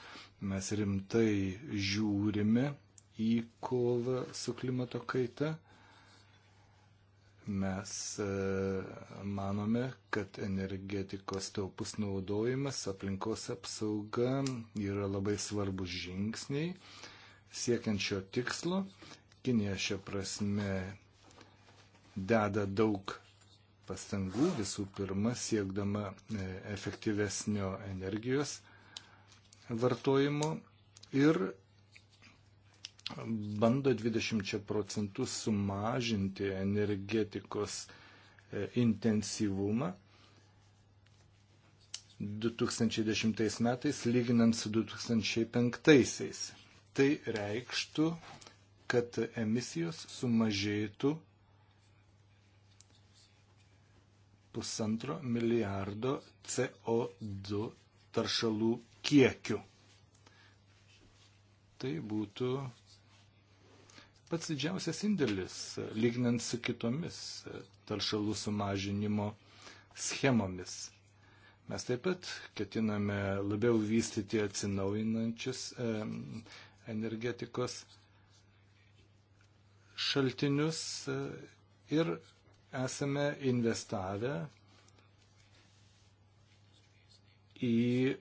Mes rimtai žiūrime į kovą su klimato kaita. Mes e, manome, kad energetikos taupus naudojimas, aplinkos apsauga yra labai svarbus žingsniai siekiančio tikslo. Kinija šia prasme deda daug pastangų, visų pirma, siekdama e, efektyvesnio energijos vartojimo ir bando 20 procentų sumažinti energetikos e, intensyvumą 2010 metais lyginant su 2005-aisiais. Tai reikštų, kad emisijos sumažėtų pusantro milijardo CO2 taršalų kiekiu. Tai būtų pats didžiausias indėlis, e, lygnant su kitomis e, taršalų sumažinimo schemomis. Mes taip pat ketiname labiau vystyti atsinaujinančius e, energetikos šaltinius ir esame investavę į e,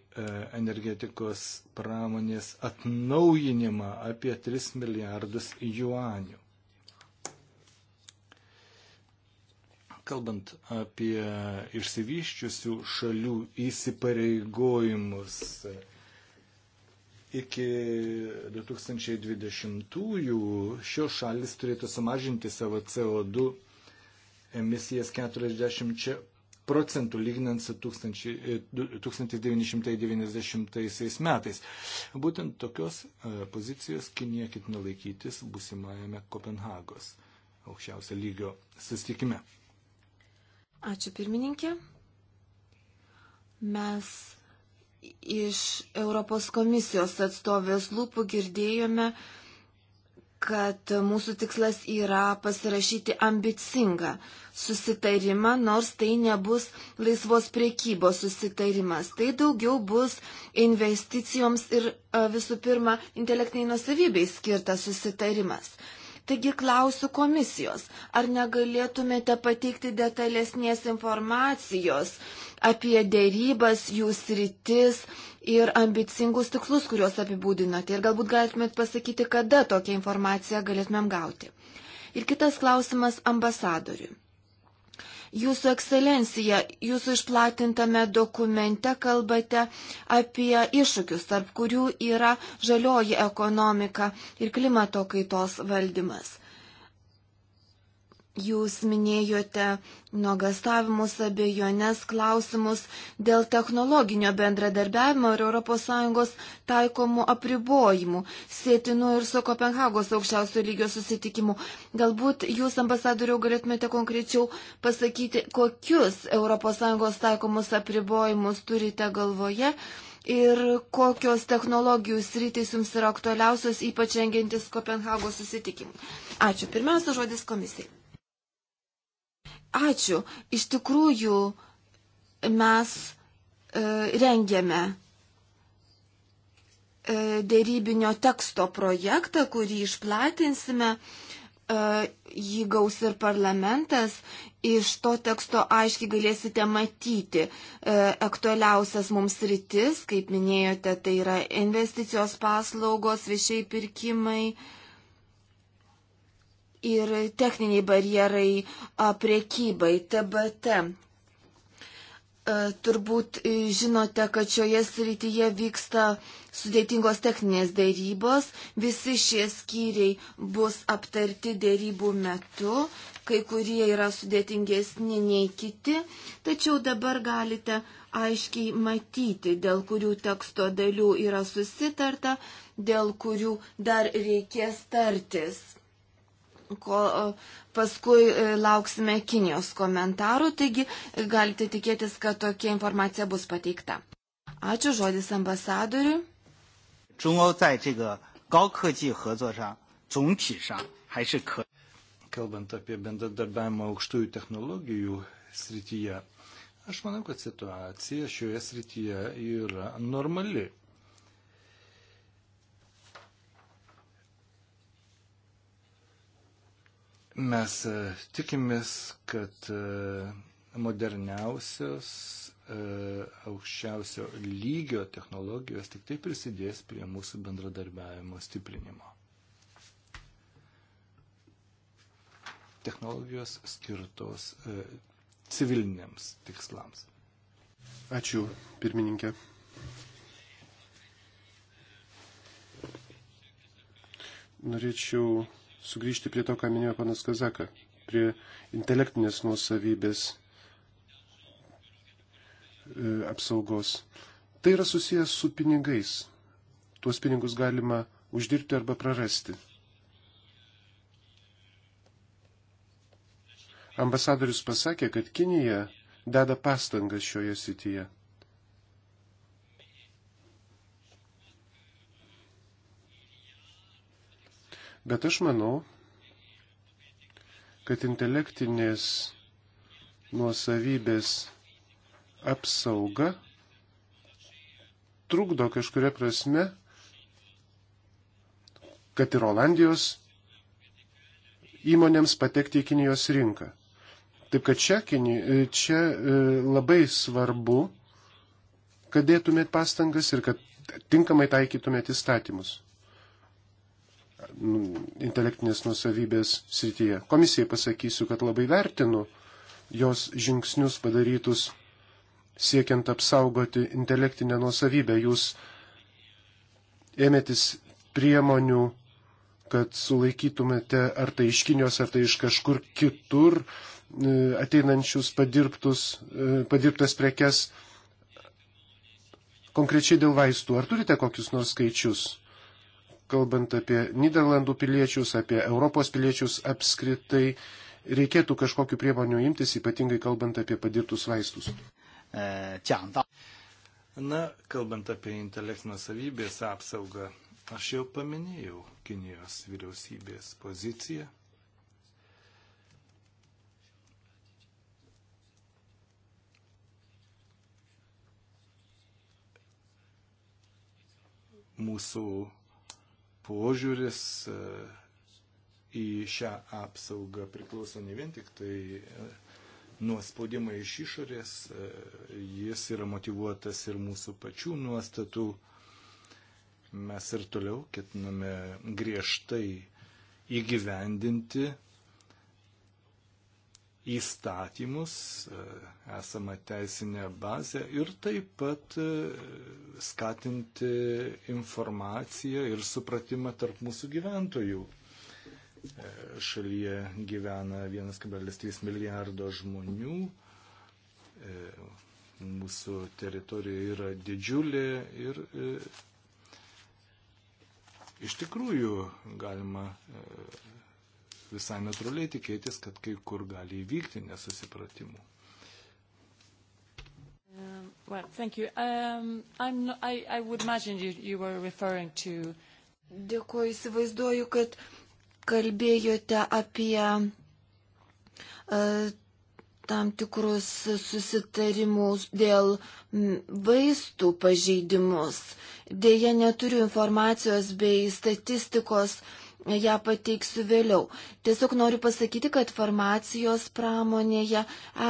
energetikos pramonės atnaujinimą apie 3 milijardus juanių. Kalbant apie išsivyščiusių šalių įsipareigojimus iki 2020-ųjų, šios šalis turėtų sumažinti savo CO2 emisijas 40 procentų lyginant su 1990 e, metais. Būtent tokios e, pozicijos Kinija ketina laikytis busimajame Kopenhagos aukščiausio lygio sustikime. Ačiū pirmininkė. Mes iš Europos komisijos atstovės lūpų girdėjome, uh, kad mūsų tikslas yra pasirašyti ambicingą susitarimą, nors tai nebus laisvos priekybos susitarimas. Tai daugiau bus investicijoms ir e, visų pirma intelektiniai nusavybei skirtas susitarimas. Taigi klausiu komisijos, ar negalėtumėte pateikti detalesnės informacijos apie dėrybas, jų sritis ir ambicingus tikslus, kuriuos apibūdinote. Ir galbūt galėtumėt pasakyti, kada tokią informaciją galėtumėm gauti. Ir kitas klausimas ambasadoriui. Jūsų ekscelencija, jūsų išplatintame dokumente kalbate apie iššūkius, tarp kurių yra žalioji ekonomika ir klimato kaitos valdymas. Jūs minėjote nuogastavimus, abejonės klausimus dėl technologinio bendradarbiavimo ir ES taikomų apribojimų, sėtinų ir su Kopenhagos aukščiausio lygio susitikimu. Galbūt jūs, ambasadoriau, galėtumėte konkrečiau pasakyti, kokius ES taikomus apribojimus turite galvoje ir kokios technologijų sritys jums yra aktualiausios, ypač rengiantis Kopenhagos susitikimui. Ačiū. Pirmiausia, žodis komisijai. Ačiū. Iš tikrųjų, mes e, rengiame e, dėrybinio teksto projektą, kurį išplatinsime. E, jį gaus ir parlamentas. Iš to teksto aiškiai galėsite matyti e, aktualiausias mums rytis, kaip minėjote, tai yra investicijos paslaugos, viešiai pirkimai. E, ir techniniai barjerai priekybai, TBT. Turbūt e, žinote, kad šioje srityje vyksta sudėtingos techninės dėrybos. Visi šie skyriai bus aptarti dėrybų metu, kai kurie yra sudėtingesni nei kiti, tačiau dabar galite aiškiai matyti, dėl kurių teksto dalių yra susitarta, dėl kurių dar reikės tartis kol e, paskui e, lauksime Kinijos komentarų, taigi e, galite tikėtis, kad tokia informacija bus pateikta. Ačiū žodis ambasadoriui. 中欧在这个高科技合作上，总体上还是可。Kalbant apie bendradarbiavimą aukštųjų technologijų srityje, aš manau, kad situacija šioje srityje yra normali. Mes e, tikimės, kad e, moderniausios e, aukščiausio lygio technologijos tik tai prisidės prie mūsų bendradarbiavimo stiprinimo. Technologijos skirtos civiliniams tikslams. Ačiū, pirmininkė. Norėčiau sugrįžti prie to, ką minėjo panas Kazaka, prie intelektinės nuosavybės e, apsaugos. Tai yra susijęs su pinigais. Tuos pinigus galima uždirbti arba prarasti. Ambasadorius pasakė, kad Kinija deda pastangas šioje sityje. Bet aš manau, kad intelektinės nuosavybės apsauga trukdo kažkuria prasme, kad ir Olandijos įmonėms patekti į Kinijos rinką. Taip kad čia, čia e, labai svarbu, kad dėtumėt pastangas ir kad tinkamai taikytumėt įstatymus. Nu, intelektinės nusavybės srityje. Komisijai pasakysiu, kad labai vertinu jos žingsnius padarytus siekiant apsaugoti intelektinę nusavybę. Jūs ėmėtis priemonių, kad sulaikytumėte ar tai iš Kinijos, ar tai iš kažkur kitur e, ateinančius padirbtus, e, padirbtas prekes konkrečiai dėl vaistų. Ar turite kokius nors skaičius? kalbant apie Niderlandų piliečius, apie Europos piliečius apskritai, reikėtų kažkokiu priemonių imtis, ypatingai kalbant apie padirtus vaistus. E, Na, kalbant apie intelektinės savybės apsaugą, aš jau paminėjau Kinijos vyriausybės poziciją. Mūsų požiūris e, į šią apsaugą priklauso ne vien tik tai e, nuo spaudimo iš išorės, e, jis yra motivuotas ir mūsų pačių nuostatų. Mes ir toliau ketiname griežtai įgyvendinti įstatymus, e, esamą teisinę bazę ir taip pat e, skatinti informaciją ir supratimą tarp mūsų gyventojų. E, šalyje gyvena 1,3 milijardo žmonių, mūsų teritorija yra didžiulė ir iš tikrųjų galima visai natūraliai tikėtis, kad kai kur gali įvykti nesusipratimų. Um, well, thank you. Um, I'm not, I, I would imagine you, you were referring to. Dėkuoju, įsivaizduoju, kad kalbėjote apie uh, tam tikrus susitarimus dėl vaistų pažeidimus. Deja, neturiu informacijos bei statistikos ją pateiksiu vėliau. Tiesiog noriu pasakyti, kad farmacijos pramonėje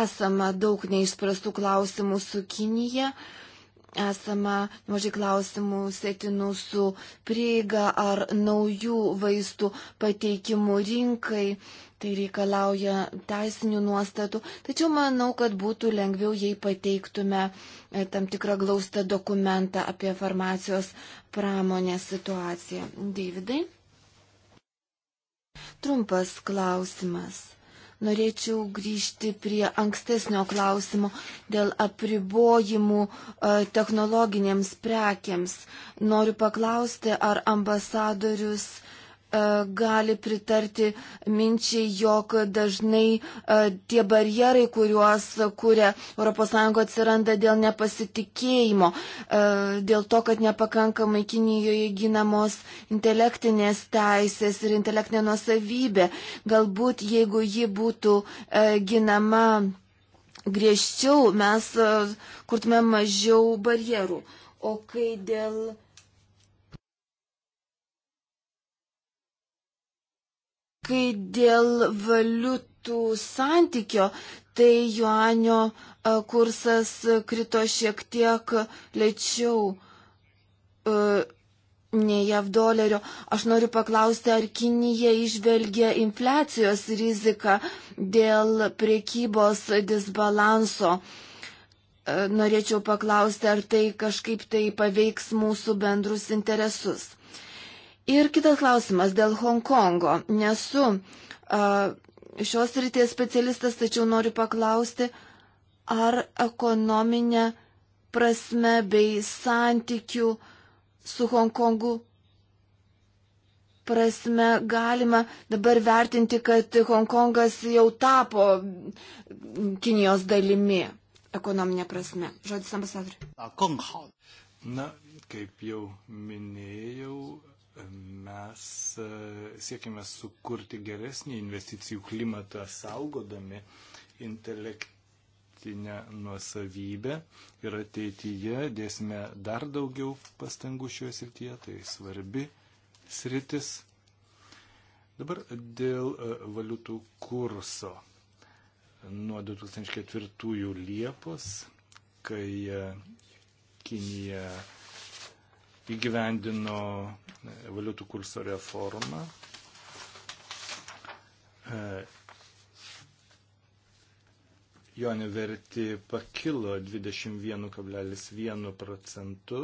esama daug neišspręstų klausimų su Kinija. Esama mažai klausimų sėtinų su prieiga ar naujų vaistų pateikimu rinkai, tai reikalauja teisinių nuostatų. Tačiau manau, kad būtų lengviau, jei pateiktume e, tam tikrą glaustą dokumentą apie farmacijos pramonės situaciją. Davidai. Trumpas klausimas. Norėčiau grįžti prie ankstesnio klausimo dėl apribojimų e, technologinėms prekiams. Noriu paklausti, ar ambasadorius E, gali pritarti minčiai, jog dažnai e, tie barjerai, kuriuos kūrė ES, atsiranda dėl nepasitikėjimo, e, dėl to, kad nepakankamai Kinijoje ginamos intelektinės teisės ir intelektinė nusavybė. Galbūt jeigu ji būtų ginama griežčiau, mes kurtume mažiau barjerų. O kai dėl Kai dėl valiutų santykio, tai juanio e, kursas krito šiek tiek lėčiau e, nei jav dolerio. Aš noriu paklausti, ar Kinija išvelgia infliacijos riziką dėl priekybos disbalanso. E, norėčiau paklausti, ar tai kažkaip tai paveiks mūsų bendrus interesus. Ir kitas klausimas dėl Hongkongo. Nesu uh, šios ryties specialistas, tačiau noriu paklausti, ar ekonominė prasme bei santykių su Hongkongu prasme galima dabar vertinti, kad Hongkongas jau tapo Kinijos dalimi ekonominė prasme. Žodis ambasadoriui. Na, kaip jau minėjau, mes e, siekime sukurti geresnį investicijų klimatą saugodami intelektinę nuosavybę ir ateityje dėsime dar daugiau pastangų šioje srityje, tai svarbi sritis. Dabar dėl e, valiutų kurso. Nuo 2004 Liepos, kai e, Kinija įgyvendino valiutų kurso reformą. E, Jonė vertė pakilo 21,1 procentu.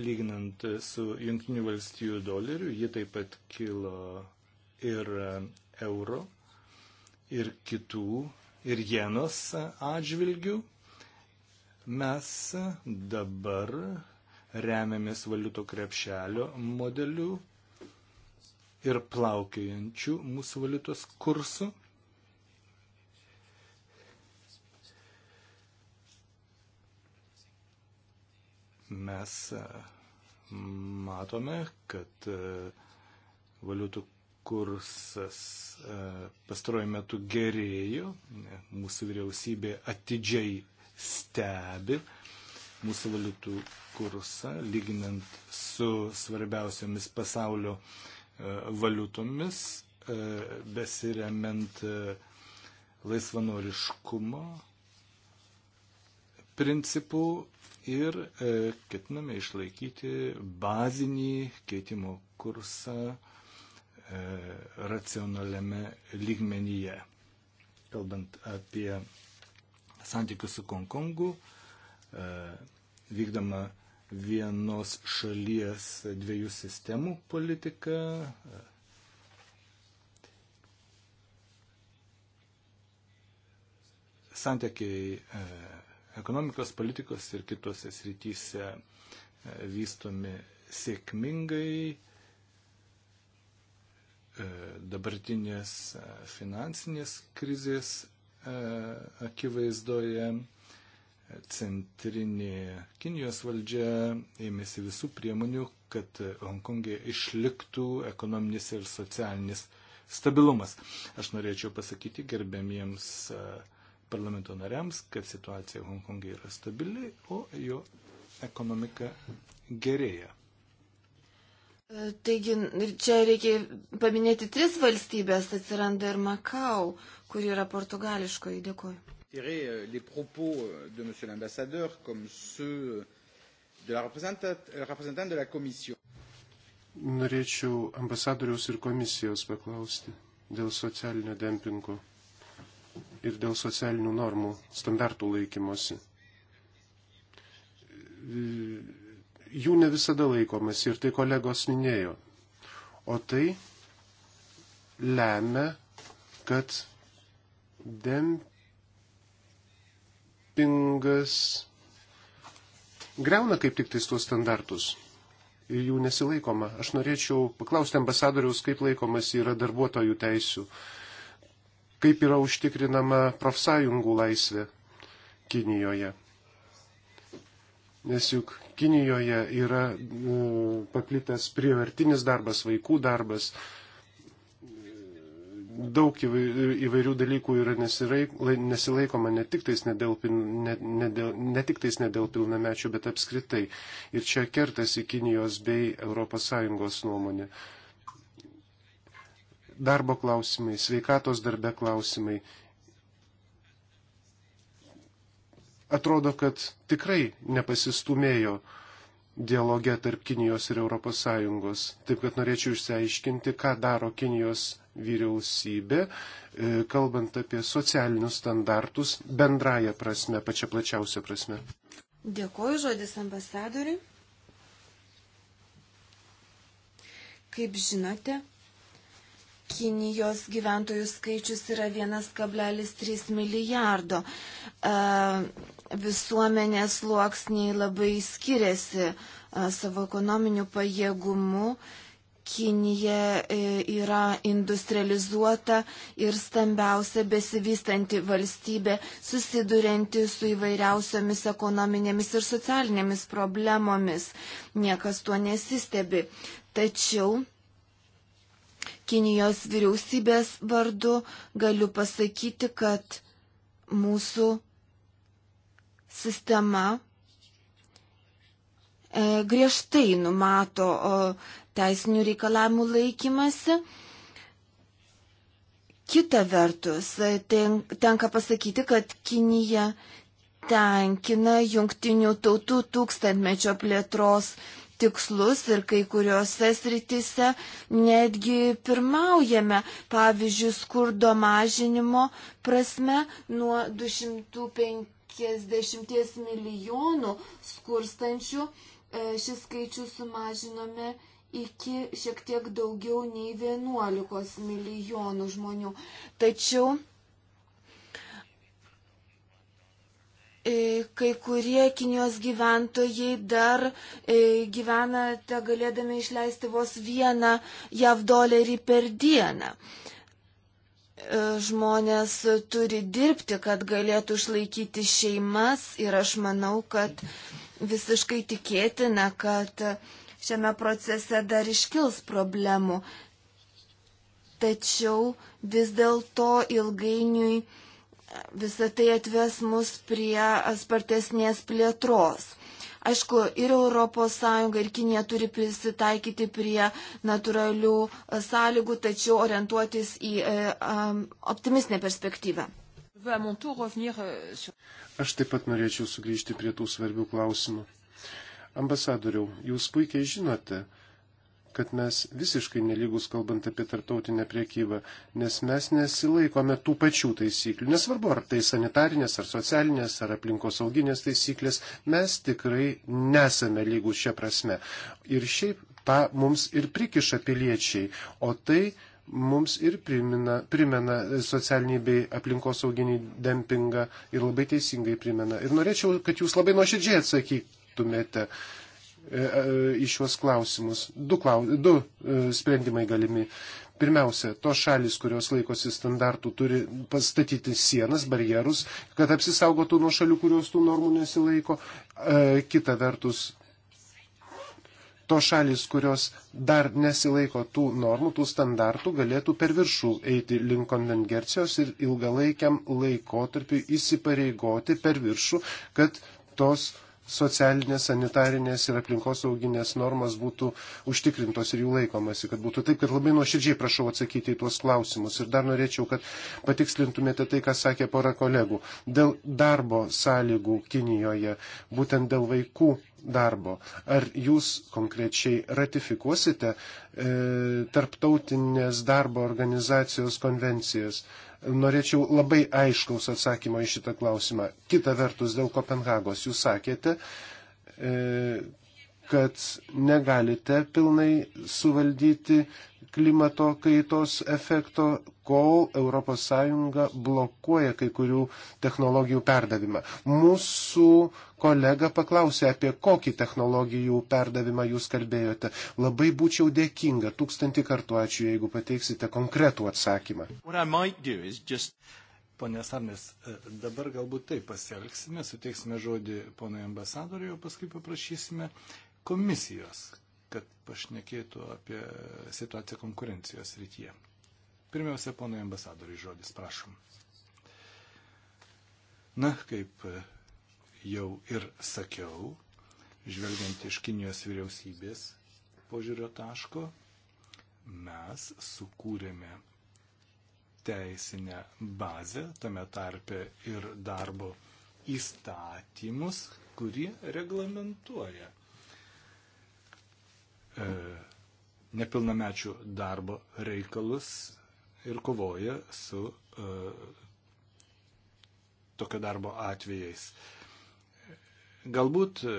Lyginant su Junktinių valstijų doleriu, ji taip pat kilo ir euro ir kitų, ir jenos atžvilgių. Mes dabar remiamės valiuto krepšelio modeliu ir plaukiojančių mūsų valiutos kursų. Mes matome, kad valiutų kursas e, pastaruoju metu gerėjo, mūsų vyriausybė atidžiai stebi mūsų valiutų kursą, lyginant su svarbiausiomis pasaulio e, valiutomis, e, besiriamant laisvanoriškumo principų ir ketiname išlaikyti bazinį keitimo kursą E, racionaliame lygmenyje. Kalbant apie santykius su Hongkongu, e, vykdama vienos šalies dviejų sistemų politika. E, santykiai ekonomikos, politikos ir kitose srityse vystomi sėkmingai E, dabartinės e, finansinės krizės e, akivaizdoje centrinė Kinijos valdžia ėmėsi visų priemonių, kad Hongkongė išliktų ekonominis ir socialinis stabilumas. Aš norėčiau pasakyti gerbėmiems parlamento nariams, kad situacija Hongkongė yra stabili, o jo ekonomika gerėja. Taigi, čia reikia paminėti tris valstybės, atsiranda ir Makau, kuri yra portugališkoji. Dėkuoju. Euh, les propos euh, de M. l'ambassadeur comme ceux de la euh, représentante de la Commission. Norėčiau ambasadoriaus ir komisijos paklausti dėl socialinio dempingo ir dėl socialinių normų standartų laikymosi jų ne visada laikomas ir tai kolegos minėjo. O tai lemia, kad dempingas greuna kaip tik tais tuos standartus ir jų nesilaikoma. Aš norėčiau paklausti ambasadoriaus, kaip laikomas yra darbuotojų teisių, kaip yra užtikrinama profsąjungų laisvė Kinijoje. Nes juk Kinijoje yra e, paplitęs prievartinis darbas, vaikų darbas, daug įvairių dalykų yra nesilaikoma ne tik tais ne dėl, ne, ne dėl, ne tik tais ne dėl pilnamečių, bet apskritai. Ir čia kertasi Kinijos bei ES nuomonė. Darbo klausimai, sveikatos darbe klausimai atrodo, kad tikrai nepasistumėjo dialoge tarp Kinijos ir ES. Taip kad norėčiau išsiaiškinti, ką daro Kinijos vyriausybė, e, kalbant apie socialinius standartus bendraja prasme, pačia plačiausia prasme. Dėkoju žodis ambasadoriui. Kaip žinote, Kinijos gyventojų skaičius yra 1,3 milijardo. E, visuomenės sluoksniai labai skiriasi savo ekonominiu pajėgumu. Kinija e, yra industrializuota ir stambiausia besivystanti valstybė, susidurianti su įvairiausiomis ekonominėmis ir socialinėmis problemomis. Niekas tuo nesistebi. Tačiau Kinijos vyriausybės vardu galiu pasakyti, kad mūsų sistema e, griežtai numato teisinių reikalavimų laikymasi. Kita vertus, e, tenka pasakyti, kad Kinija tenkina jungtinių tautų tūkstantmečio plėtros tikslus ir kai kuriuose sritise netgi pirmaujame, pavyzdžiui, skurdo mažinimo prasme nuo 205 50 milijonų skurstančių, e, šį skaičių sumažinome iki šiek tiek daugiau nei 11 milijonų žmonių. Tačiau e, kai kurie Kinijos gyventojai dar e, gyvena te galėdami išleisti vos vieną jav dolerį per dieną žmonės turi dirbti, kad galėtų išlaikyti šeimas ir aš manau, kad visiškai tikėtina, kad šiame procese dar iškils problemų. Tačiau vis dėlto ilgainiui visą tai atves mus prie spartesnės plėtros. Aišku, ir ES, ir Kinija turi prisitaikyti prie natūralių e, sąlygų, tačiau orientuotis į e, optimistinę perspektyvą. Euh, Aš taip pat norėčiau sugrįžti prie tų svarbių klausimų. Ambasadoriau, jūs puikiai žinote, kad mes visiškai nelygus kalbant apie tartautinę priekybą, nes mes nesilaikome tų pačių taisyklių. Nesvarbu, ar tai sanitarinės, ar socialinės, ar aplinkosauginės taisyklės, mes tikrai nesame lygus šią prasme. Ir šiaip tą mums ir prikiša piliečiai, o tai mums ir primena, primena socialinį bei aplinkosauginį dempingą ir labai teisingai primena. Ir norėčiau, kad jūs labai nuoširdžiai atsakytumėte E, e, į šiuos klausimus. Du, klaus, du e, sprendimai galimi. Pirmiausia, tos šalis, kurios laikosi standartų, turi pastatyti sienas, barjerus, kad apsisaugotų nuo šalių, kurios tų normų nesilaiko. Kita vertus, tos šalis, kurios dar nesilaiko tų normų, tų standartų, galėtų per viršų eiti link konvengercijos ir ilgalaikiam laikotarpiu įsipareigoti per viršų, kad tos uh, socialinės, sanitarinės ir aplinkosauginės normas būtų užtikrintos ir jų laikomasi, kad būtų taip, kad labai nuoširdžiai prašau atsakyti į tuos klausimus. Ir dar norėčiau, kad patikslintumėte tai, ką sakė pora kolegų. Dėl darbo sąlygų Kinijoje, būtent dėl vaikų darbo. Ar jūs konkrečiai ratifikuosite e, tarptautinės darbo organizacijos konvencijas? E, Norėčiau labai aiškaus atsakymo į šitą klausimą. Kita vertus, dėl Kopenhagos jūs sakėte, e, kad negalite pilnai suvaldyti klimato kaitos efekto, kol ES blokuoja kai kurių technologijų perdavimą. Mūsų kolega paklausė, apie kokį technologijų perdavimą jūs kalbėjote. Labai būčiau dėkinga, tūkstantį kartų ačiū, jeigu pateiksite konkretų atsakymą. Just... Pone Sarnės, e, dabar galbūt taip pasielgsime, suteiksime žodį ponui ambasadoriui, o paskui paprašysime komisijos kad pašnekėtų apie situaciją konkurencijos rytyje. Pirmiausia, ponai ambasadoriai žodis, prašom. Na, kaip jau ir sakiau, žvelgiant iš Kinijos vyriausybės požiūrio taško, mes sukūrėme teisinę bazę, tame tarpe ir darbo įstatymus, kurie reglamentuoja E, nepilnamečių darbo reikalus ir kovoja su e, tokio darbo atvejais. Galbūt e,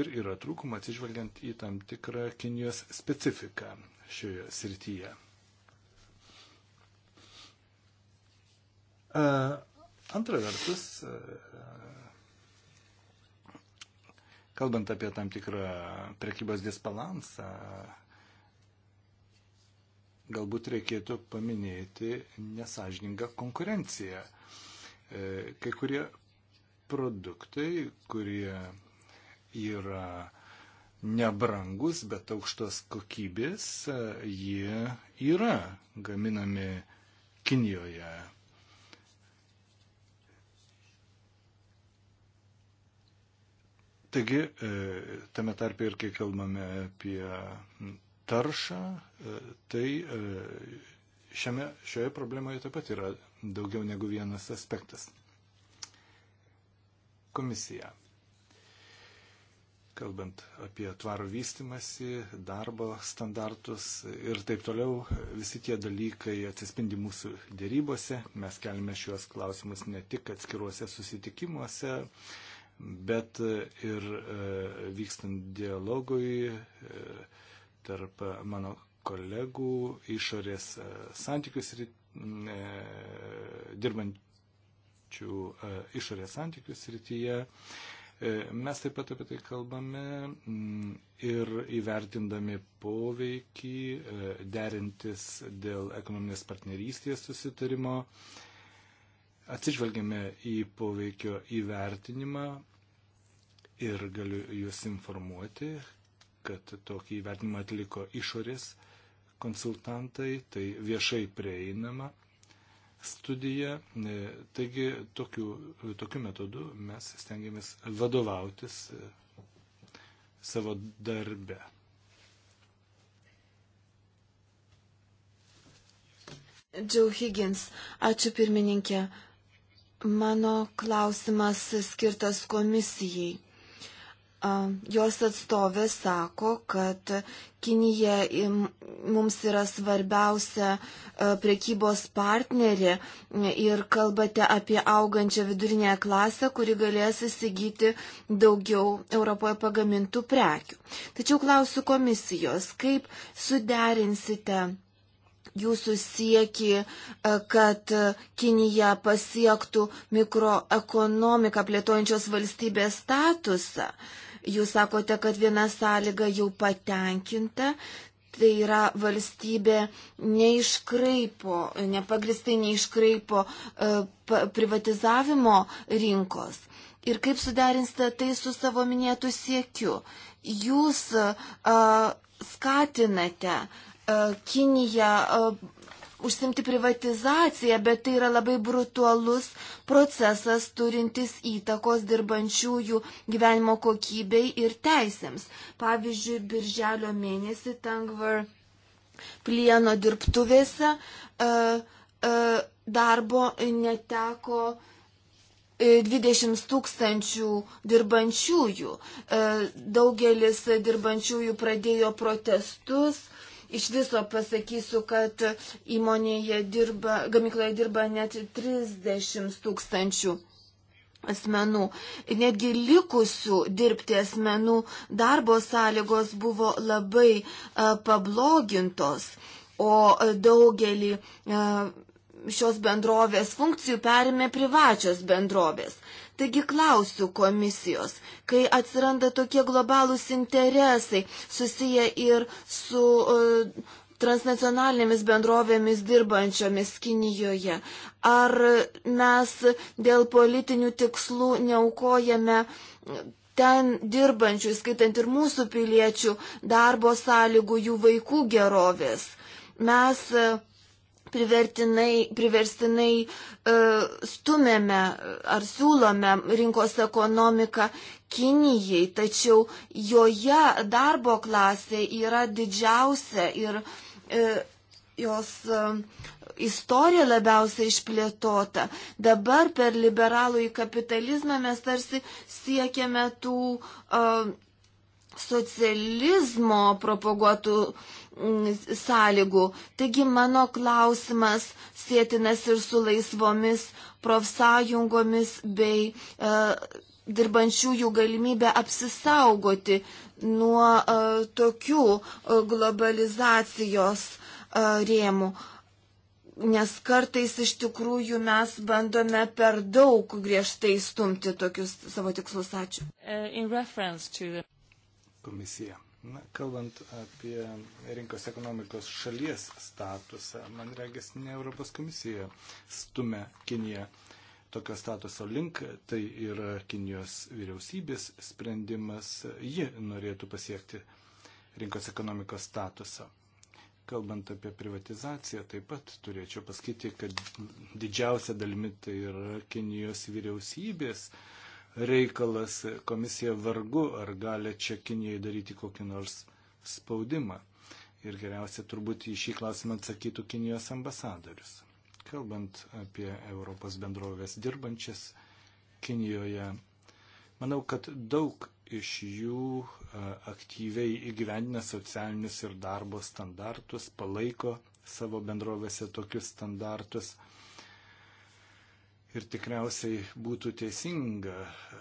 ir yra trūkum atsižvelgiant į tam tikrą Kinijos specifiką šioje srityje. Antra vertus, Kalbant apie tam tikrą prekybos disbalansą, galbūt reikėtų paminėti nesažiningą konkurenciją. E, kai kurie produktai, kurie yra nebrangus, bet aukštos kokybės, e, jie yra gaminami Kinijoje. Taigi, e, tame tarpe ir kai kalbame apie taršą, e, tai e, šiame, šioje problemoje taip pat yra daugiau negu vienas aspektas. Komisija. Kalbant apie tvarų vystimasi, darbo standartus ir taip toliau, visi tie dalykai atsispindi mūsų dėrybose. Mes kelime šiuos klausimus ne tik atskiruose susitikimuose, bet e, ir e, vykstant dialogui e, tarp mano kolegų išorės santykius dirbančių išorės santykius rytyje. Mes taip pat apie tai kalbame ir įvertindami poveikį derintis dėl ekonominės partnerystės susitarimo atsižvelgėme į poveikio įvertinimą ir galiu jūs informuoti, kad tokį įvertinimą atliko išorės konsultantai, tai viešai prieinama studija. E, taigi tokiu, tokiu metodu mes stengiamės vadovautis e, savo darbę. Joe Higgins, ačiū pirmininkė. Mano klausimas skirtas komisijai. Jos atstovė sako, kad Kinija mums yra svarbiausia prekybos partnerė ir kalbate apie augančią vidurinę klasę, kuri galės įsigyti daugiau Europoje pagamintų prekių. Tačiau klausiu komisijos, kaip suderinsite jūsų sieki, e, kad e, Kinija pasiektų mikroekonomiką plėtojančios valstybės statusą. Jūs sakote, kad viena sąlyga jau patenkinta, tai yra valstybė neiškraipo, nepagristai neiškraipo e, privatizavimo rinkos. Ir kaip suderinsite tai su savo minėtų siekiu? Jūs a, skatinate a, E, Kiniją e, užsimti privatizaciją, bet tai yra labai brutalus procesas turintis įtakos dirbančiųjų gyvenimo kokybei ir teisėms. Pavyzdžiui, birželio mėnesį Tangvar plieno dirbtuvėse e, darbo neteko 20 tūkstančių dirbančiųjų. Daugelis dirbančiųjų pradėjo protestus Iš viso pasakysiu, kad įmonėje dirba, gamykloje dirba net 30 tūkstančių asmenų. Netgi likusių dirbti asmenų darbo sąlygos buvo labai a, pablogintos, o daugelį a, šios bendrovės funkcijų perėmė privačios bendrovės. Taigi klausiu komisijos, kai atsiranda tokie globalūs interesai susiję ir su uh, transnacionalinėmis bendrovėmis dirbančiomis Kinijoje, ar mes dėl politinių tikslų neaukojame ten dirbančių, skaitant ir mūsų piliečių, darbo sąlygų, jų vaikų gerovės. Mes uh, priverstinai e, stumėme ar siūlome rinkos ekonomiką Kinijai, tačiau joje darbo klasė yra didžiausia ir e, jos e, istorija labiausiai išplėtota. Dabar per liberalų į kapitalizmą mes tarsi siekiame tų uh, socializmo propaguotų uh, sąlygų. Taigi mano klausimas sėtinas ir su laisvomis profsąjungomis bei e, dirbančiųjų galimybę apsisaugoti nuo e, tokių e, globalizacijos e, rėmų. Nes kartais iš tikrųjų mes bandome per daug griežtai stumti tokius savo tikslus. Ačiū. Uh, Komisija Na, kalbant apie rinkos ekonomikos šalies statusą, man regis, ne Europos komisija stumia Kiniją tokio statuso link, tai yra Kinijos vyriausybės sprendimas, ji norėtų pasiekti rinkos ekonomikos statusą. Kalbant apie privatizaciją, taip pat turėčiau pasakyti, kad didžiausia dalimi tai yra Kinijos vyriausybės uh, reikalas. Komisija vargu ar gali čia Kinijai daryti kokį nors spaudimą. Ir geriausia turbūt į šį klausimą atsakytų Kinijos ambasadorius. Kalbant apie Europos bendrovės dirbančias Kinijoje, manau, kad daug iš jų aktyviai įgyvendina socialinius ir darbo standartus, palaiko savo bendrovėse tokius standartus. Ir tikriausiai būtų teisinga e,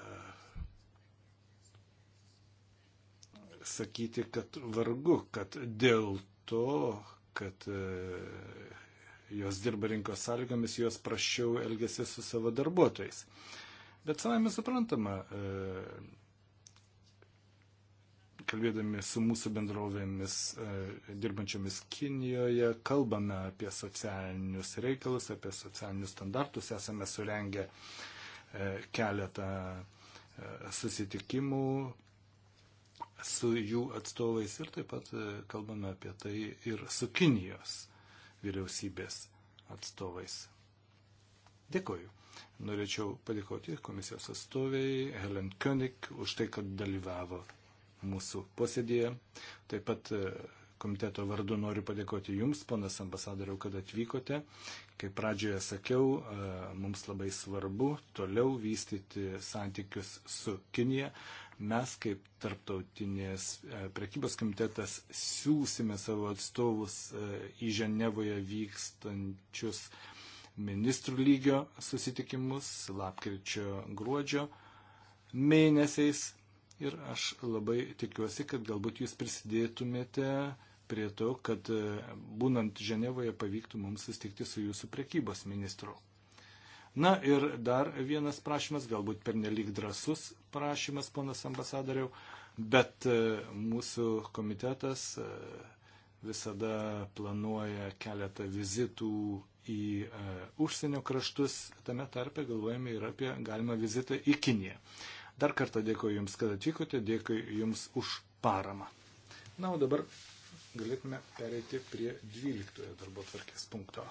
sakyti, kad vargu, kad dėl to, kad e, jos dirba rinkos sąlygomis, jos prašiau elgesi su savo darbuotojais. Bet savame suprantama, e, kalbėdami su mūsų bendrovėmis e, dirbančiomis Kinijoje, kalbame apie socialinius reikalus, apie socialinius standartus, esame surengę e, keletą e, susitikimų su jų atstovais ir taip pat kalbame apie tai ir su Kinijos vyriausybės atstovais. Dėkoju. Norėčiau padėkoti komisijos atstoviai Helen Koenig už tai, kad dalyvavo mūsų posėdėje. Taip pat e, komiteto vardu noriu padėkoti Jums, ponas ambasadoriau, kad atvykote. Kaip pradžioje sakiau, e, mums labai svarbu toliau vystyti santykius su Kinija. Mes kaip tarptautinės e, prekybos komitetas siūsime savo atstovus į Ženevoje vykstančius ministrų lygio susitikimus lapkričio gruodžio mėnesiais ir aš labai tikiuosi, kad galbūt jūs prisidėtumėte prie to, kad e, būnant Ženevoje pavyktų mums susitikti su jūsų prekybos ministru. Na ir dar vienas prašymas, galbūt pernelyg drasus prašymas, ponas ambasadoriau, bet e, mūsų komitetas e, visada planuoja keletą vizitų į užsienio kraštus, tame tarpe galvojame ir apie galimą vizitą į Kiniją. Dar kartą dėkoju Jums, kad atvykote, dėkoju Jums už paramą. Na, o dabar galėtume pereiti prie 12 darbo tvarkės punkto.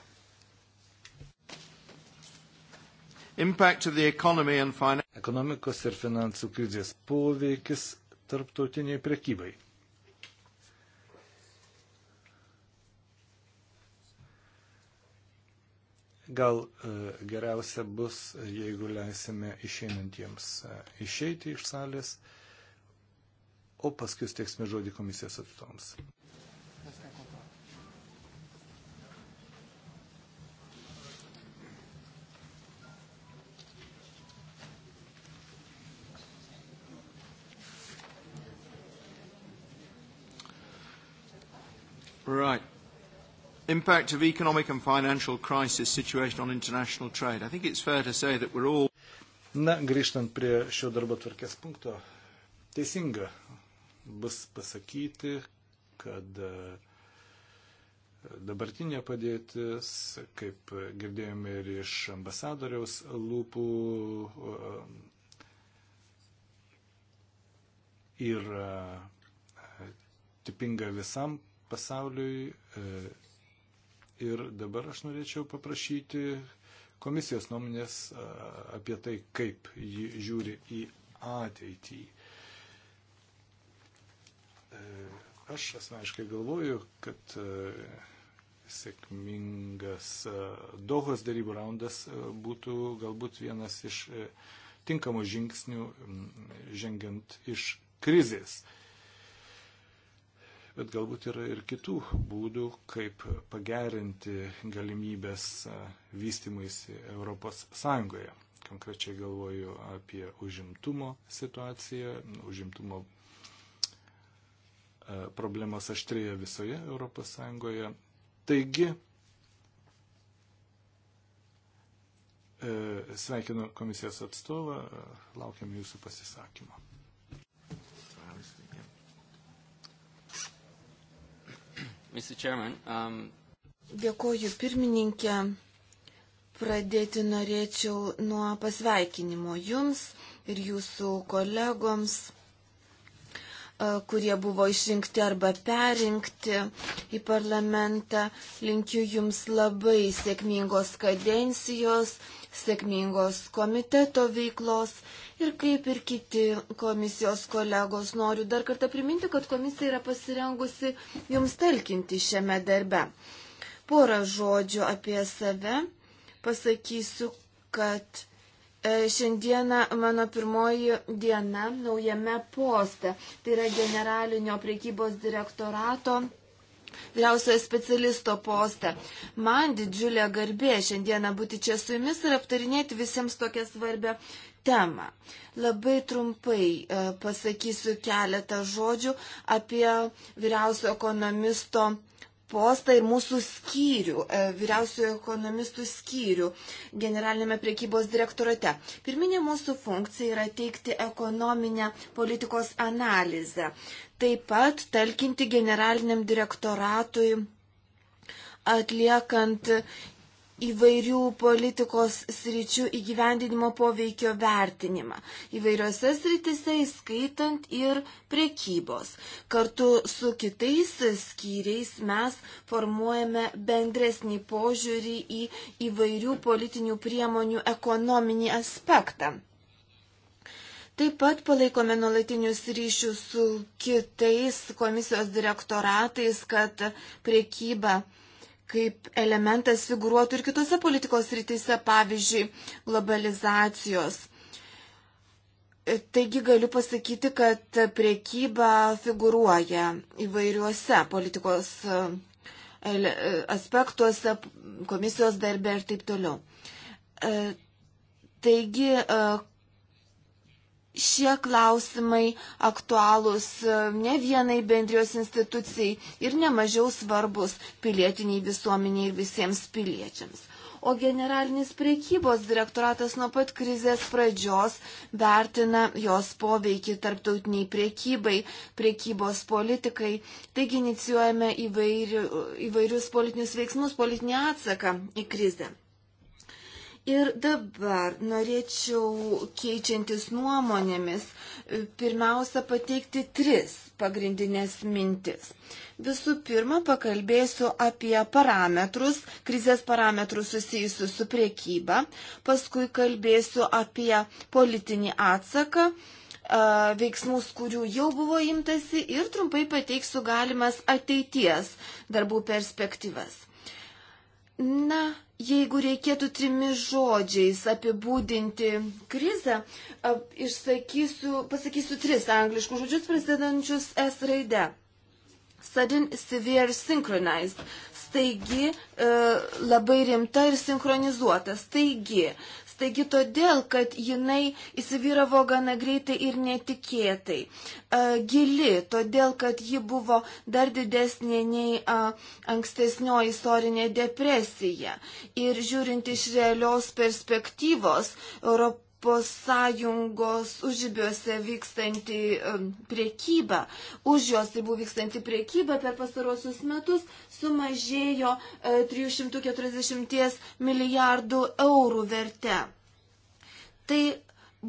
Ekonomikos ir finansų krizės poveikis tarptautiniai prekybai. Gal e, geriausia bus, jeigu leisime išeinantiems e, išeiti iš salės, o paskui steiksime žodį komisijos atstovams. Right. Impact of economic and financial crisis situation on international trade. I think it's fair to say that we're all. Na, grįžtant prie šio darbo tvarkės punkto, teisinga bus pasakyti, kad e, dabartinė padėtis, kaip girdėjome ir iš ambasadoriaus lūpų, e, yra e, tipinga visam pasauliui Ir dabar aš norėčiau paprašyti komisijos nuomonės apie tai, kaip ji žiūri į ateitį. E, aš asmeniškai galvoju, kad e, sėkmingas e, Dohos darybų raundas būtų galbūt vienas iš tinkamų žingsnių žengiant iš krizės. Uh, bet galbūt yra ir kitų būdų, kaip pagerinti galimybės e, vystimaisi ES. Konkrečiai galvoju apie užimtumo situaciją. Užimtumo e, problemas aštrėja visoje ES. Taigi, e, sveikinu komisijos atstovą, laukiam jūsų pasisakymą. Chairman, um... Dėkoju pirmininkė. Pradėti norėčiau nuo pasveikinimo jums ir jūsų kolegoms E, kurie buvo išrinkti arba perinkti į parlamentą. Linkiu Jums labai sėkmingos kadencijos, sėkmingos komiteto veiklos ir kaip ir kiti komisijos kolegos noriu dar kartą priminti, kad komisija yra pasirengusi Jums talkinti šiame darbe. Porą žodžių apie save pasakysiu, kad E, šiandieną mano pirmoji diena naujame poste. Tai yra generalinio priekybos direktorato vyriausiojo specialisto postą. Man didžiulė garbė šiandieną būti čia su jumis ir aptarinėti visiems tokią svarbę temą. Labai trumpai e, pasakysiu keletą žodžių apie vyriausio ekonomisto postą ir mūsų skyrių, e, vyriausiojo ekonomistų skyrių generalinėme priekybos direktorate. Pirminė mūsų funkcija yra teikti ekonominę politikos analizę, taip pat talkinti generaliniam direktoratui atliekant įvairių politikos sričių įgyvendinimo poveikio vertinimą įvairiose sritise, įskaitant ir priekybos. Kartu su kitais skyriais mes formuojame bendresnį požiūrį į įvairių politinių priemonių ekonominį aspektą. Taip pat palaikome nuolatinius ryšius su kitais komisijos direktoratais, kad priekyba kaip elementas figuruotų ir kitose politikos rytise, pavyzdžiui, globalizacijos. Taigi galiu pasakyti, kad priekyba figuruoja įvairiuose politikos e, e, aspektuose, komisijos darbe ir taip toliau. E, taigi, šie klausimai aktualūs e, ne vienai bendrijos institucijai ir nemažiau svarbus pilietiniai visuomeniai ir visiems piliečiams. O generalinis priekybos direktoratas nuo pat krizės pradžios vertina jos poveikį tarptautiniai priekybai, priekybos politikai. Taigi inicijuojame įvairių, įvairius politinius veiksmus, politinį atsaką į krizę. Ir dabar norėčiau keičiantis nuomonėmis e, pirmiausia pateikti tris pagrindinės mintis. Visų pirma, pakalbėsiu apie parametrus, krizės parametrus susijusius su priekyba, paskui kalbėsiu apie politinį atsaką, e, veiksmus, kurių jau buvo imtasi ir trumpai pateiksiu galimas ateities darbų perspektyvas. Na, Jeigu reikėtų trimis žodžiais apibūdinti krizę, ap, išsakysiu, pasakysiu tris angliškus žodžius prasidedančius S raide. Sudden, severe, synchronized. Staigi, e, labai rimta ir sinchronizuota. Staigi, Taigi todėl, kad jinai įsivyravo gana greitai ir netikėtai. E, gili, todėl, kad ji buvo dar didesnė nei e, ankstesnioji istorinė depresija. Ir žiūrint iš realios perspektyvos, Europos ES užibiuose vykstanti priekyba, už jos ribų vykstanti priekyba per pastarosius metus sumažėjo 340 e, milijardų eurų verte. Tai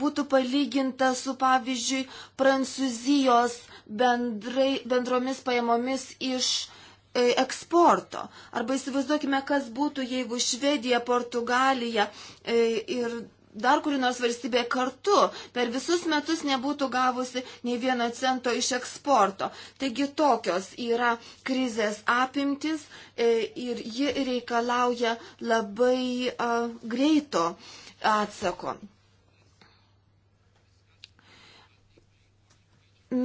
būtų palyginta su, pavyzdžiui, Prancūzijos bendrai, bendromis pajamomis iš e, eksporto. Arba įsivaizduokime, kas būtų, jeigu Švedija, Portugalija e, ir dar kuri nors valstybė kartu per visus metus nebūtų gavusi nei vieno cento iš eksporto. Taigi tokios yra krizės apimtis e, ir ji reikalauja labai a, greito atsako.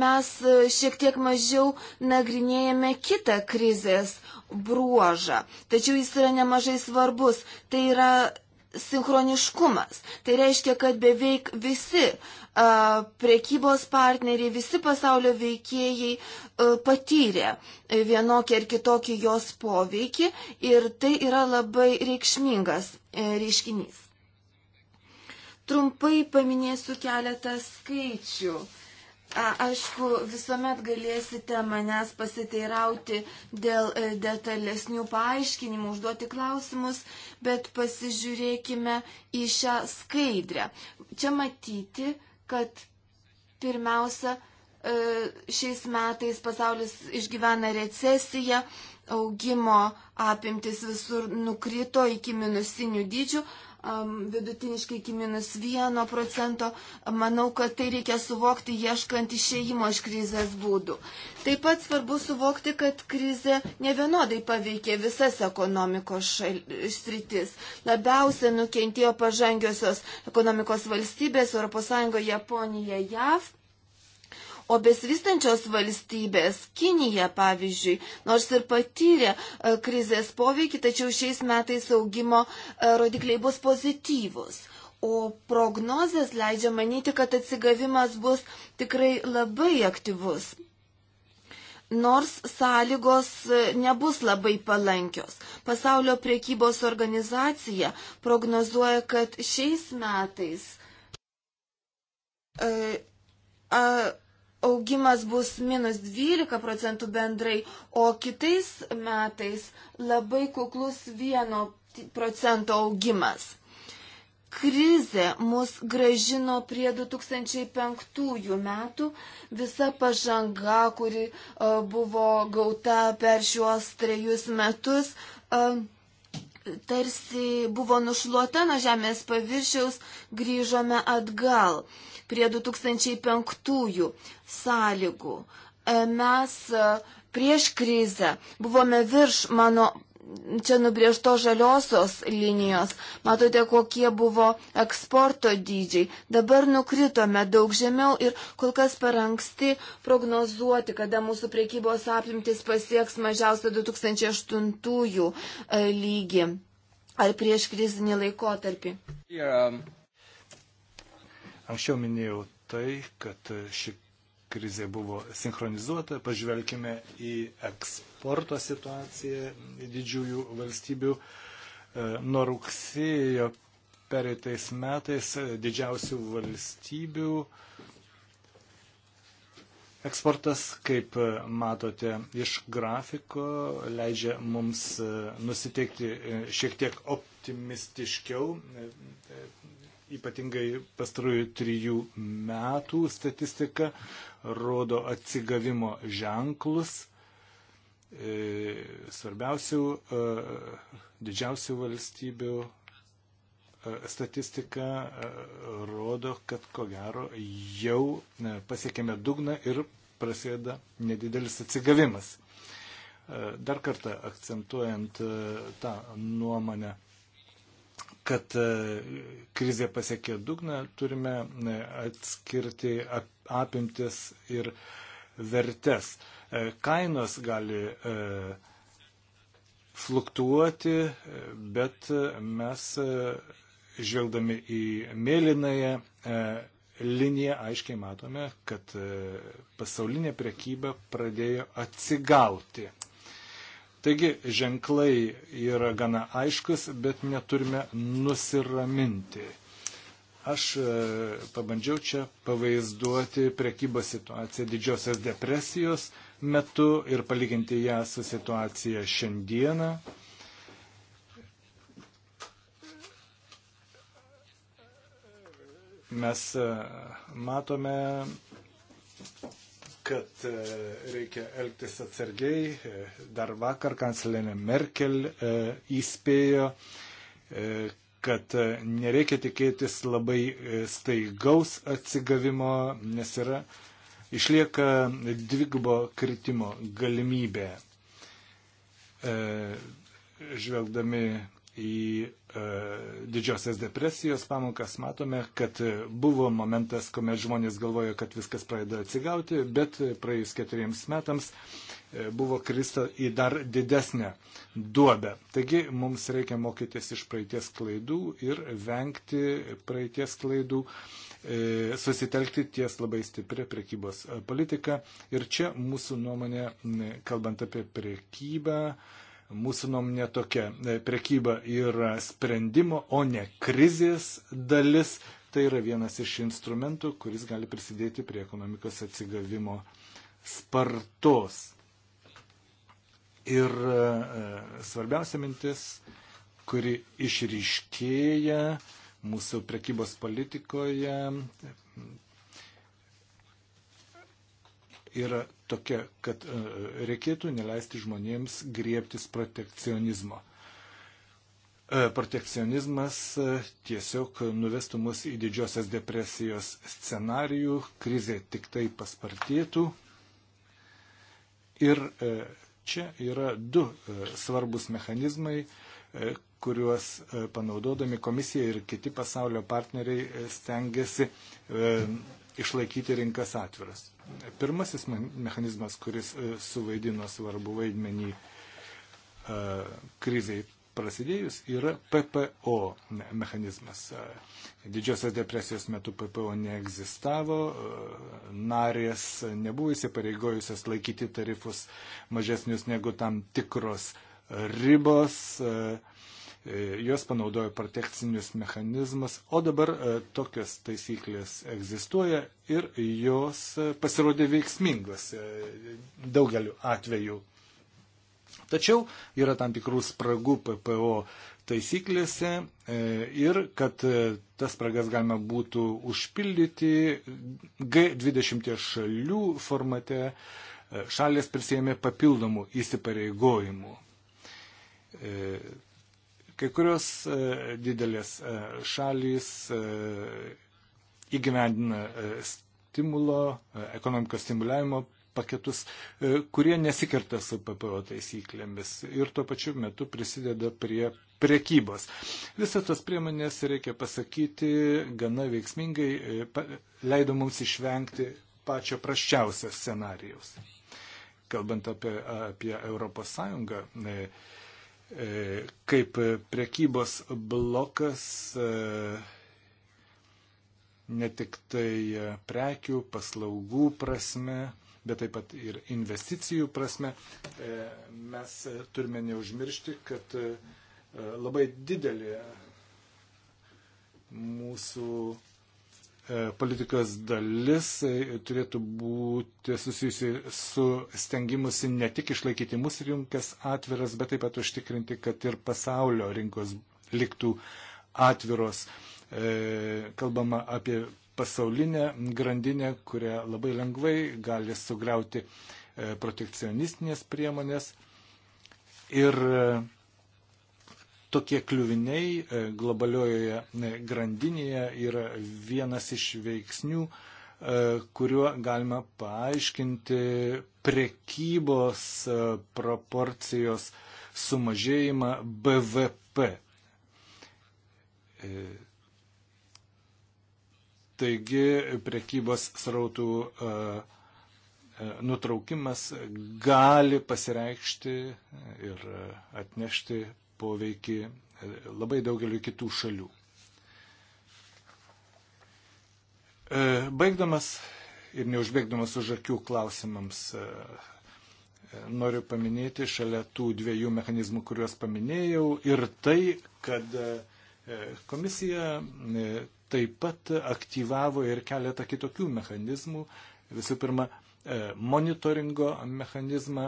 Mes e, šiek tiek mažiau nagrinėjame kitą krizės bruožą, tačiau jis yra nemažai svarbus. Tai yra sinchroniškumas. Tai reiškia, kad beveik visi a, prekybos partneriai, visi pasaulio veikėjai a, patyrė vienokį ar kitokį jos poveikį ir tai yra labai reikšmingas e, reiškinys. Trumpai paminėsiu keletą skaičių. E, Aišku, visuomet galėsite manęs pasiteirauti dėl e, detalesnių paaiškinimų, užduoti klausimus, bet pasižiūrėkime į šią skaidrę. Čia matyti, kad pirmiausia, e, šiais metais pasaulis išgyvena recesiją, augimo apimtis visur nukrito iki minusinių dydžių, vidutiniškai iki minus vieno procento. Manau, kad tai reikia suvokti ieškant išėjimo iš krizės būdų. Taip pat svarbu suvokti, kad krizė nevienodai paveikė visas ekonomikos šal... sritis. Labiausia nukentėjo pažangiosios ekonomikos valstybės - ES, Japonija, JAV O besivystančios valstybės, Kinija pavyzdžiui, nors ir patyrė e, krizės poveikį, tačiau šiais metais augimo e, rodikliai bus pozityvus. O prognozės leidžia manyti, kad atsigavimas bus tikrai labai aktyvus. Nors sąlygos e, nebus labai palankios. Pasaulio priekybos organizacija prognozuoja, kad šiais metais e, a, augimas bus minus 12 procentų bendrai, o kitais metais labai kuklus 1 procento augimas. Krize mus gražino prie 2005 metų. Visa pažanga, kuri uh, buvo gauta per šiuos trejus metus, uh, tarsi buvo nušluota nuo žemės paviršiaus, grįžome atgal. Uh, prie 2005 sąlygų. E, mes e, prieš krizę buvome virš mano čia nubriežto žaliosios linijos. Matote, kokie buvo eksporto dydžiai. Dabar nukritome daug žemiau ir kol kas per anksti prognozuoti, kada mūsų priekybos apimtis pasieks mažiausia 2008 e, lygį ar prieš krizinį laikotarpį. Yeah, um... Anksčiau minėjau tai, kad ši krizė buvo sinchronizuota. Pažvelkime į eksporto situaciją didžiųjų valstybių. E, nuo rugsėjo pereitais metais didžiausių valstybių eksportas, kaip matote iš grafiko, leidžia mums e, nusiteikti e, šiek tiek optimistiškiau ypatingai pastarųjų trijų metų statistika rodo atsigavimo ženklus. E, svarbiausių, e, didžiausių valstybių e, statistika rodo, kad ko gero jau pasiekėme dugną ir prasideda nedidelis atsigavimas. Dar kartą akcentuojant tą nuomonę kad e, krizė pasiekė dugną, turime e, atskirti apimtis ir vertes. E, kainos gali fluktuoti, bet mes žvelgdami į mėlynąją liniją aiškiai matome, kad pasaulinė prekyba pradėjo atsigauti. Taigi ženklai yra gana aiškus, bet neturime nusiraminti. Aš e, pabandžiau čia pavaizduoti prekybos situaciją didžiosios depresijos metu ir palyginti ją su situacija šiandieną. Mes e, matome kad e, reikia elgtis atsargiai. E, dar vakar kanclerė Merkel e, įspėjo, kad nereikia tikėtis labai staigaus atsigavimo, nes yra išlieka dvigubo kritimo galimybė. Žvelgdami į E, didžiosios depresijos pamokas matome, kad buvo momentas, kuomet žmonės galvojo, kad viskas pradeda atsigauti, bet praėjus keturiems metams e, buvo krista į dar didesnę duobę. Taigi mums reikia mokytis iš praeities klaidų ir vengti praeities klaidų, e, susitelkti ties labai stiprią prekybos politiką. Ir čia mūsų nuomonė, kalbant apie prekybą, Mūsų nuomonė tokia, e, prekyba yra sprendimo, o ne krizės dalis. Tai yra vienas iš instrumentų, kuris gali prisidėti prie ekonomikos atsigavimo spartos. Ir e, svarbiausia mintis, kuri išryškėja mūsų prekybos politikoje, yra tokia, kad e, reikėtų neleisti žmonėms griebtis protekcionizmo. E, protekcionizmas e, tiesiog nuvestų mus į didžiosios depresijos scenarijų, krizė tik tai paspartėtų. Ir čia yra du svarbus mechanizmai, kuriuos panaudodami komisija ir kiti pasaulio partneriai stengiasi išlaikyti rinkas atviras. Pirmasis mechanizmas, kuris e, suvaidino svarbu vaidmenį e, kriziai prasidėjus, yra PPO mechanizmas. E, didžiosios depresijos metu PPO neegzistavo, narės nebuvo įsipareigojusios laikyti tarifus mažesnius negu tam tikros ribos. Uh, E, jos panaudojo protekcinius mechanizmus, o dabar e, tokios taisyklės egzistuoja ir jos e, pasirodė veiksmingos daugeliu atveju. Tačiau yra tam tikrų spragų PPO taisyklėse ir kad tas spragas galima būtų užpildyti G20 šalių formate, šalės prisėmė papildomų įsipareigojimų. Kai kurios e, didelės e, šalys e, įgyvendina stimulo, ekonomikos stimuliavimo paketus, kurie nesikerta su PPO taisyklėmis ir tuo pačiu metu prisideda prie priekybos. Visas tos priemonės, reikia pasakyti, gana veiksmingai leido mums išvengti pačio praščiausios scenarijaus. Kalbant apie, apie Europos Sąjungą, E, kaip prekybos blokas e, ne tik tai prekių, paslaugų prasme, bet taip pat ir investicijų prasme. E, mes turime neužmiršti, kad labai didelė mūsų E, politikos dalis e, turėtų būti susijusi su stengimusi ne tik išlaikyti mūsų rinkas atviras, bet taip pat užtikrinti, kad ir pasaulio rinkos liktų atviros. E, kalbama apie pasaulinę grandinę, kurią labai lengvai gali sugriauti protekcionistinės priemonės. Ir tokie kliuviniai e, globaliojoje e, grandinėje yra vienas iš veiksnių, e, kuriuo galima paaiškinti prekybos proporcijos sumažėjimą BVP. Taigi prekybos srautų nutraukimas gali pasireikšti ir atnešti poveikį e, labai daugeliu kitų šalių. E, baigdamas ir neužbėgdamas už akių klausimams, e, noriu paminėti šalia tų dviejų mechanizmų, kuriuos paminėjau, ir tai, kad komisija taip pat aktyvavo ir keletą kitokių mechanizmų. Visų pirma, monitoringo mechanizmą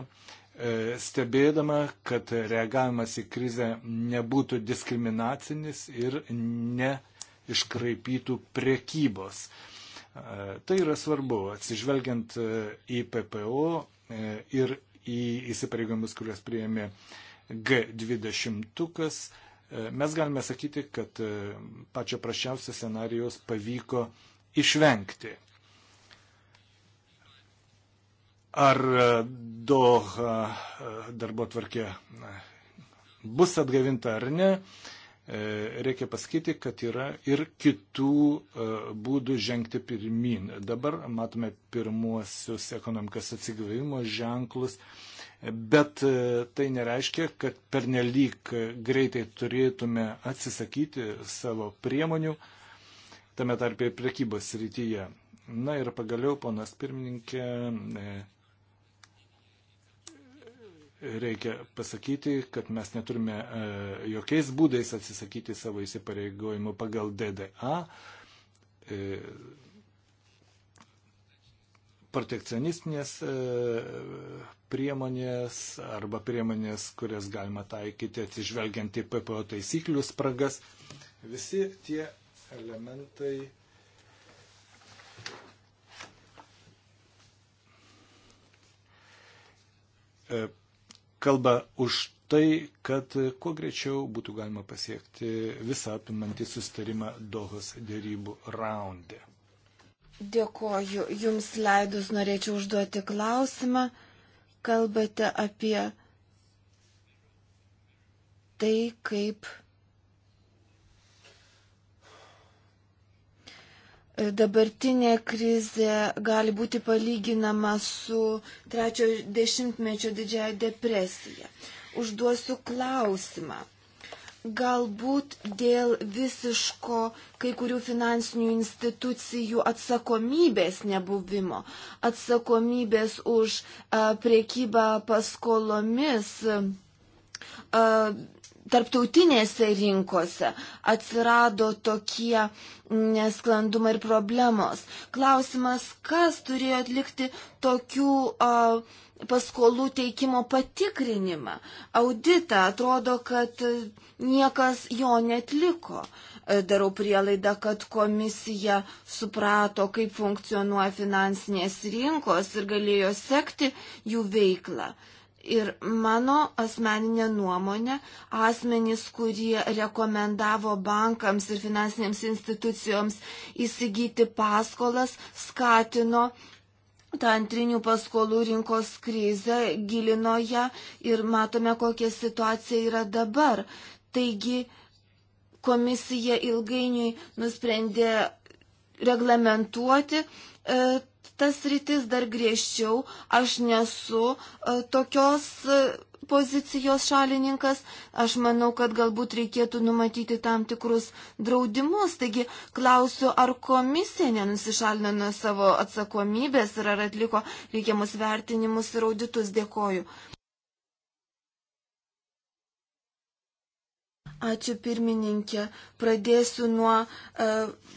E, stebėdama, kad reagavimas į krizę nebūtų diskriminacinis ir neiškraipytų priekybos. E, tai yra svarbu, atsižvelgiant e, į PPO ir į įsipareigomus, kuriuos prieėmė G20, mes galime sakyti, kad pačio prašiausio scenarijos pavyko išvengti. ar e, Doha e, darbo tvarkė bus atgavinta ar ne, e, reikia pasakyti, kad yra ir kitų būdų žengti pirmin. Dabar matome pirmuosius ekonomikos atsigavimo ženklus, bet tai nereiškia, kad pernelyg greitai turėtume atsisakyti savo priemonių, tame tarp ir prekybos rytyje. Na ir pagaliau, ponas pirmininkė, reikia pasakyti, kad mes neturime e, jokiais būdais atsisakyti savo įsipareigojimų pagal DDA. E, protekcionistinės e, priemonės arba priemonės, kurias galima taikyti atsižvelgiant į PPO taisyklių spragas. Visi tie elementai kalba už tai, kad kuo greičiau būtų galima pasiekti visą apimantį sustarimą Dohos dėrybų raundė. Dėkoju. Jums leidus norėčiau užduoti klausimą. Kalbate apie tai, kaip dabartinė krizė gali būti palyginama su trečio dešimtmečio didžiaja depresija. Užduosiu klausimą. Galbūt dėl visiško kai kurių finansinių institucijų atsakomybės nebuvimo, atsakomybės už a, priekybą paskolomis, a, tarptautinėse rinkose atsirado tokie nesklandumai ir problemos. Klausimas, kas turėjo atlikti tokių a, paskolų teikimo patikrinimą. Audita atrodo, kad niekas jo netliko. Darau prielaidą, kad komisija suprato, kaip funkcionuoja finansinės rinkos ir galėjo sekti jų veiklą. Ir mano asmeninė nuomonė, asmenys, kurie rekomendavo bankams ir finansinėms institucijoms įsigyti paskolas, skatino tą antrinių paskolų rinkos krizę, gilino ją ir matome, kokia situacija yra dabar. Taigi komisija ilgainiui nusprendė reglamentuoti e, tas rytis dar griežčiau, aš nesu e, tokios e, pozicijos šalininkas, aš manau, kad galbūt reikėtų numatyti tam tikrus draudimus. Taigi klausiu, ar komisija nenusišalino nuo savo atsakomybės ir ar atliko reikiamus vertinimus ir auditus. Dėkoju. Ačiū pirmininkė. Pradėsiu nuo e,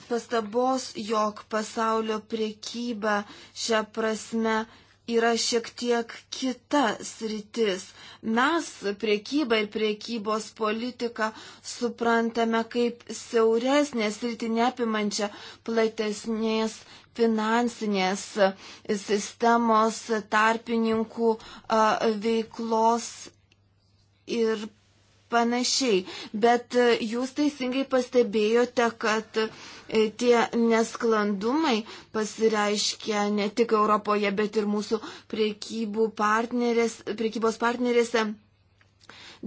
pastabos, jog pasaulio priekyba šią prasme yra šiek tiek kita sritis. Mes priekybą ir priekybos politiką suprantame kaip siauresnę sritį neapimančią platesnės finansinės sistemos tarpininkų veiklos ir panašiai. Bet e, jūs teisingai pastebėjote, kad e, tie nesklandumai pasireiškia ne tik Europoje, bet ir mūsų partnerės, priekybos partnerėse.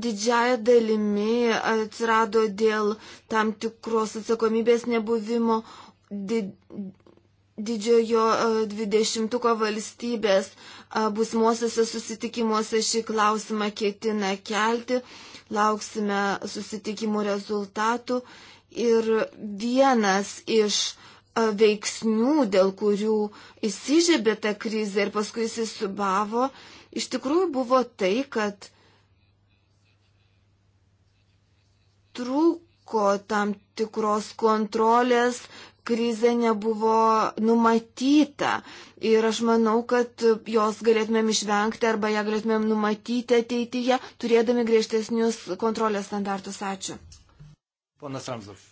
Didžiaja dalimi atsirado dėl tam tikros atsakomybės nebuvimo did, didžiojo e, dvidešimtuko valstybės busmuosiuose susitikimuose šį klausimą ketina kelti. Uh, lauksime susitikimų rezultatų. Ir vienas iš veiksnių, dėl kurių įsižiebė ta krizė ir paskui jis subavo, iš tikrųjų buvo tai, kad trūko tam tikros kontrolės krizė nebuvo numatyta. Ir aš manau, kad jos galėtumėm išvengti arba ją galėtumėm numatyti ateityje, turėdami griežtesnius kontrolės standartus. Ačiū. Ponas Ramzov.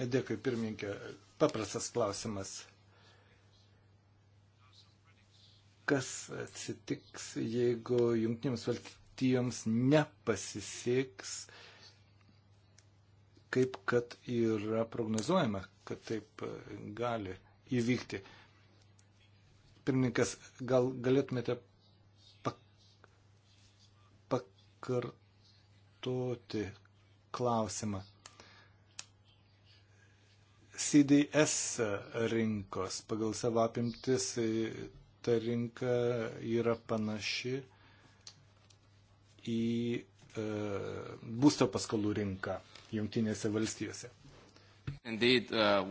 Dėkui, pirmininkė. Paprastas klausimas. Kas atsitiks, jeigu jungtinėms valstybėms nepasiseks? Uh, kaip kad yra prognozuojama, kad taip e, gali įvykti. Pirmininkas, gal galėtumėte pak pakartoti klausimą. CDS rinkos pagal savo apimtis e, ta rinka yra panaši į E, būsto paskolų rinką Junktinėse valstijose. Indeed, uh,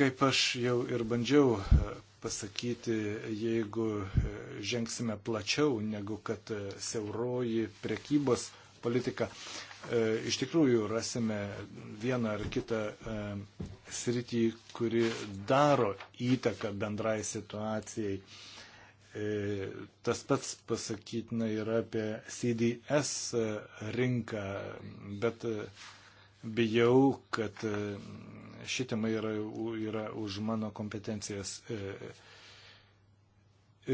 kaip aš jau ir bandžiau e, pasakyti, jeigu e, žengsime plačiau negu kad siauroji prekybos politika, iš tikrųjų rasime vieną ar kitą sritį, kuri daro įtaką bendrai situacijai. E, tas pats pasakytina yra apie CDS e, rinką, bet e, bijau, kad šitama yra, yra už mano kompetencijas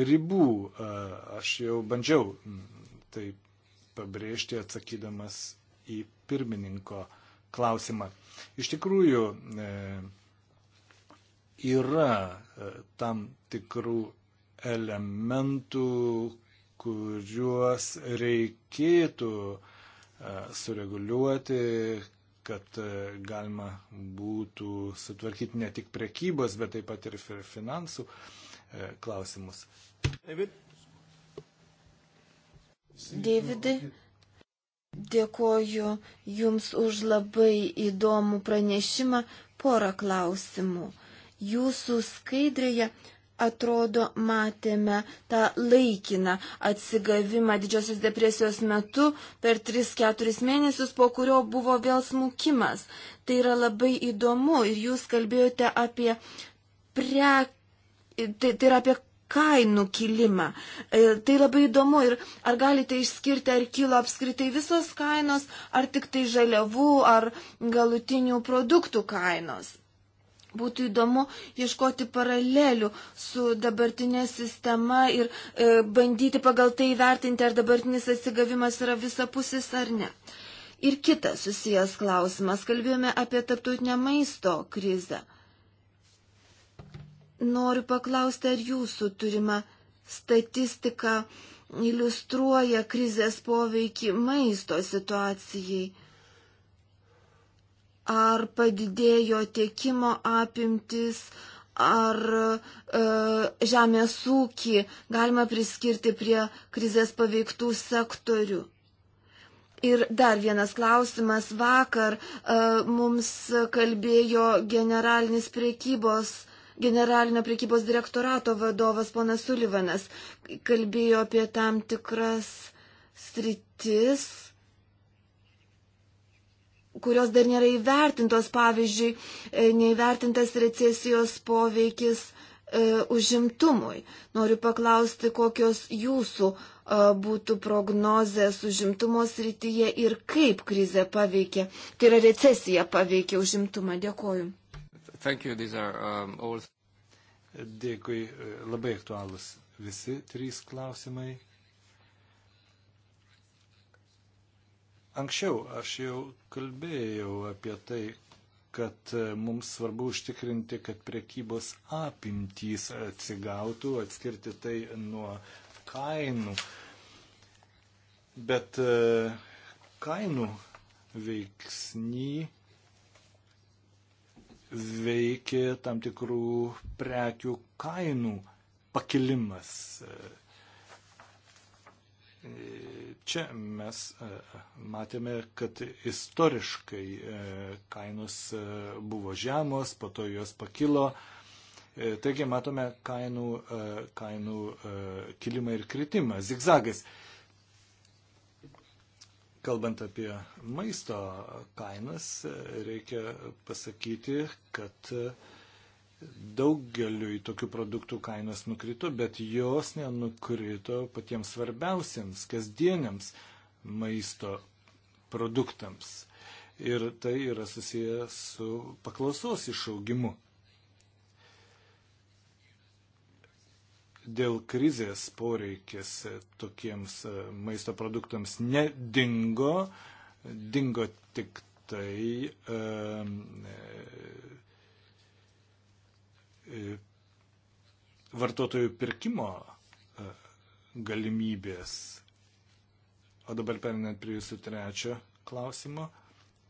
ribų. Aš jau bandžiau tai pabrėžti atsakydamas į pirmininko klausimą. Iš tikrųjų, yra tam tikrų elementų, kuriuos reikėtų e, sureguliuoti, kad e, galima būtų sutvarkyti ne tik prekybos, bet taip pat ir finansų e, klausimus. David. Davidai, dėkoju Jums už labai įdomų pranešimą. Porą klausimų. Jūsų skaidrėje atrodo, matėme tą laikiną atsigavimą didžiosios depresijos metu per 3-4 mėnesius, po kurio buvo vėl smukimas. Tai yra labai įdomu ir jūs kalbėjote apie pre... tai, tai yra apie kainų kilimą. E, tai labai įdomu ir ar galite išskirti, ar kilo apskritai visos kainos, ar tik tai žaliavų, ar galutinių produktų kainos. Būtų įdomu ieškoti paralelių su dabartinė sistema ir e, bandyti pagal tai vertinti, ar dabartinis atsigavimas yra visapusis ar ne. Ir kitas susijęs klausimas. Kalbėjome apie tarptautinę maisto krizę. Noriu paklausti, ar jūsų turima statistika iliustruoja krizės poveikį maisto situacijai ar padidėjo tiekimo apimtis, ar e, žemės ūkį galima priskirti prie krizės paveiktų sektorių. Ir dar vienas klausimas. Vakar e, mums kalbėjo generalinis priekybos, generalinio priekybos direktorato vadovas ponas Sulivanas. Kalbėjo apie tam tikras sritis kurios dar nėra įvertintos, pavyzdžiui, e, neįvertintas recesijos poveikis e, užimtumui. Noriu paklausti, kokios jūsų e, būtų prognozės užimtumo srityje ir kaip krizė paveikė, tai yra recesija paveikė užimtumą. Dėkoju. Are, um, all... Dėkui, e, labai aktualūs visi trys klausimai. Anksčiau aš jau kalbėjau apie tai, kad e, mums svarbu užtikrinti, kad priekybos apimtys atsigautų, atskirti tai nuo kainų. Bet e, kainų veiksny veikia tam tikrų prekių kainų pakilimas. E, Čia mes e, matėme, kad istoriškai e, kainos e, buvo žemos, po to jos pakilo. Taigi matome kainų, kainų kilimą ir kritimą, zigzagais. Kalbant apie maisto kainas, reikia pasakyti, kad uh, daugeliu į tokių produktų kainos nukrito, bet jos nenukrito patiems svarbiausiams kasdieniams maisto produktams. Ir tai yra susiję su paklausos išaugimu. Dėl krizės poreikis tokiems e, maisto produktams nedingo, dingo tik tai e, E, vartotojų pirkimo e, galimybės. O dabar perinant prie jūsų trečio klausimo.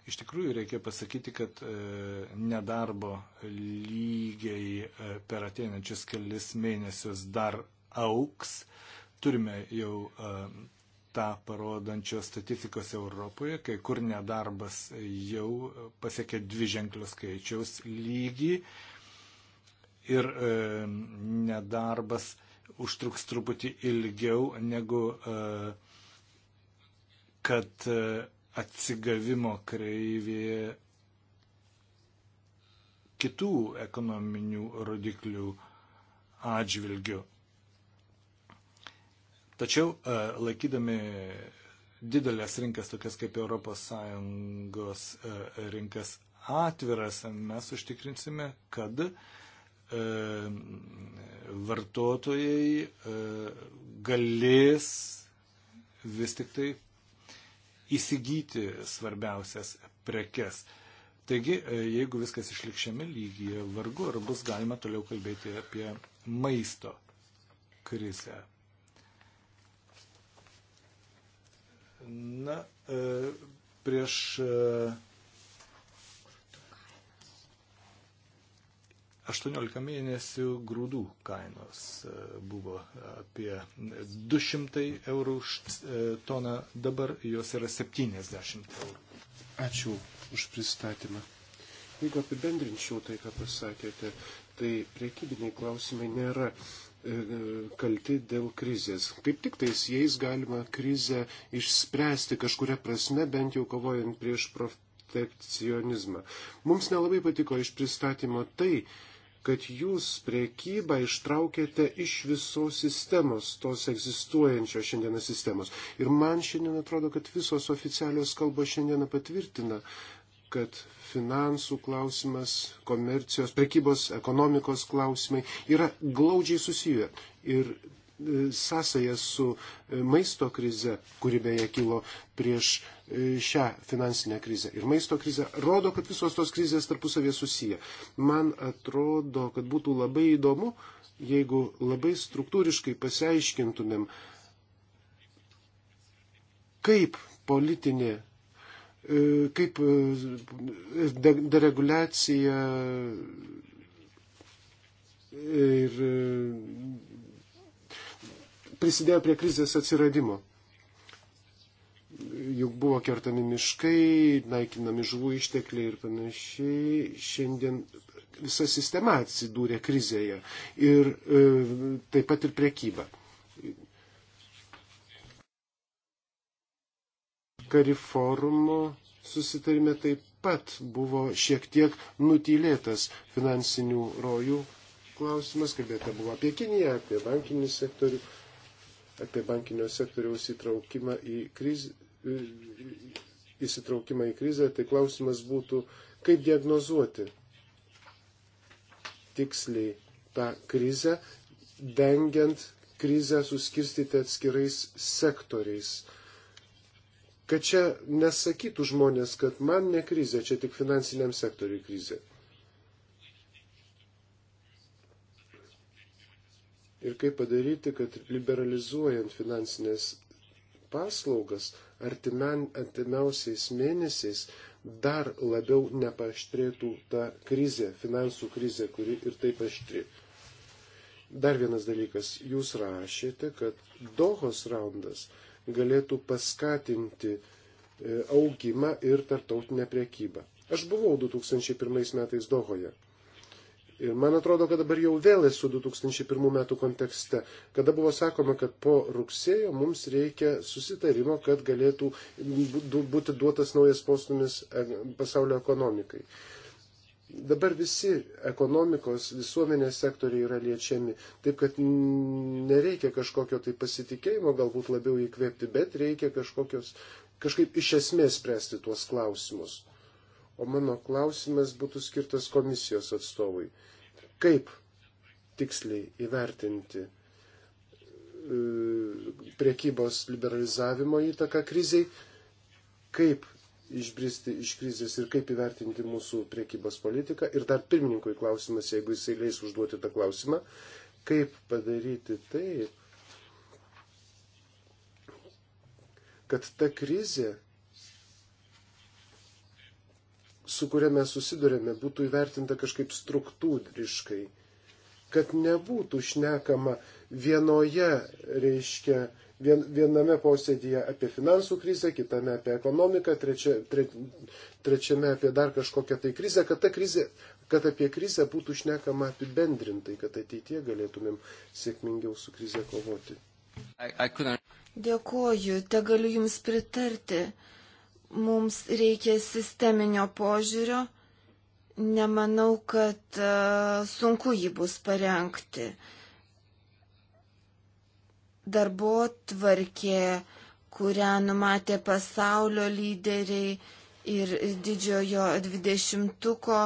Iš tikrųjų reikia pasakyti, kad e, nedarbo lygiai per ateinančius kelis mėnesius dar auks. Turime jau tą parodančios statistikos Europoje, kai kur nedarbas jau pasiekė dvi ženklius skaičiaus lygį ir e, nedarbas užtruks truputį ilgiau negu e, kad e, atsigavimo kreivė kitų ekonominių rodiklių atžvilgių. Tačiau laikydami didelės rinkas, tokias kaip ES rinkas atviras, mes užtikrinsime, kad uh, E, vartotojai e, galės vis tik tai įsigyti svarbiausias prekes. Taigi, e, jeigu viskas išliks šiame lygyje, vargu ar bus galima toliau kalbėti apie maisto krizę. Na, prieš 18 mėnesių grūdų kainos e, buvo apie 200 eurų už e, toną, dabar jos yra 70 eurų. Ačiū už pristatymą. Jeigu apibendrinčiau tai, ką pasakėte, tai priekybiniai klausimai nėra e, kalti dėl krizės. Kaip tik tais jais galima krizę išspręsti kažkuria prasme, bent jau kovojant prieš protekcionizmą. Mums nelabai patiko iš pristatymo tai, kad jūs priekybą ištraukėte iš visos sistemos, tos egzistuojančios šiandieną sistemos. Ir man šiandien atrodo, kad visos oficialios kalbos šiandieną patvirtina, kad finansų klausimas, komercijos, prekybos, ekonomikos klausimai yra glaudžiai susiję. Ir sąsaja su e, maisto krize, kuri beje kilo prieš e, šią finansinę krizę ir maisto krizę, rodo, kad visos tos krizės tarpusavė susiję. Man atrodo, kad būtų labai įdomu, jeigu labai struktūriškai pasiaiškintumėm, kaip politinė, e, kaip deregulacija ir prisidėjo prie krizės atsiradimo. Juk buvo kertami miškai, naikinami žuvų ištekliai ir panašiai. Šiandien visa sistema atsidūrė krizėje ir e, taip pat ir priekyba. Kariforumo susitarime taip pat buvo šiek tiek nutylėtas finansinių rojų klausimas, kalbėta buvo apie Kiniją, apie bankinį sektorių apie bankinio sektoriaus įtraukimą į krizę, įsitraukimą į krizę, tai klausimas būtų, kaip diagnozuoti tiksliai tą krizę, dengiant krizę suskirstyti atskirais sektoriais. Kad čia nesakytų žmonės, kad man ne krizė, čia tik finansiniam sektoriui krizė. ir kaip padaryti, kad liberalizuojant finansinės paslaugas artimiausiais mėnesiais dar labiau nepaštrėtų ta krizė, finansų krizė, kuri ir taip aštri. Dar vienas dalykas, jūs rašėte, kad Dohos raundas galėtų paskatinti e, augimą ir tartautinę priekybą. Aš buvau 2001 metais Dohoje Ir man atrodo, kad dabar jau vėl esu 2001 metų kontekste, kada buvo sakoma, kad po rugsėjo mums reikia susitarimo, kad galėtų būti duotas naujas postumis e-, pasaulio ekonomikai. Dabar visi ekonomikos visuomenės sektoriai yra liečiami, taip kad nereikia kažkokio tai pasitikėjimo galbūt labiau įkvėpti, bet reikia kažkokios, kažkaip iš esmės spręsti tuos klausimus. O mano klausimas būtų skirtas komisijos atstovui. Kaip tiksliai įvertinti e, priekybos liberalizavimo įtaką kriziai, kaip išbristi iš krizės ir kaip įvertinti mūsų priekybos politiką. Ir dar pirmininkui klausimas, jeigu jisai leis užduoti tą klausimą, kaip padaryti taip, kad ta krizė su kuria mes susidurėme, būtų įvertinta kažkaip struktūriškai, kad nebūtų šnekama vienoje, reiškia, vien, viename posėdėje apie finansų krizę, kitame apie ekonomiką, trečia, tre, trečiame apie dar kažkokią tai krizę, kad, ta krizė, kad apie krizę būtų šnekama apibendrintai, kad ateitie galėtumėm sėkmingiau su krize kovoti. I, I Dėkuoju, te galiu Jums pritarti. Mums reikia sisteminio požiūrio. Nemanau, kad e, sunku jį bus parengti. Darbo tvarkė, kurią numatė pasaulio lyderiai, ir didžiojo dvidešimtuko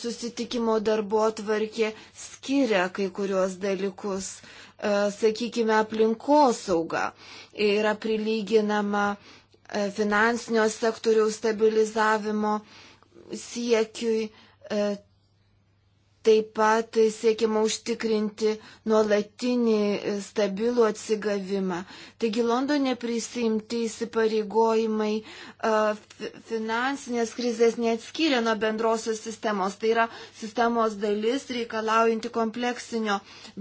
susitikimo darbo atvarkė skiria kai kuriuos dalykus, sakykime, aplinkosauga yra prilyginama finansinio sektoriaus stabilizavimo siekiui, Taip pat siekiama užtikrinti nuolatinį stabilų atsigavimą. Taigi Londone prisimti įsipareigojimai finansinės krizės neatskyrė nuo bendrosios sistemos. Tai yra sistemos dalis reikalaujanti kompleksinio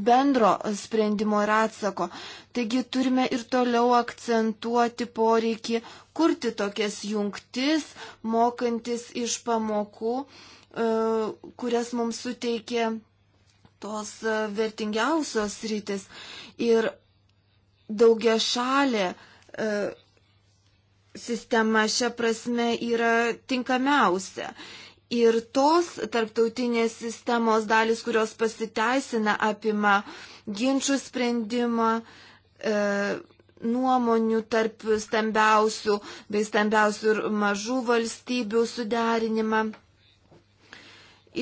bendro sprendimo ir atsako. Taigi turime ir toliau akcentuoti poreikį kurti tokias jungtis, mokantis iš pamokų E, kurias mums suteikė tos e, vertingiausios rytis. Ir daugia šalė e, sistema šią prasme yra tinkamiausia. Ir tos tarptautinės sistemos dalis, kurios pasiteisina, apima ginčių sprendimą, e, nuomonių tarp stambiausių bei stambiausių ir mažų valstybių suderinimą.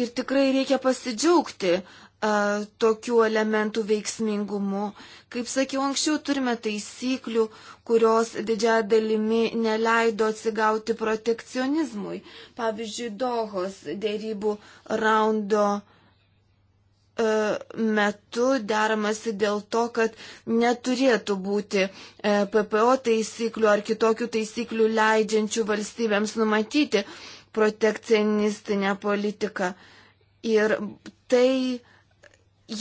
Ir tikrai reikia pasidžiaugti a, tokių elementų veiksmingumu. Kaip sakiau anksčiau, turime taisyklių, kurios didžiąją dalimi neleido atsigauti protekcionizmui. Pavyzdžiui, Dohos dėrybų raundo e, metu deramasi dėl to, kad neturėtų būti e, PPO taisyklių ar kitokių taisyklių leidžiančių valstybėms numatyti protekcionistinę politiką. Ir tai,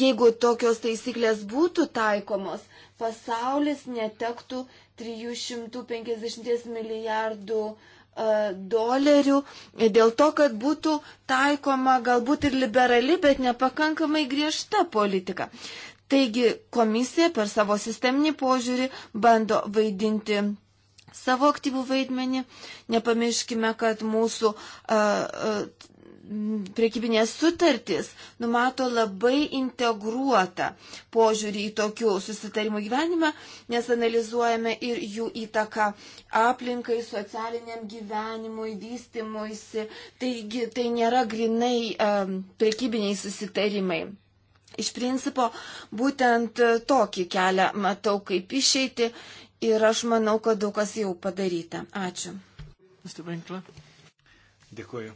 jeigu tokios taisyklės būtų taikomos, pasaulis netektų 350 milijardų e, dolerių dėl to, kad būtų taikoma galbūt ir liberali, bet nepakankamai griežta politika. Taigi komisija per savo sisteminį požiūrį bando vaidinti savo aktyvų vaidmenį. Nepamirškime, kad mūsų a, a, priekybinės sutartys numato labai integruotą požiūrį į tokių susitarimų gyvenimą, nes analizuojame ir jų įtaką aplinkai, socialiniam gyvenimui, vystimuisi. Taigi tai nėra grinai um, priekybiniai susitarimai. Iš principo, būtent e, tokį kelią matau kaip išeiti Ir aš manau, kad daug kas jau padaryta. Ačiū. Mr. Winkler. Dėkuoju.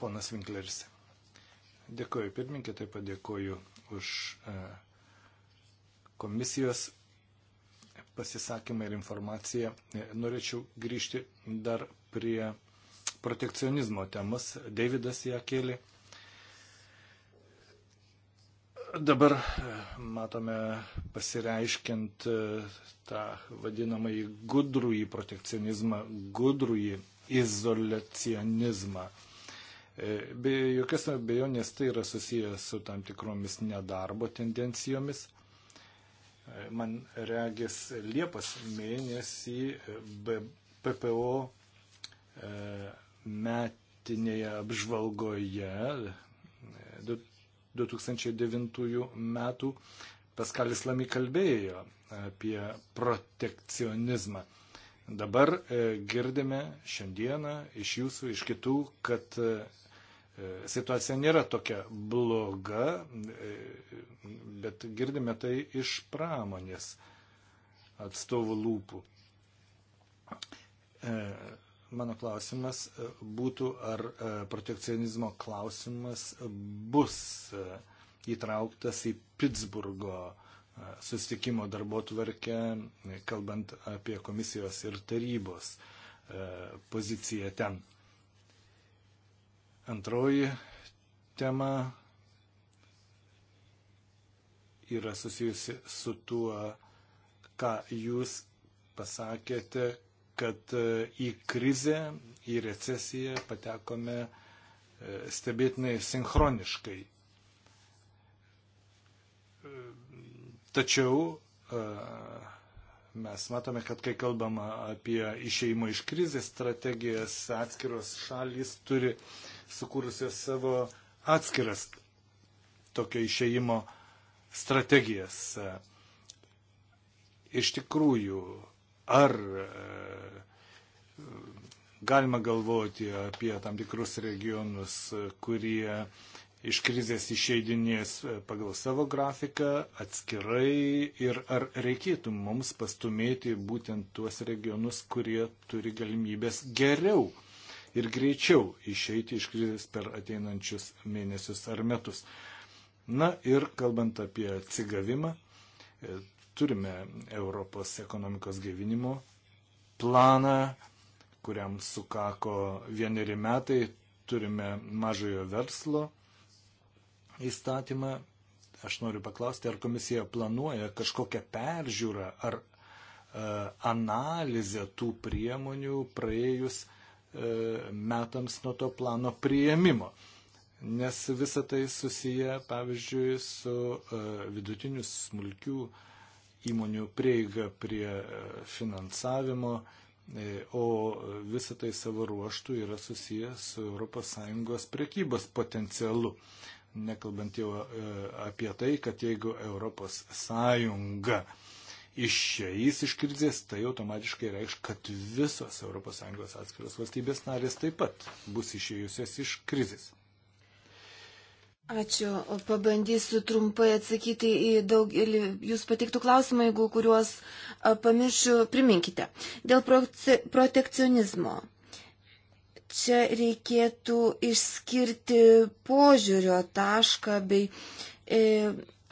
Ponas Winkleris. Dėkuoju pirmininkė, taip pat dėkuoju už e, komisijos pasisakymą ir informaciją. E, norėčiau grįžti dar prie protekcionizmo temas. Davidas ją kėlė. Dabar e, matome pasireiškint e, tą vadinamąjį gudrųjį protekcionizmą, gudrųjį izolacionizmą. E, be jokios abejonės tai yra susijęs su tam tikromis nedarbo tendencijomis. Man regis Liepos mėnesį PPO metinėje apžvalgoje 2009 metų Paskalis Lamy kalbėjo apie protekcionizmą. Dabar e, girdime šiandieną iš jūsų, iš kitų, kad e, situacija nėra tokia bloga, e, bet girdime tai iš pramonės atstovų lūpų mano klausimas e, būtų, ar e, protekcionizmo klausimas bus e, įtrauktas į Pittsburgo susitikimo darbo tvarkę, kalbant apie komisijos ir tarybos poziciją ten. Antroji tema yra susijusi su tuo, ką jūs pasakėte, kad e, į krizę, į recesiją patekome e, stebėtinai sinchroniškai. E, tačiau mes matome, kad kai kalbama apie išeimo iš krizės strategijas, atskiros šalys turi sukūrusios savo atskiras tokio išeimo strategijas. Iš tikrųjų, ar e, galima galvoti apie tam tikrus regionus, kurie iš krizės išeidinės pagal savo grafiką atskirai ir ar reikėtų mums pastumėti būtent tuos regionus, kurie turi galimybės geriau ir greičiau išeiti iš krizės per ateinančius mėnesius ar metus. Na ir kalbant apie atsigavimą, e, turime Europos ekonomikos gaivinimo planą, kuriam sukako vieneri metai, turime mažojo verslo įstatymą. Aš noriu paklausti, ar komisija planuoja kažkokią peržiūrą ar e, analizę tų priemonių praėjus e, metams nuo to plano prieimimo nes visa tai susiję, pavyzdžiui, su e, vidutinių smulkių įmonių prieiga prie e, finansavimo, e, o visą tai savo ruoštų yra susijęs su ES priekybos potencialu. Nekalbant jau e, apie tai, kad jeigu ES išeis iš krizės, tai automatiškai reikš, kad visos ES atskiros valstybės narės taip pat bus išėjusios iš krizės. Ačiū. O pabandysiu trumpai atsakyti į daugelį jūs patiktų klausimų, jeigu kuriuos pamiršiu, priminkite. Dėl protekcionizmo. Čia reikėtų išskirti požiūrio tašką bei e,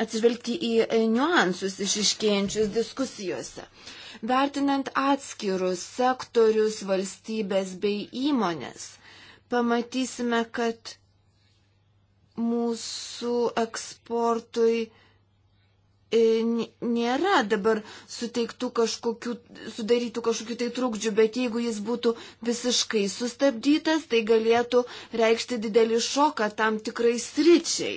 atsižvelgti į e, niuansus išiškėjančius diskusijose. Vertinant atskirus sektorius, valstybės bei įmonės, pamatysime, kad mūsų eksportui e, nėra dabar suteiktų kažkokių, sudarytų kažkokių tai trūkdžių, bet jeigu jis būtų visiškai sustabdytas, tai galėtų reikšti didelį šoką tam tikrai sričiai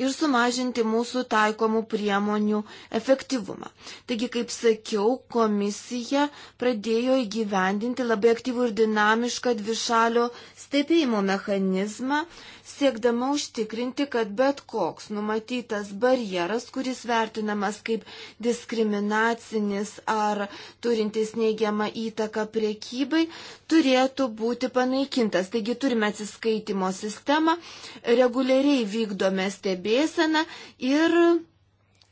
ir sumažinti mūsų taikomų priemonių efektyvumą. Taigi, kaip sakiau, komisija pradėjo įgyvendinti labai aktyvų ir dinamišką dvišalio stebėjimo mechanizmą, siekdama užtikrinti, kad bet koks numatytas barjeras, kuris vertinamas kaip diskriminacinis ar turintis neigiamą įtaką priekybai, turėtų būti panaikintas. Taigi turime atsiskaitimo sistemą, reguliariai vykdome stebėjimą stebėseną ir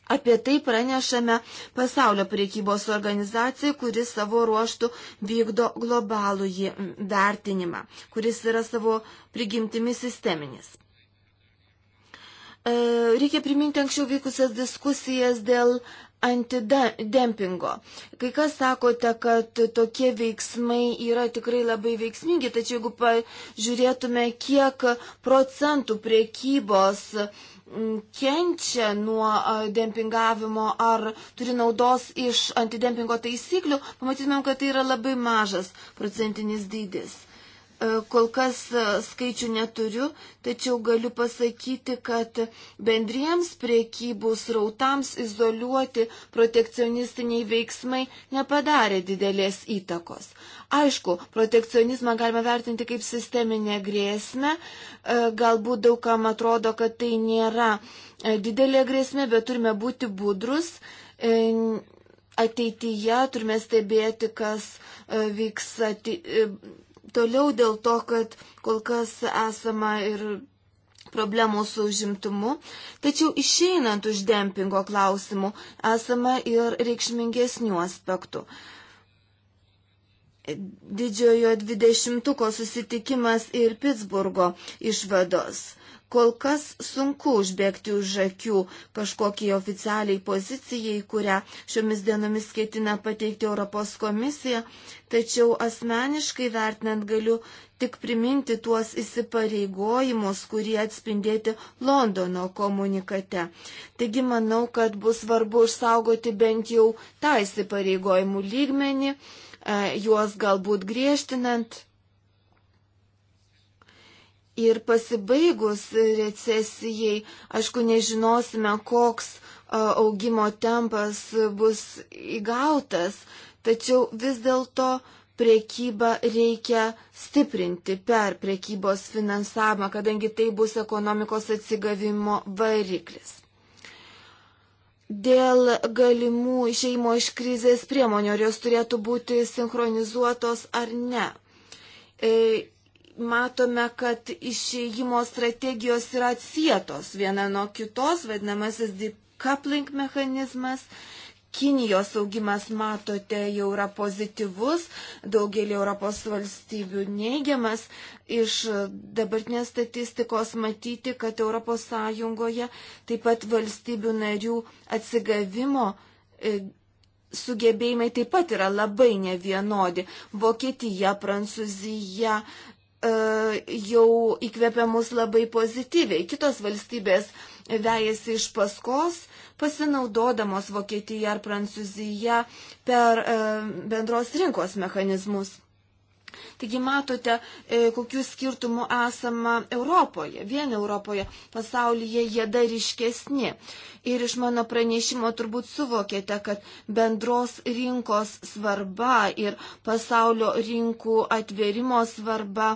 Apie tai pranešame pasaulio priekybos organizacijai, kuris savo ruoštų vykdo globalų vertinimą, kuris yra savo prigimtimi sisteminis. E, reikia priminti anksčiau vykusias diskusijas dėl antidempingo. Kai kas sakote, kad tokie veiksmai yra tikrai labai veiksmingi, tačiau jeigu pažiūrėtume, kiek procentų priekybos uh, kenčia nuo dempingavimo ar turi naudos iš antidempingo taisyklių, pamatytumėm, kad tai yra labai mažas procentinis dydis. E, kol kas e, skaičių neturiu, tačiau galiu pasakyti, kad bendriems priekybos rautams izoliuoti protekcionistiniai veiksmai nepadarė didelės įtakos. Aišku, protekcionizmą galima vertinti kaip sisteminę grėsmę, e, galbūt daugam atrodo, kad tai nėra didelė grėsmė, bet turime būti budrus ateityje turime stebėti, kas vyks ati, Toliau dėl to, kad kol kas esama ir problemų su užimtumu, tačiau išeinant už dempingo klausimų esama ir reikšmingesnių aspektų. Didžiojo dvidešimtuko susitikimas ir Pittsburgo išvados. Kol kas sunku užbėgti už akių kažkokiai oficialiai pozicijai, kurią šiomis dienomis ketina pateikti Europos komisija, tačiau asmeniškai vertinant galiu tik priminti tuos įsipareigojimus, kurie atspindėti Londono komunikate. Taigi manau, kad bus svarbu išsaugoti bent jau tą įsipareigojimų lygmenį, e, juos galbūt griežtinant. Ir pasibaigus recesijai, aišku, nežinosime, koks augimo tempas bus įgautas, tačiau vis dėlto priekybą reikia stiprinti per priekybos finansavimą, kadangi tai bus ekonomikos atsigavimo variklis. Dėl galimų išeimo iš krizės priemonių, ar jos turėtų būti sinchronizuotos ar ne. E, matome, kad išėjimo strategijos yra atsietos viena nuo kitos, vadinamasis decoupling mechanizmas. Kinijos augimas, matote, jau yra pozityvus, daugelį Europos valstybių neigiamas. Iš dabartinės statistikos matyti, kad ES taip pat valstybių narių atsigavimo e, sugebėjimai taip pat yra labai nevienodi. Vokietija, Prancūzija, E, jau įkvepia mus labai pozityviai. Kitos valstybės vejasi iš paskos, pasinaudodamos Vokietija ar Prancūzija per e, bendros rinkos mechanizmus. Taigi matote, e, kokių skirtumų esama Europoje, vien Europoje, pasaulyje jie dar iškesni. Ir iš mano pranešimo turbūt suvokėte, kad bendros rinkos svarba ir pasaulio rinkų atverimo svarba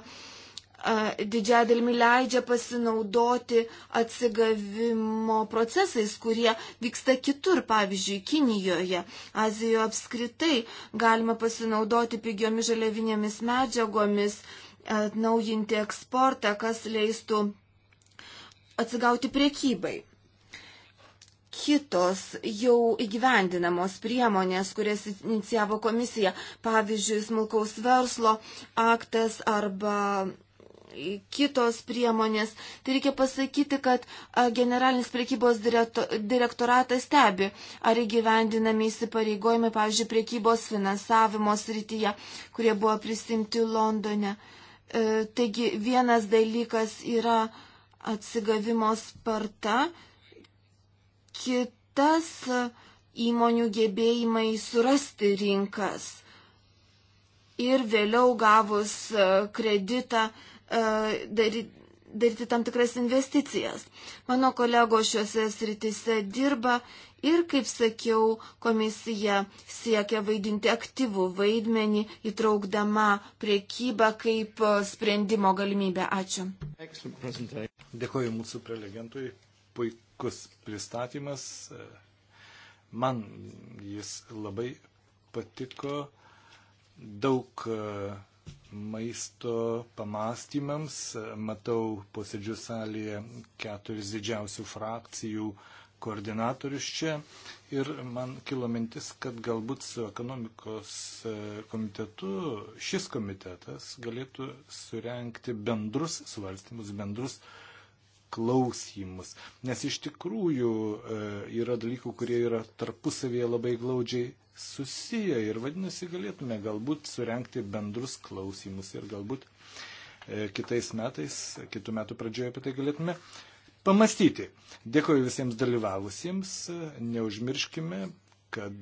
didžiąją dalimi leidžia pasinaudoti atsigavimo procesais, kurie vyksta kitur, pavyzdžiui, Kinijoje. Azijoje apskritai galima pasinaudoti pigiomis žaliavinėmis medžiagomis, atnaujinti eksportą, kas leistų atsigauti priekybai. Kitos jau įgyvendinamos priemonės, kurias inicijavo komisija, pavyzdžiui, smulkaus verslo aktas arba kitos priemonės. Tai reikia pasakyti, kad generalinis prekybos direktoratas stebi, ar įgyvendinami įsipareigojimai, pavyzdžiui, prekybos finansavimo srityje, kurie buvo prisimti Londone. E, taigi vienas dalykas yra atsigavimo sparta, kitas įmonių gebėjimai surasti rinkas ir vėliau gavus kreditą E, daryti daryti tam tikras investicijas. Mano kolegos šiuose sritise dirba ir, kaip sakiau, komisija siekia vaidinti aktyvų vaidmenį, įtraukdama priekybą kaip sprendimo galimybę. Ačiū. Dėkoju mūsų prelegentui. Puikus pristatymas. Man jis labai patiko. Daug maisto pamastymams. Matau posėdžių salėje keturis didžiausių frakcijų koordinatorius čia ir man kilo mintis, kad galbūt su ekonomikos e, komitetu šis komitetas galėtų surenkti bendrus svarstymus, bendrus uh, klausimus, nes iš tikrųjų e, yra dalykų, kurie yra tarpusavėje labai glaudžiai susiję ir vadinasi galėtume galbūt surenkti bendrus klausimus ir galbūt e, kitais metais, kitų metų pradžioje apie tai galėtume pamastyti. Dėkoju visiems dalyvavusiems, neužmirškime, kad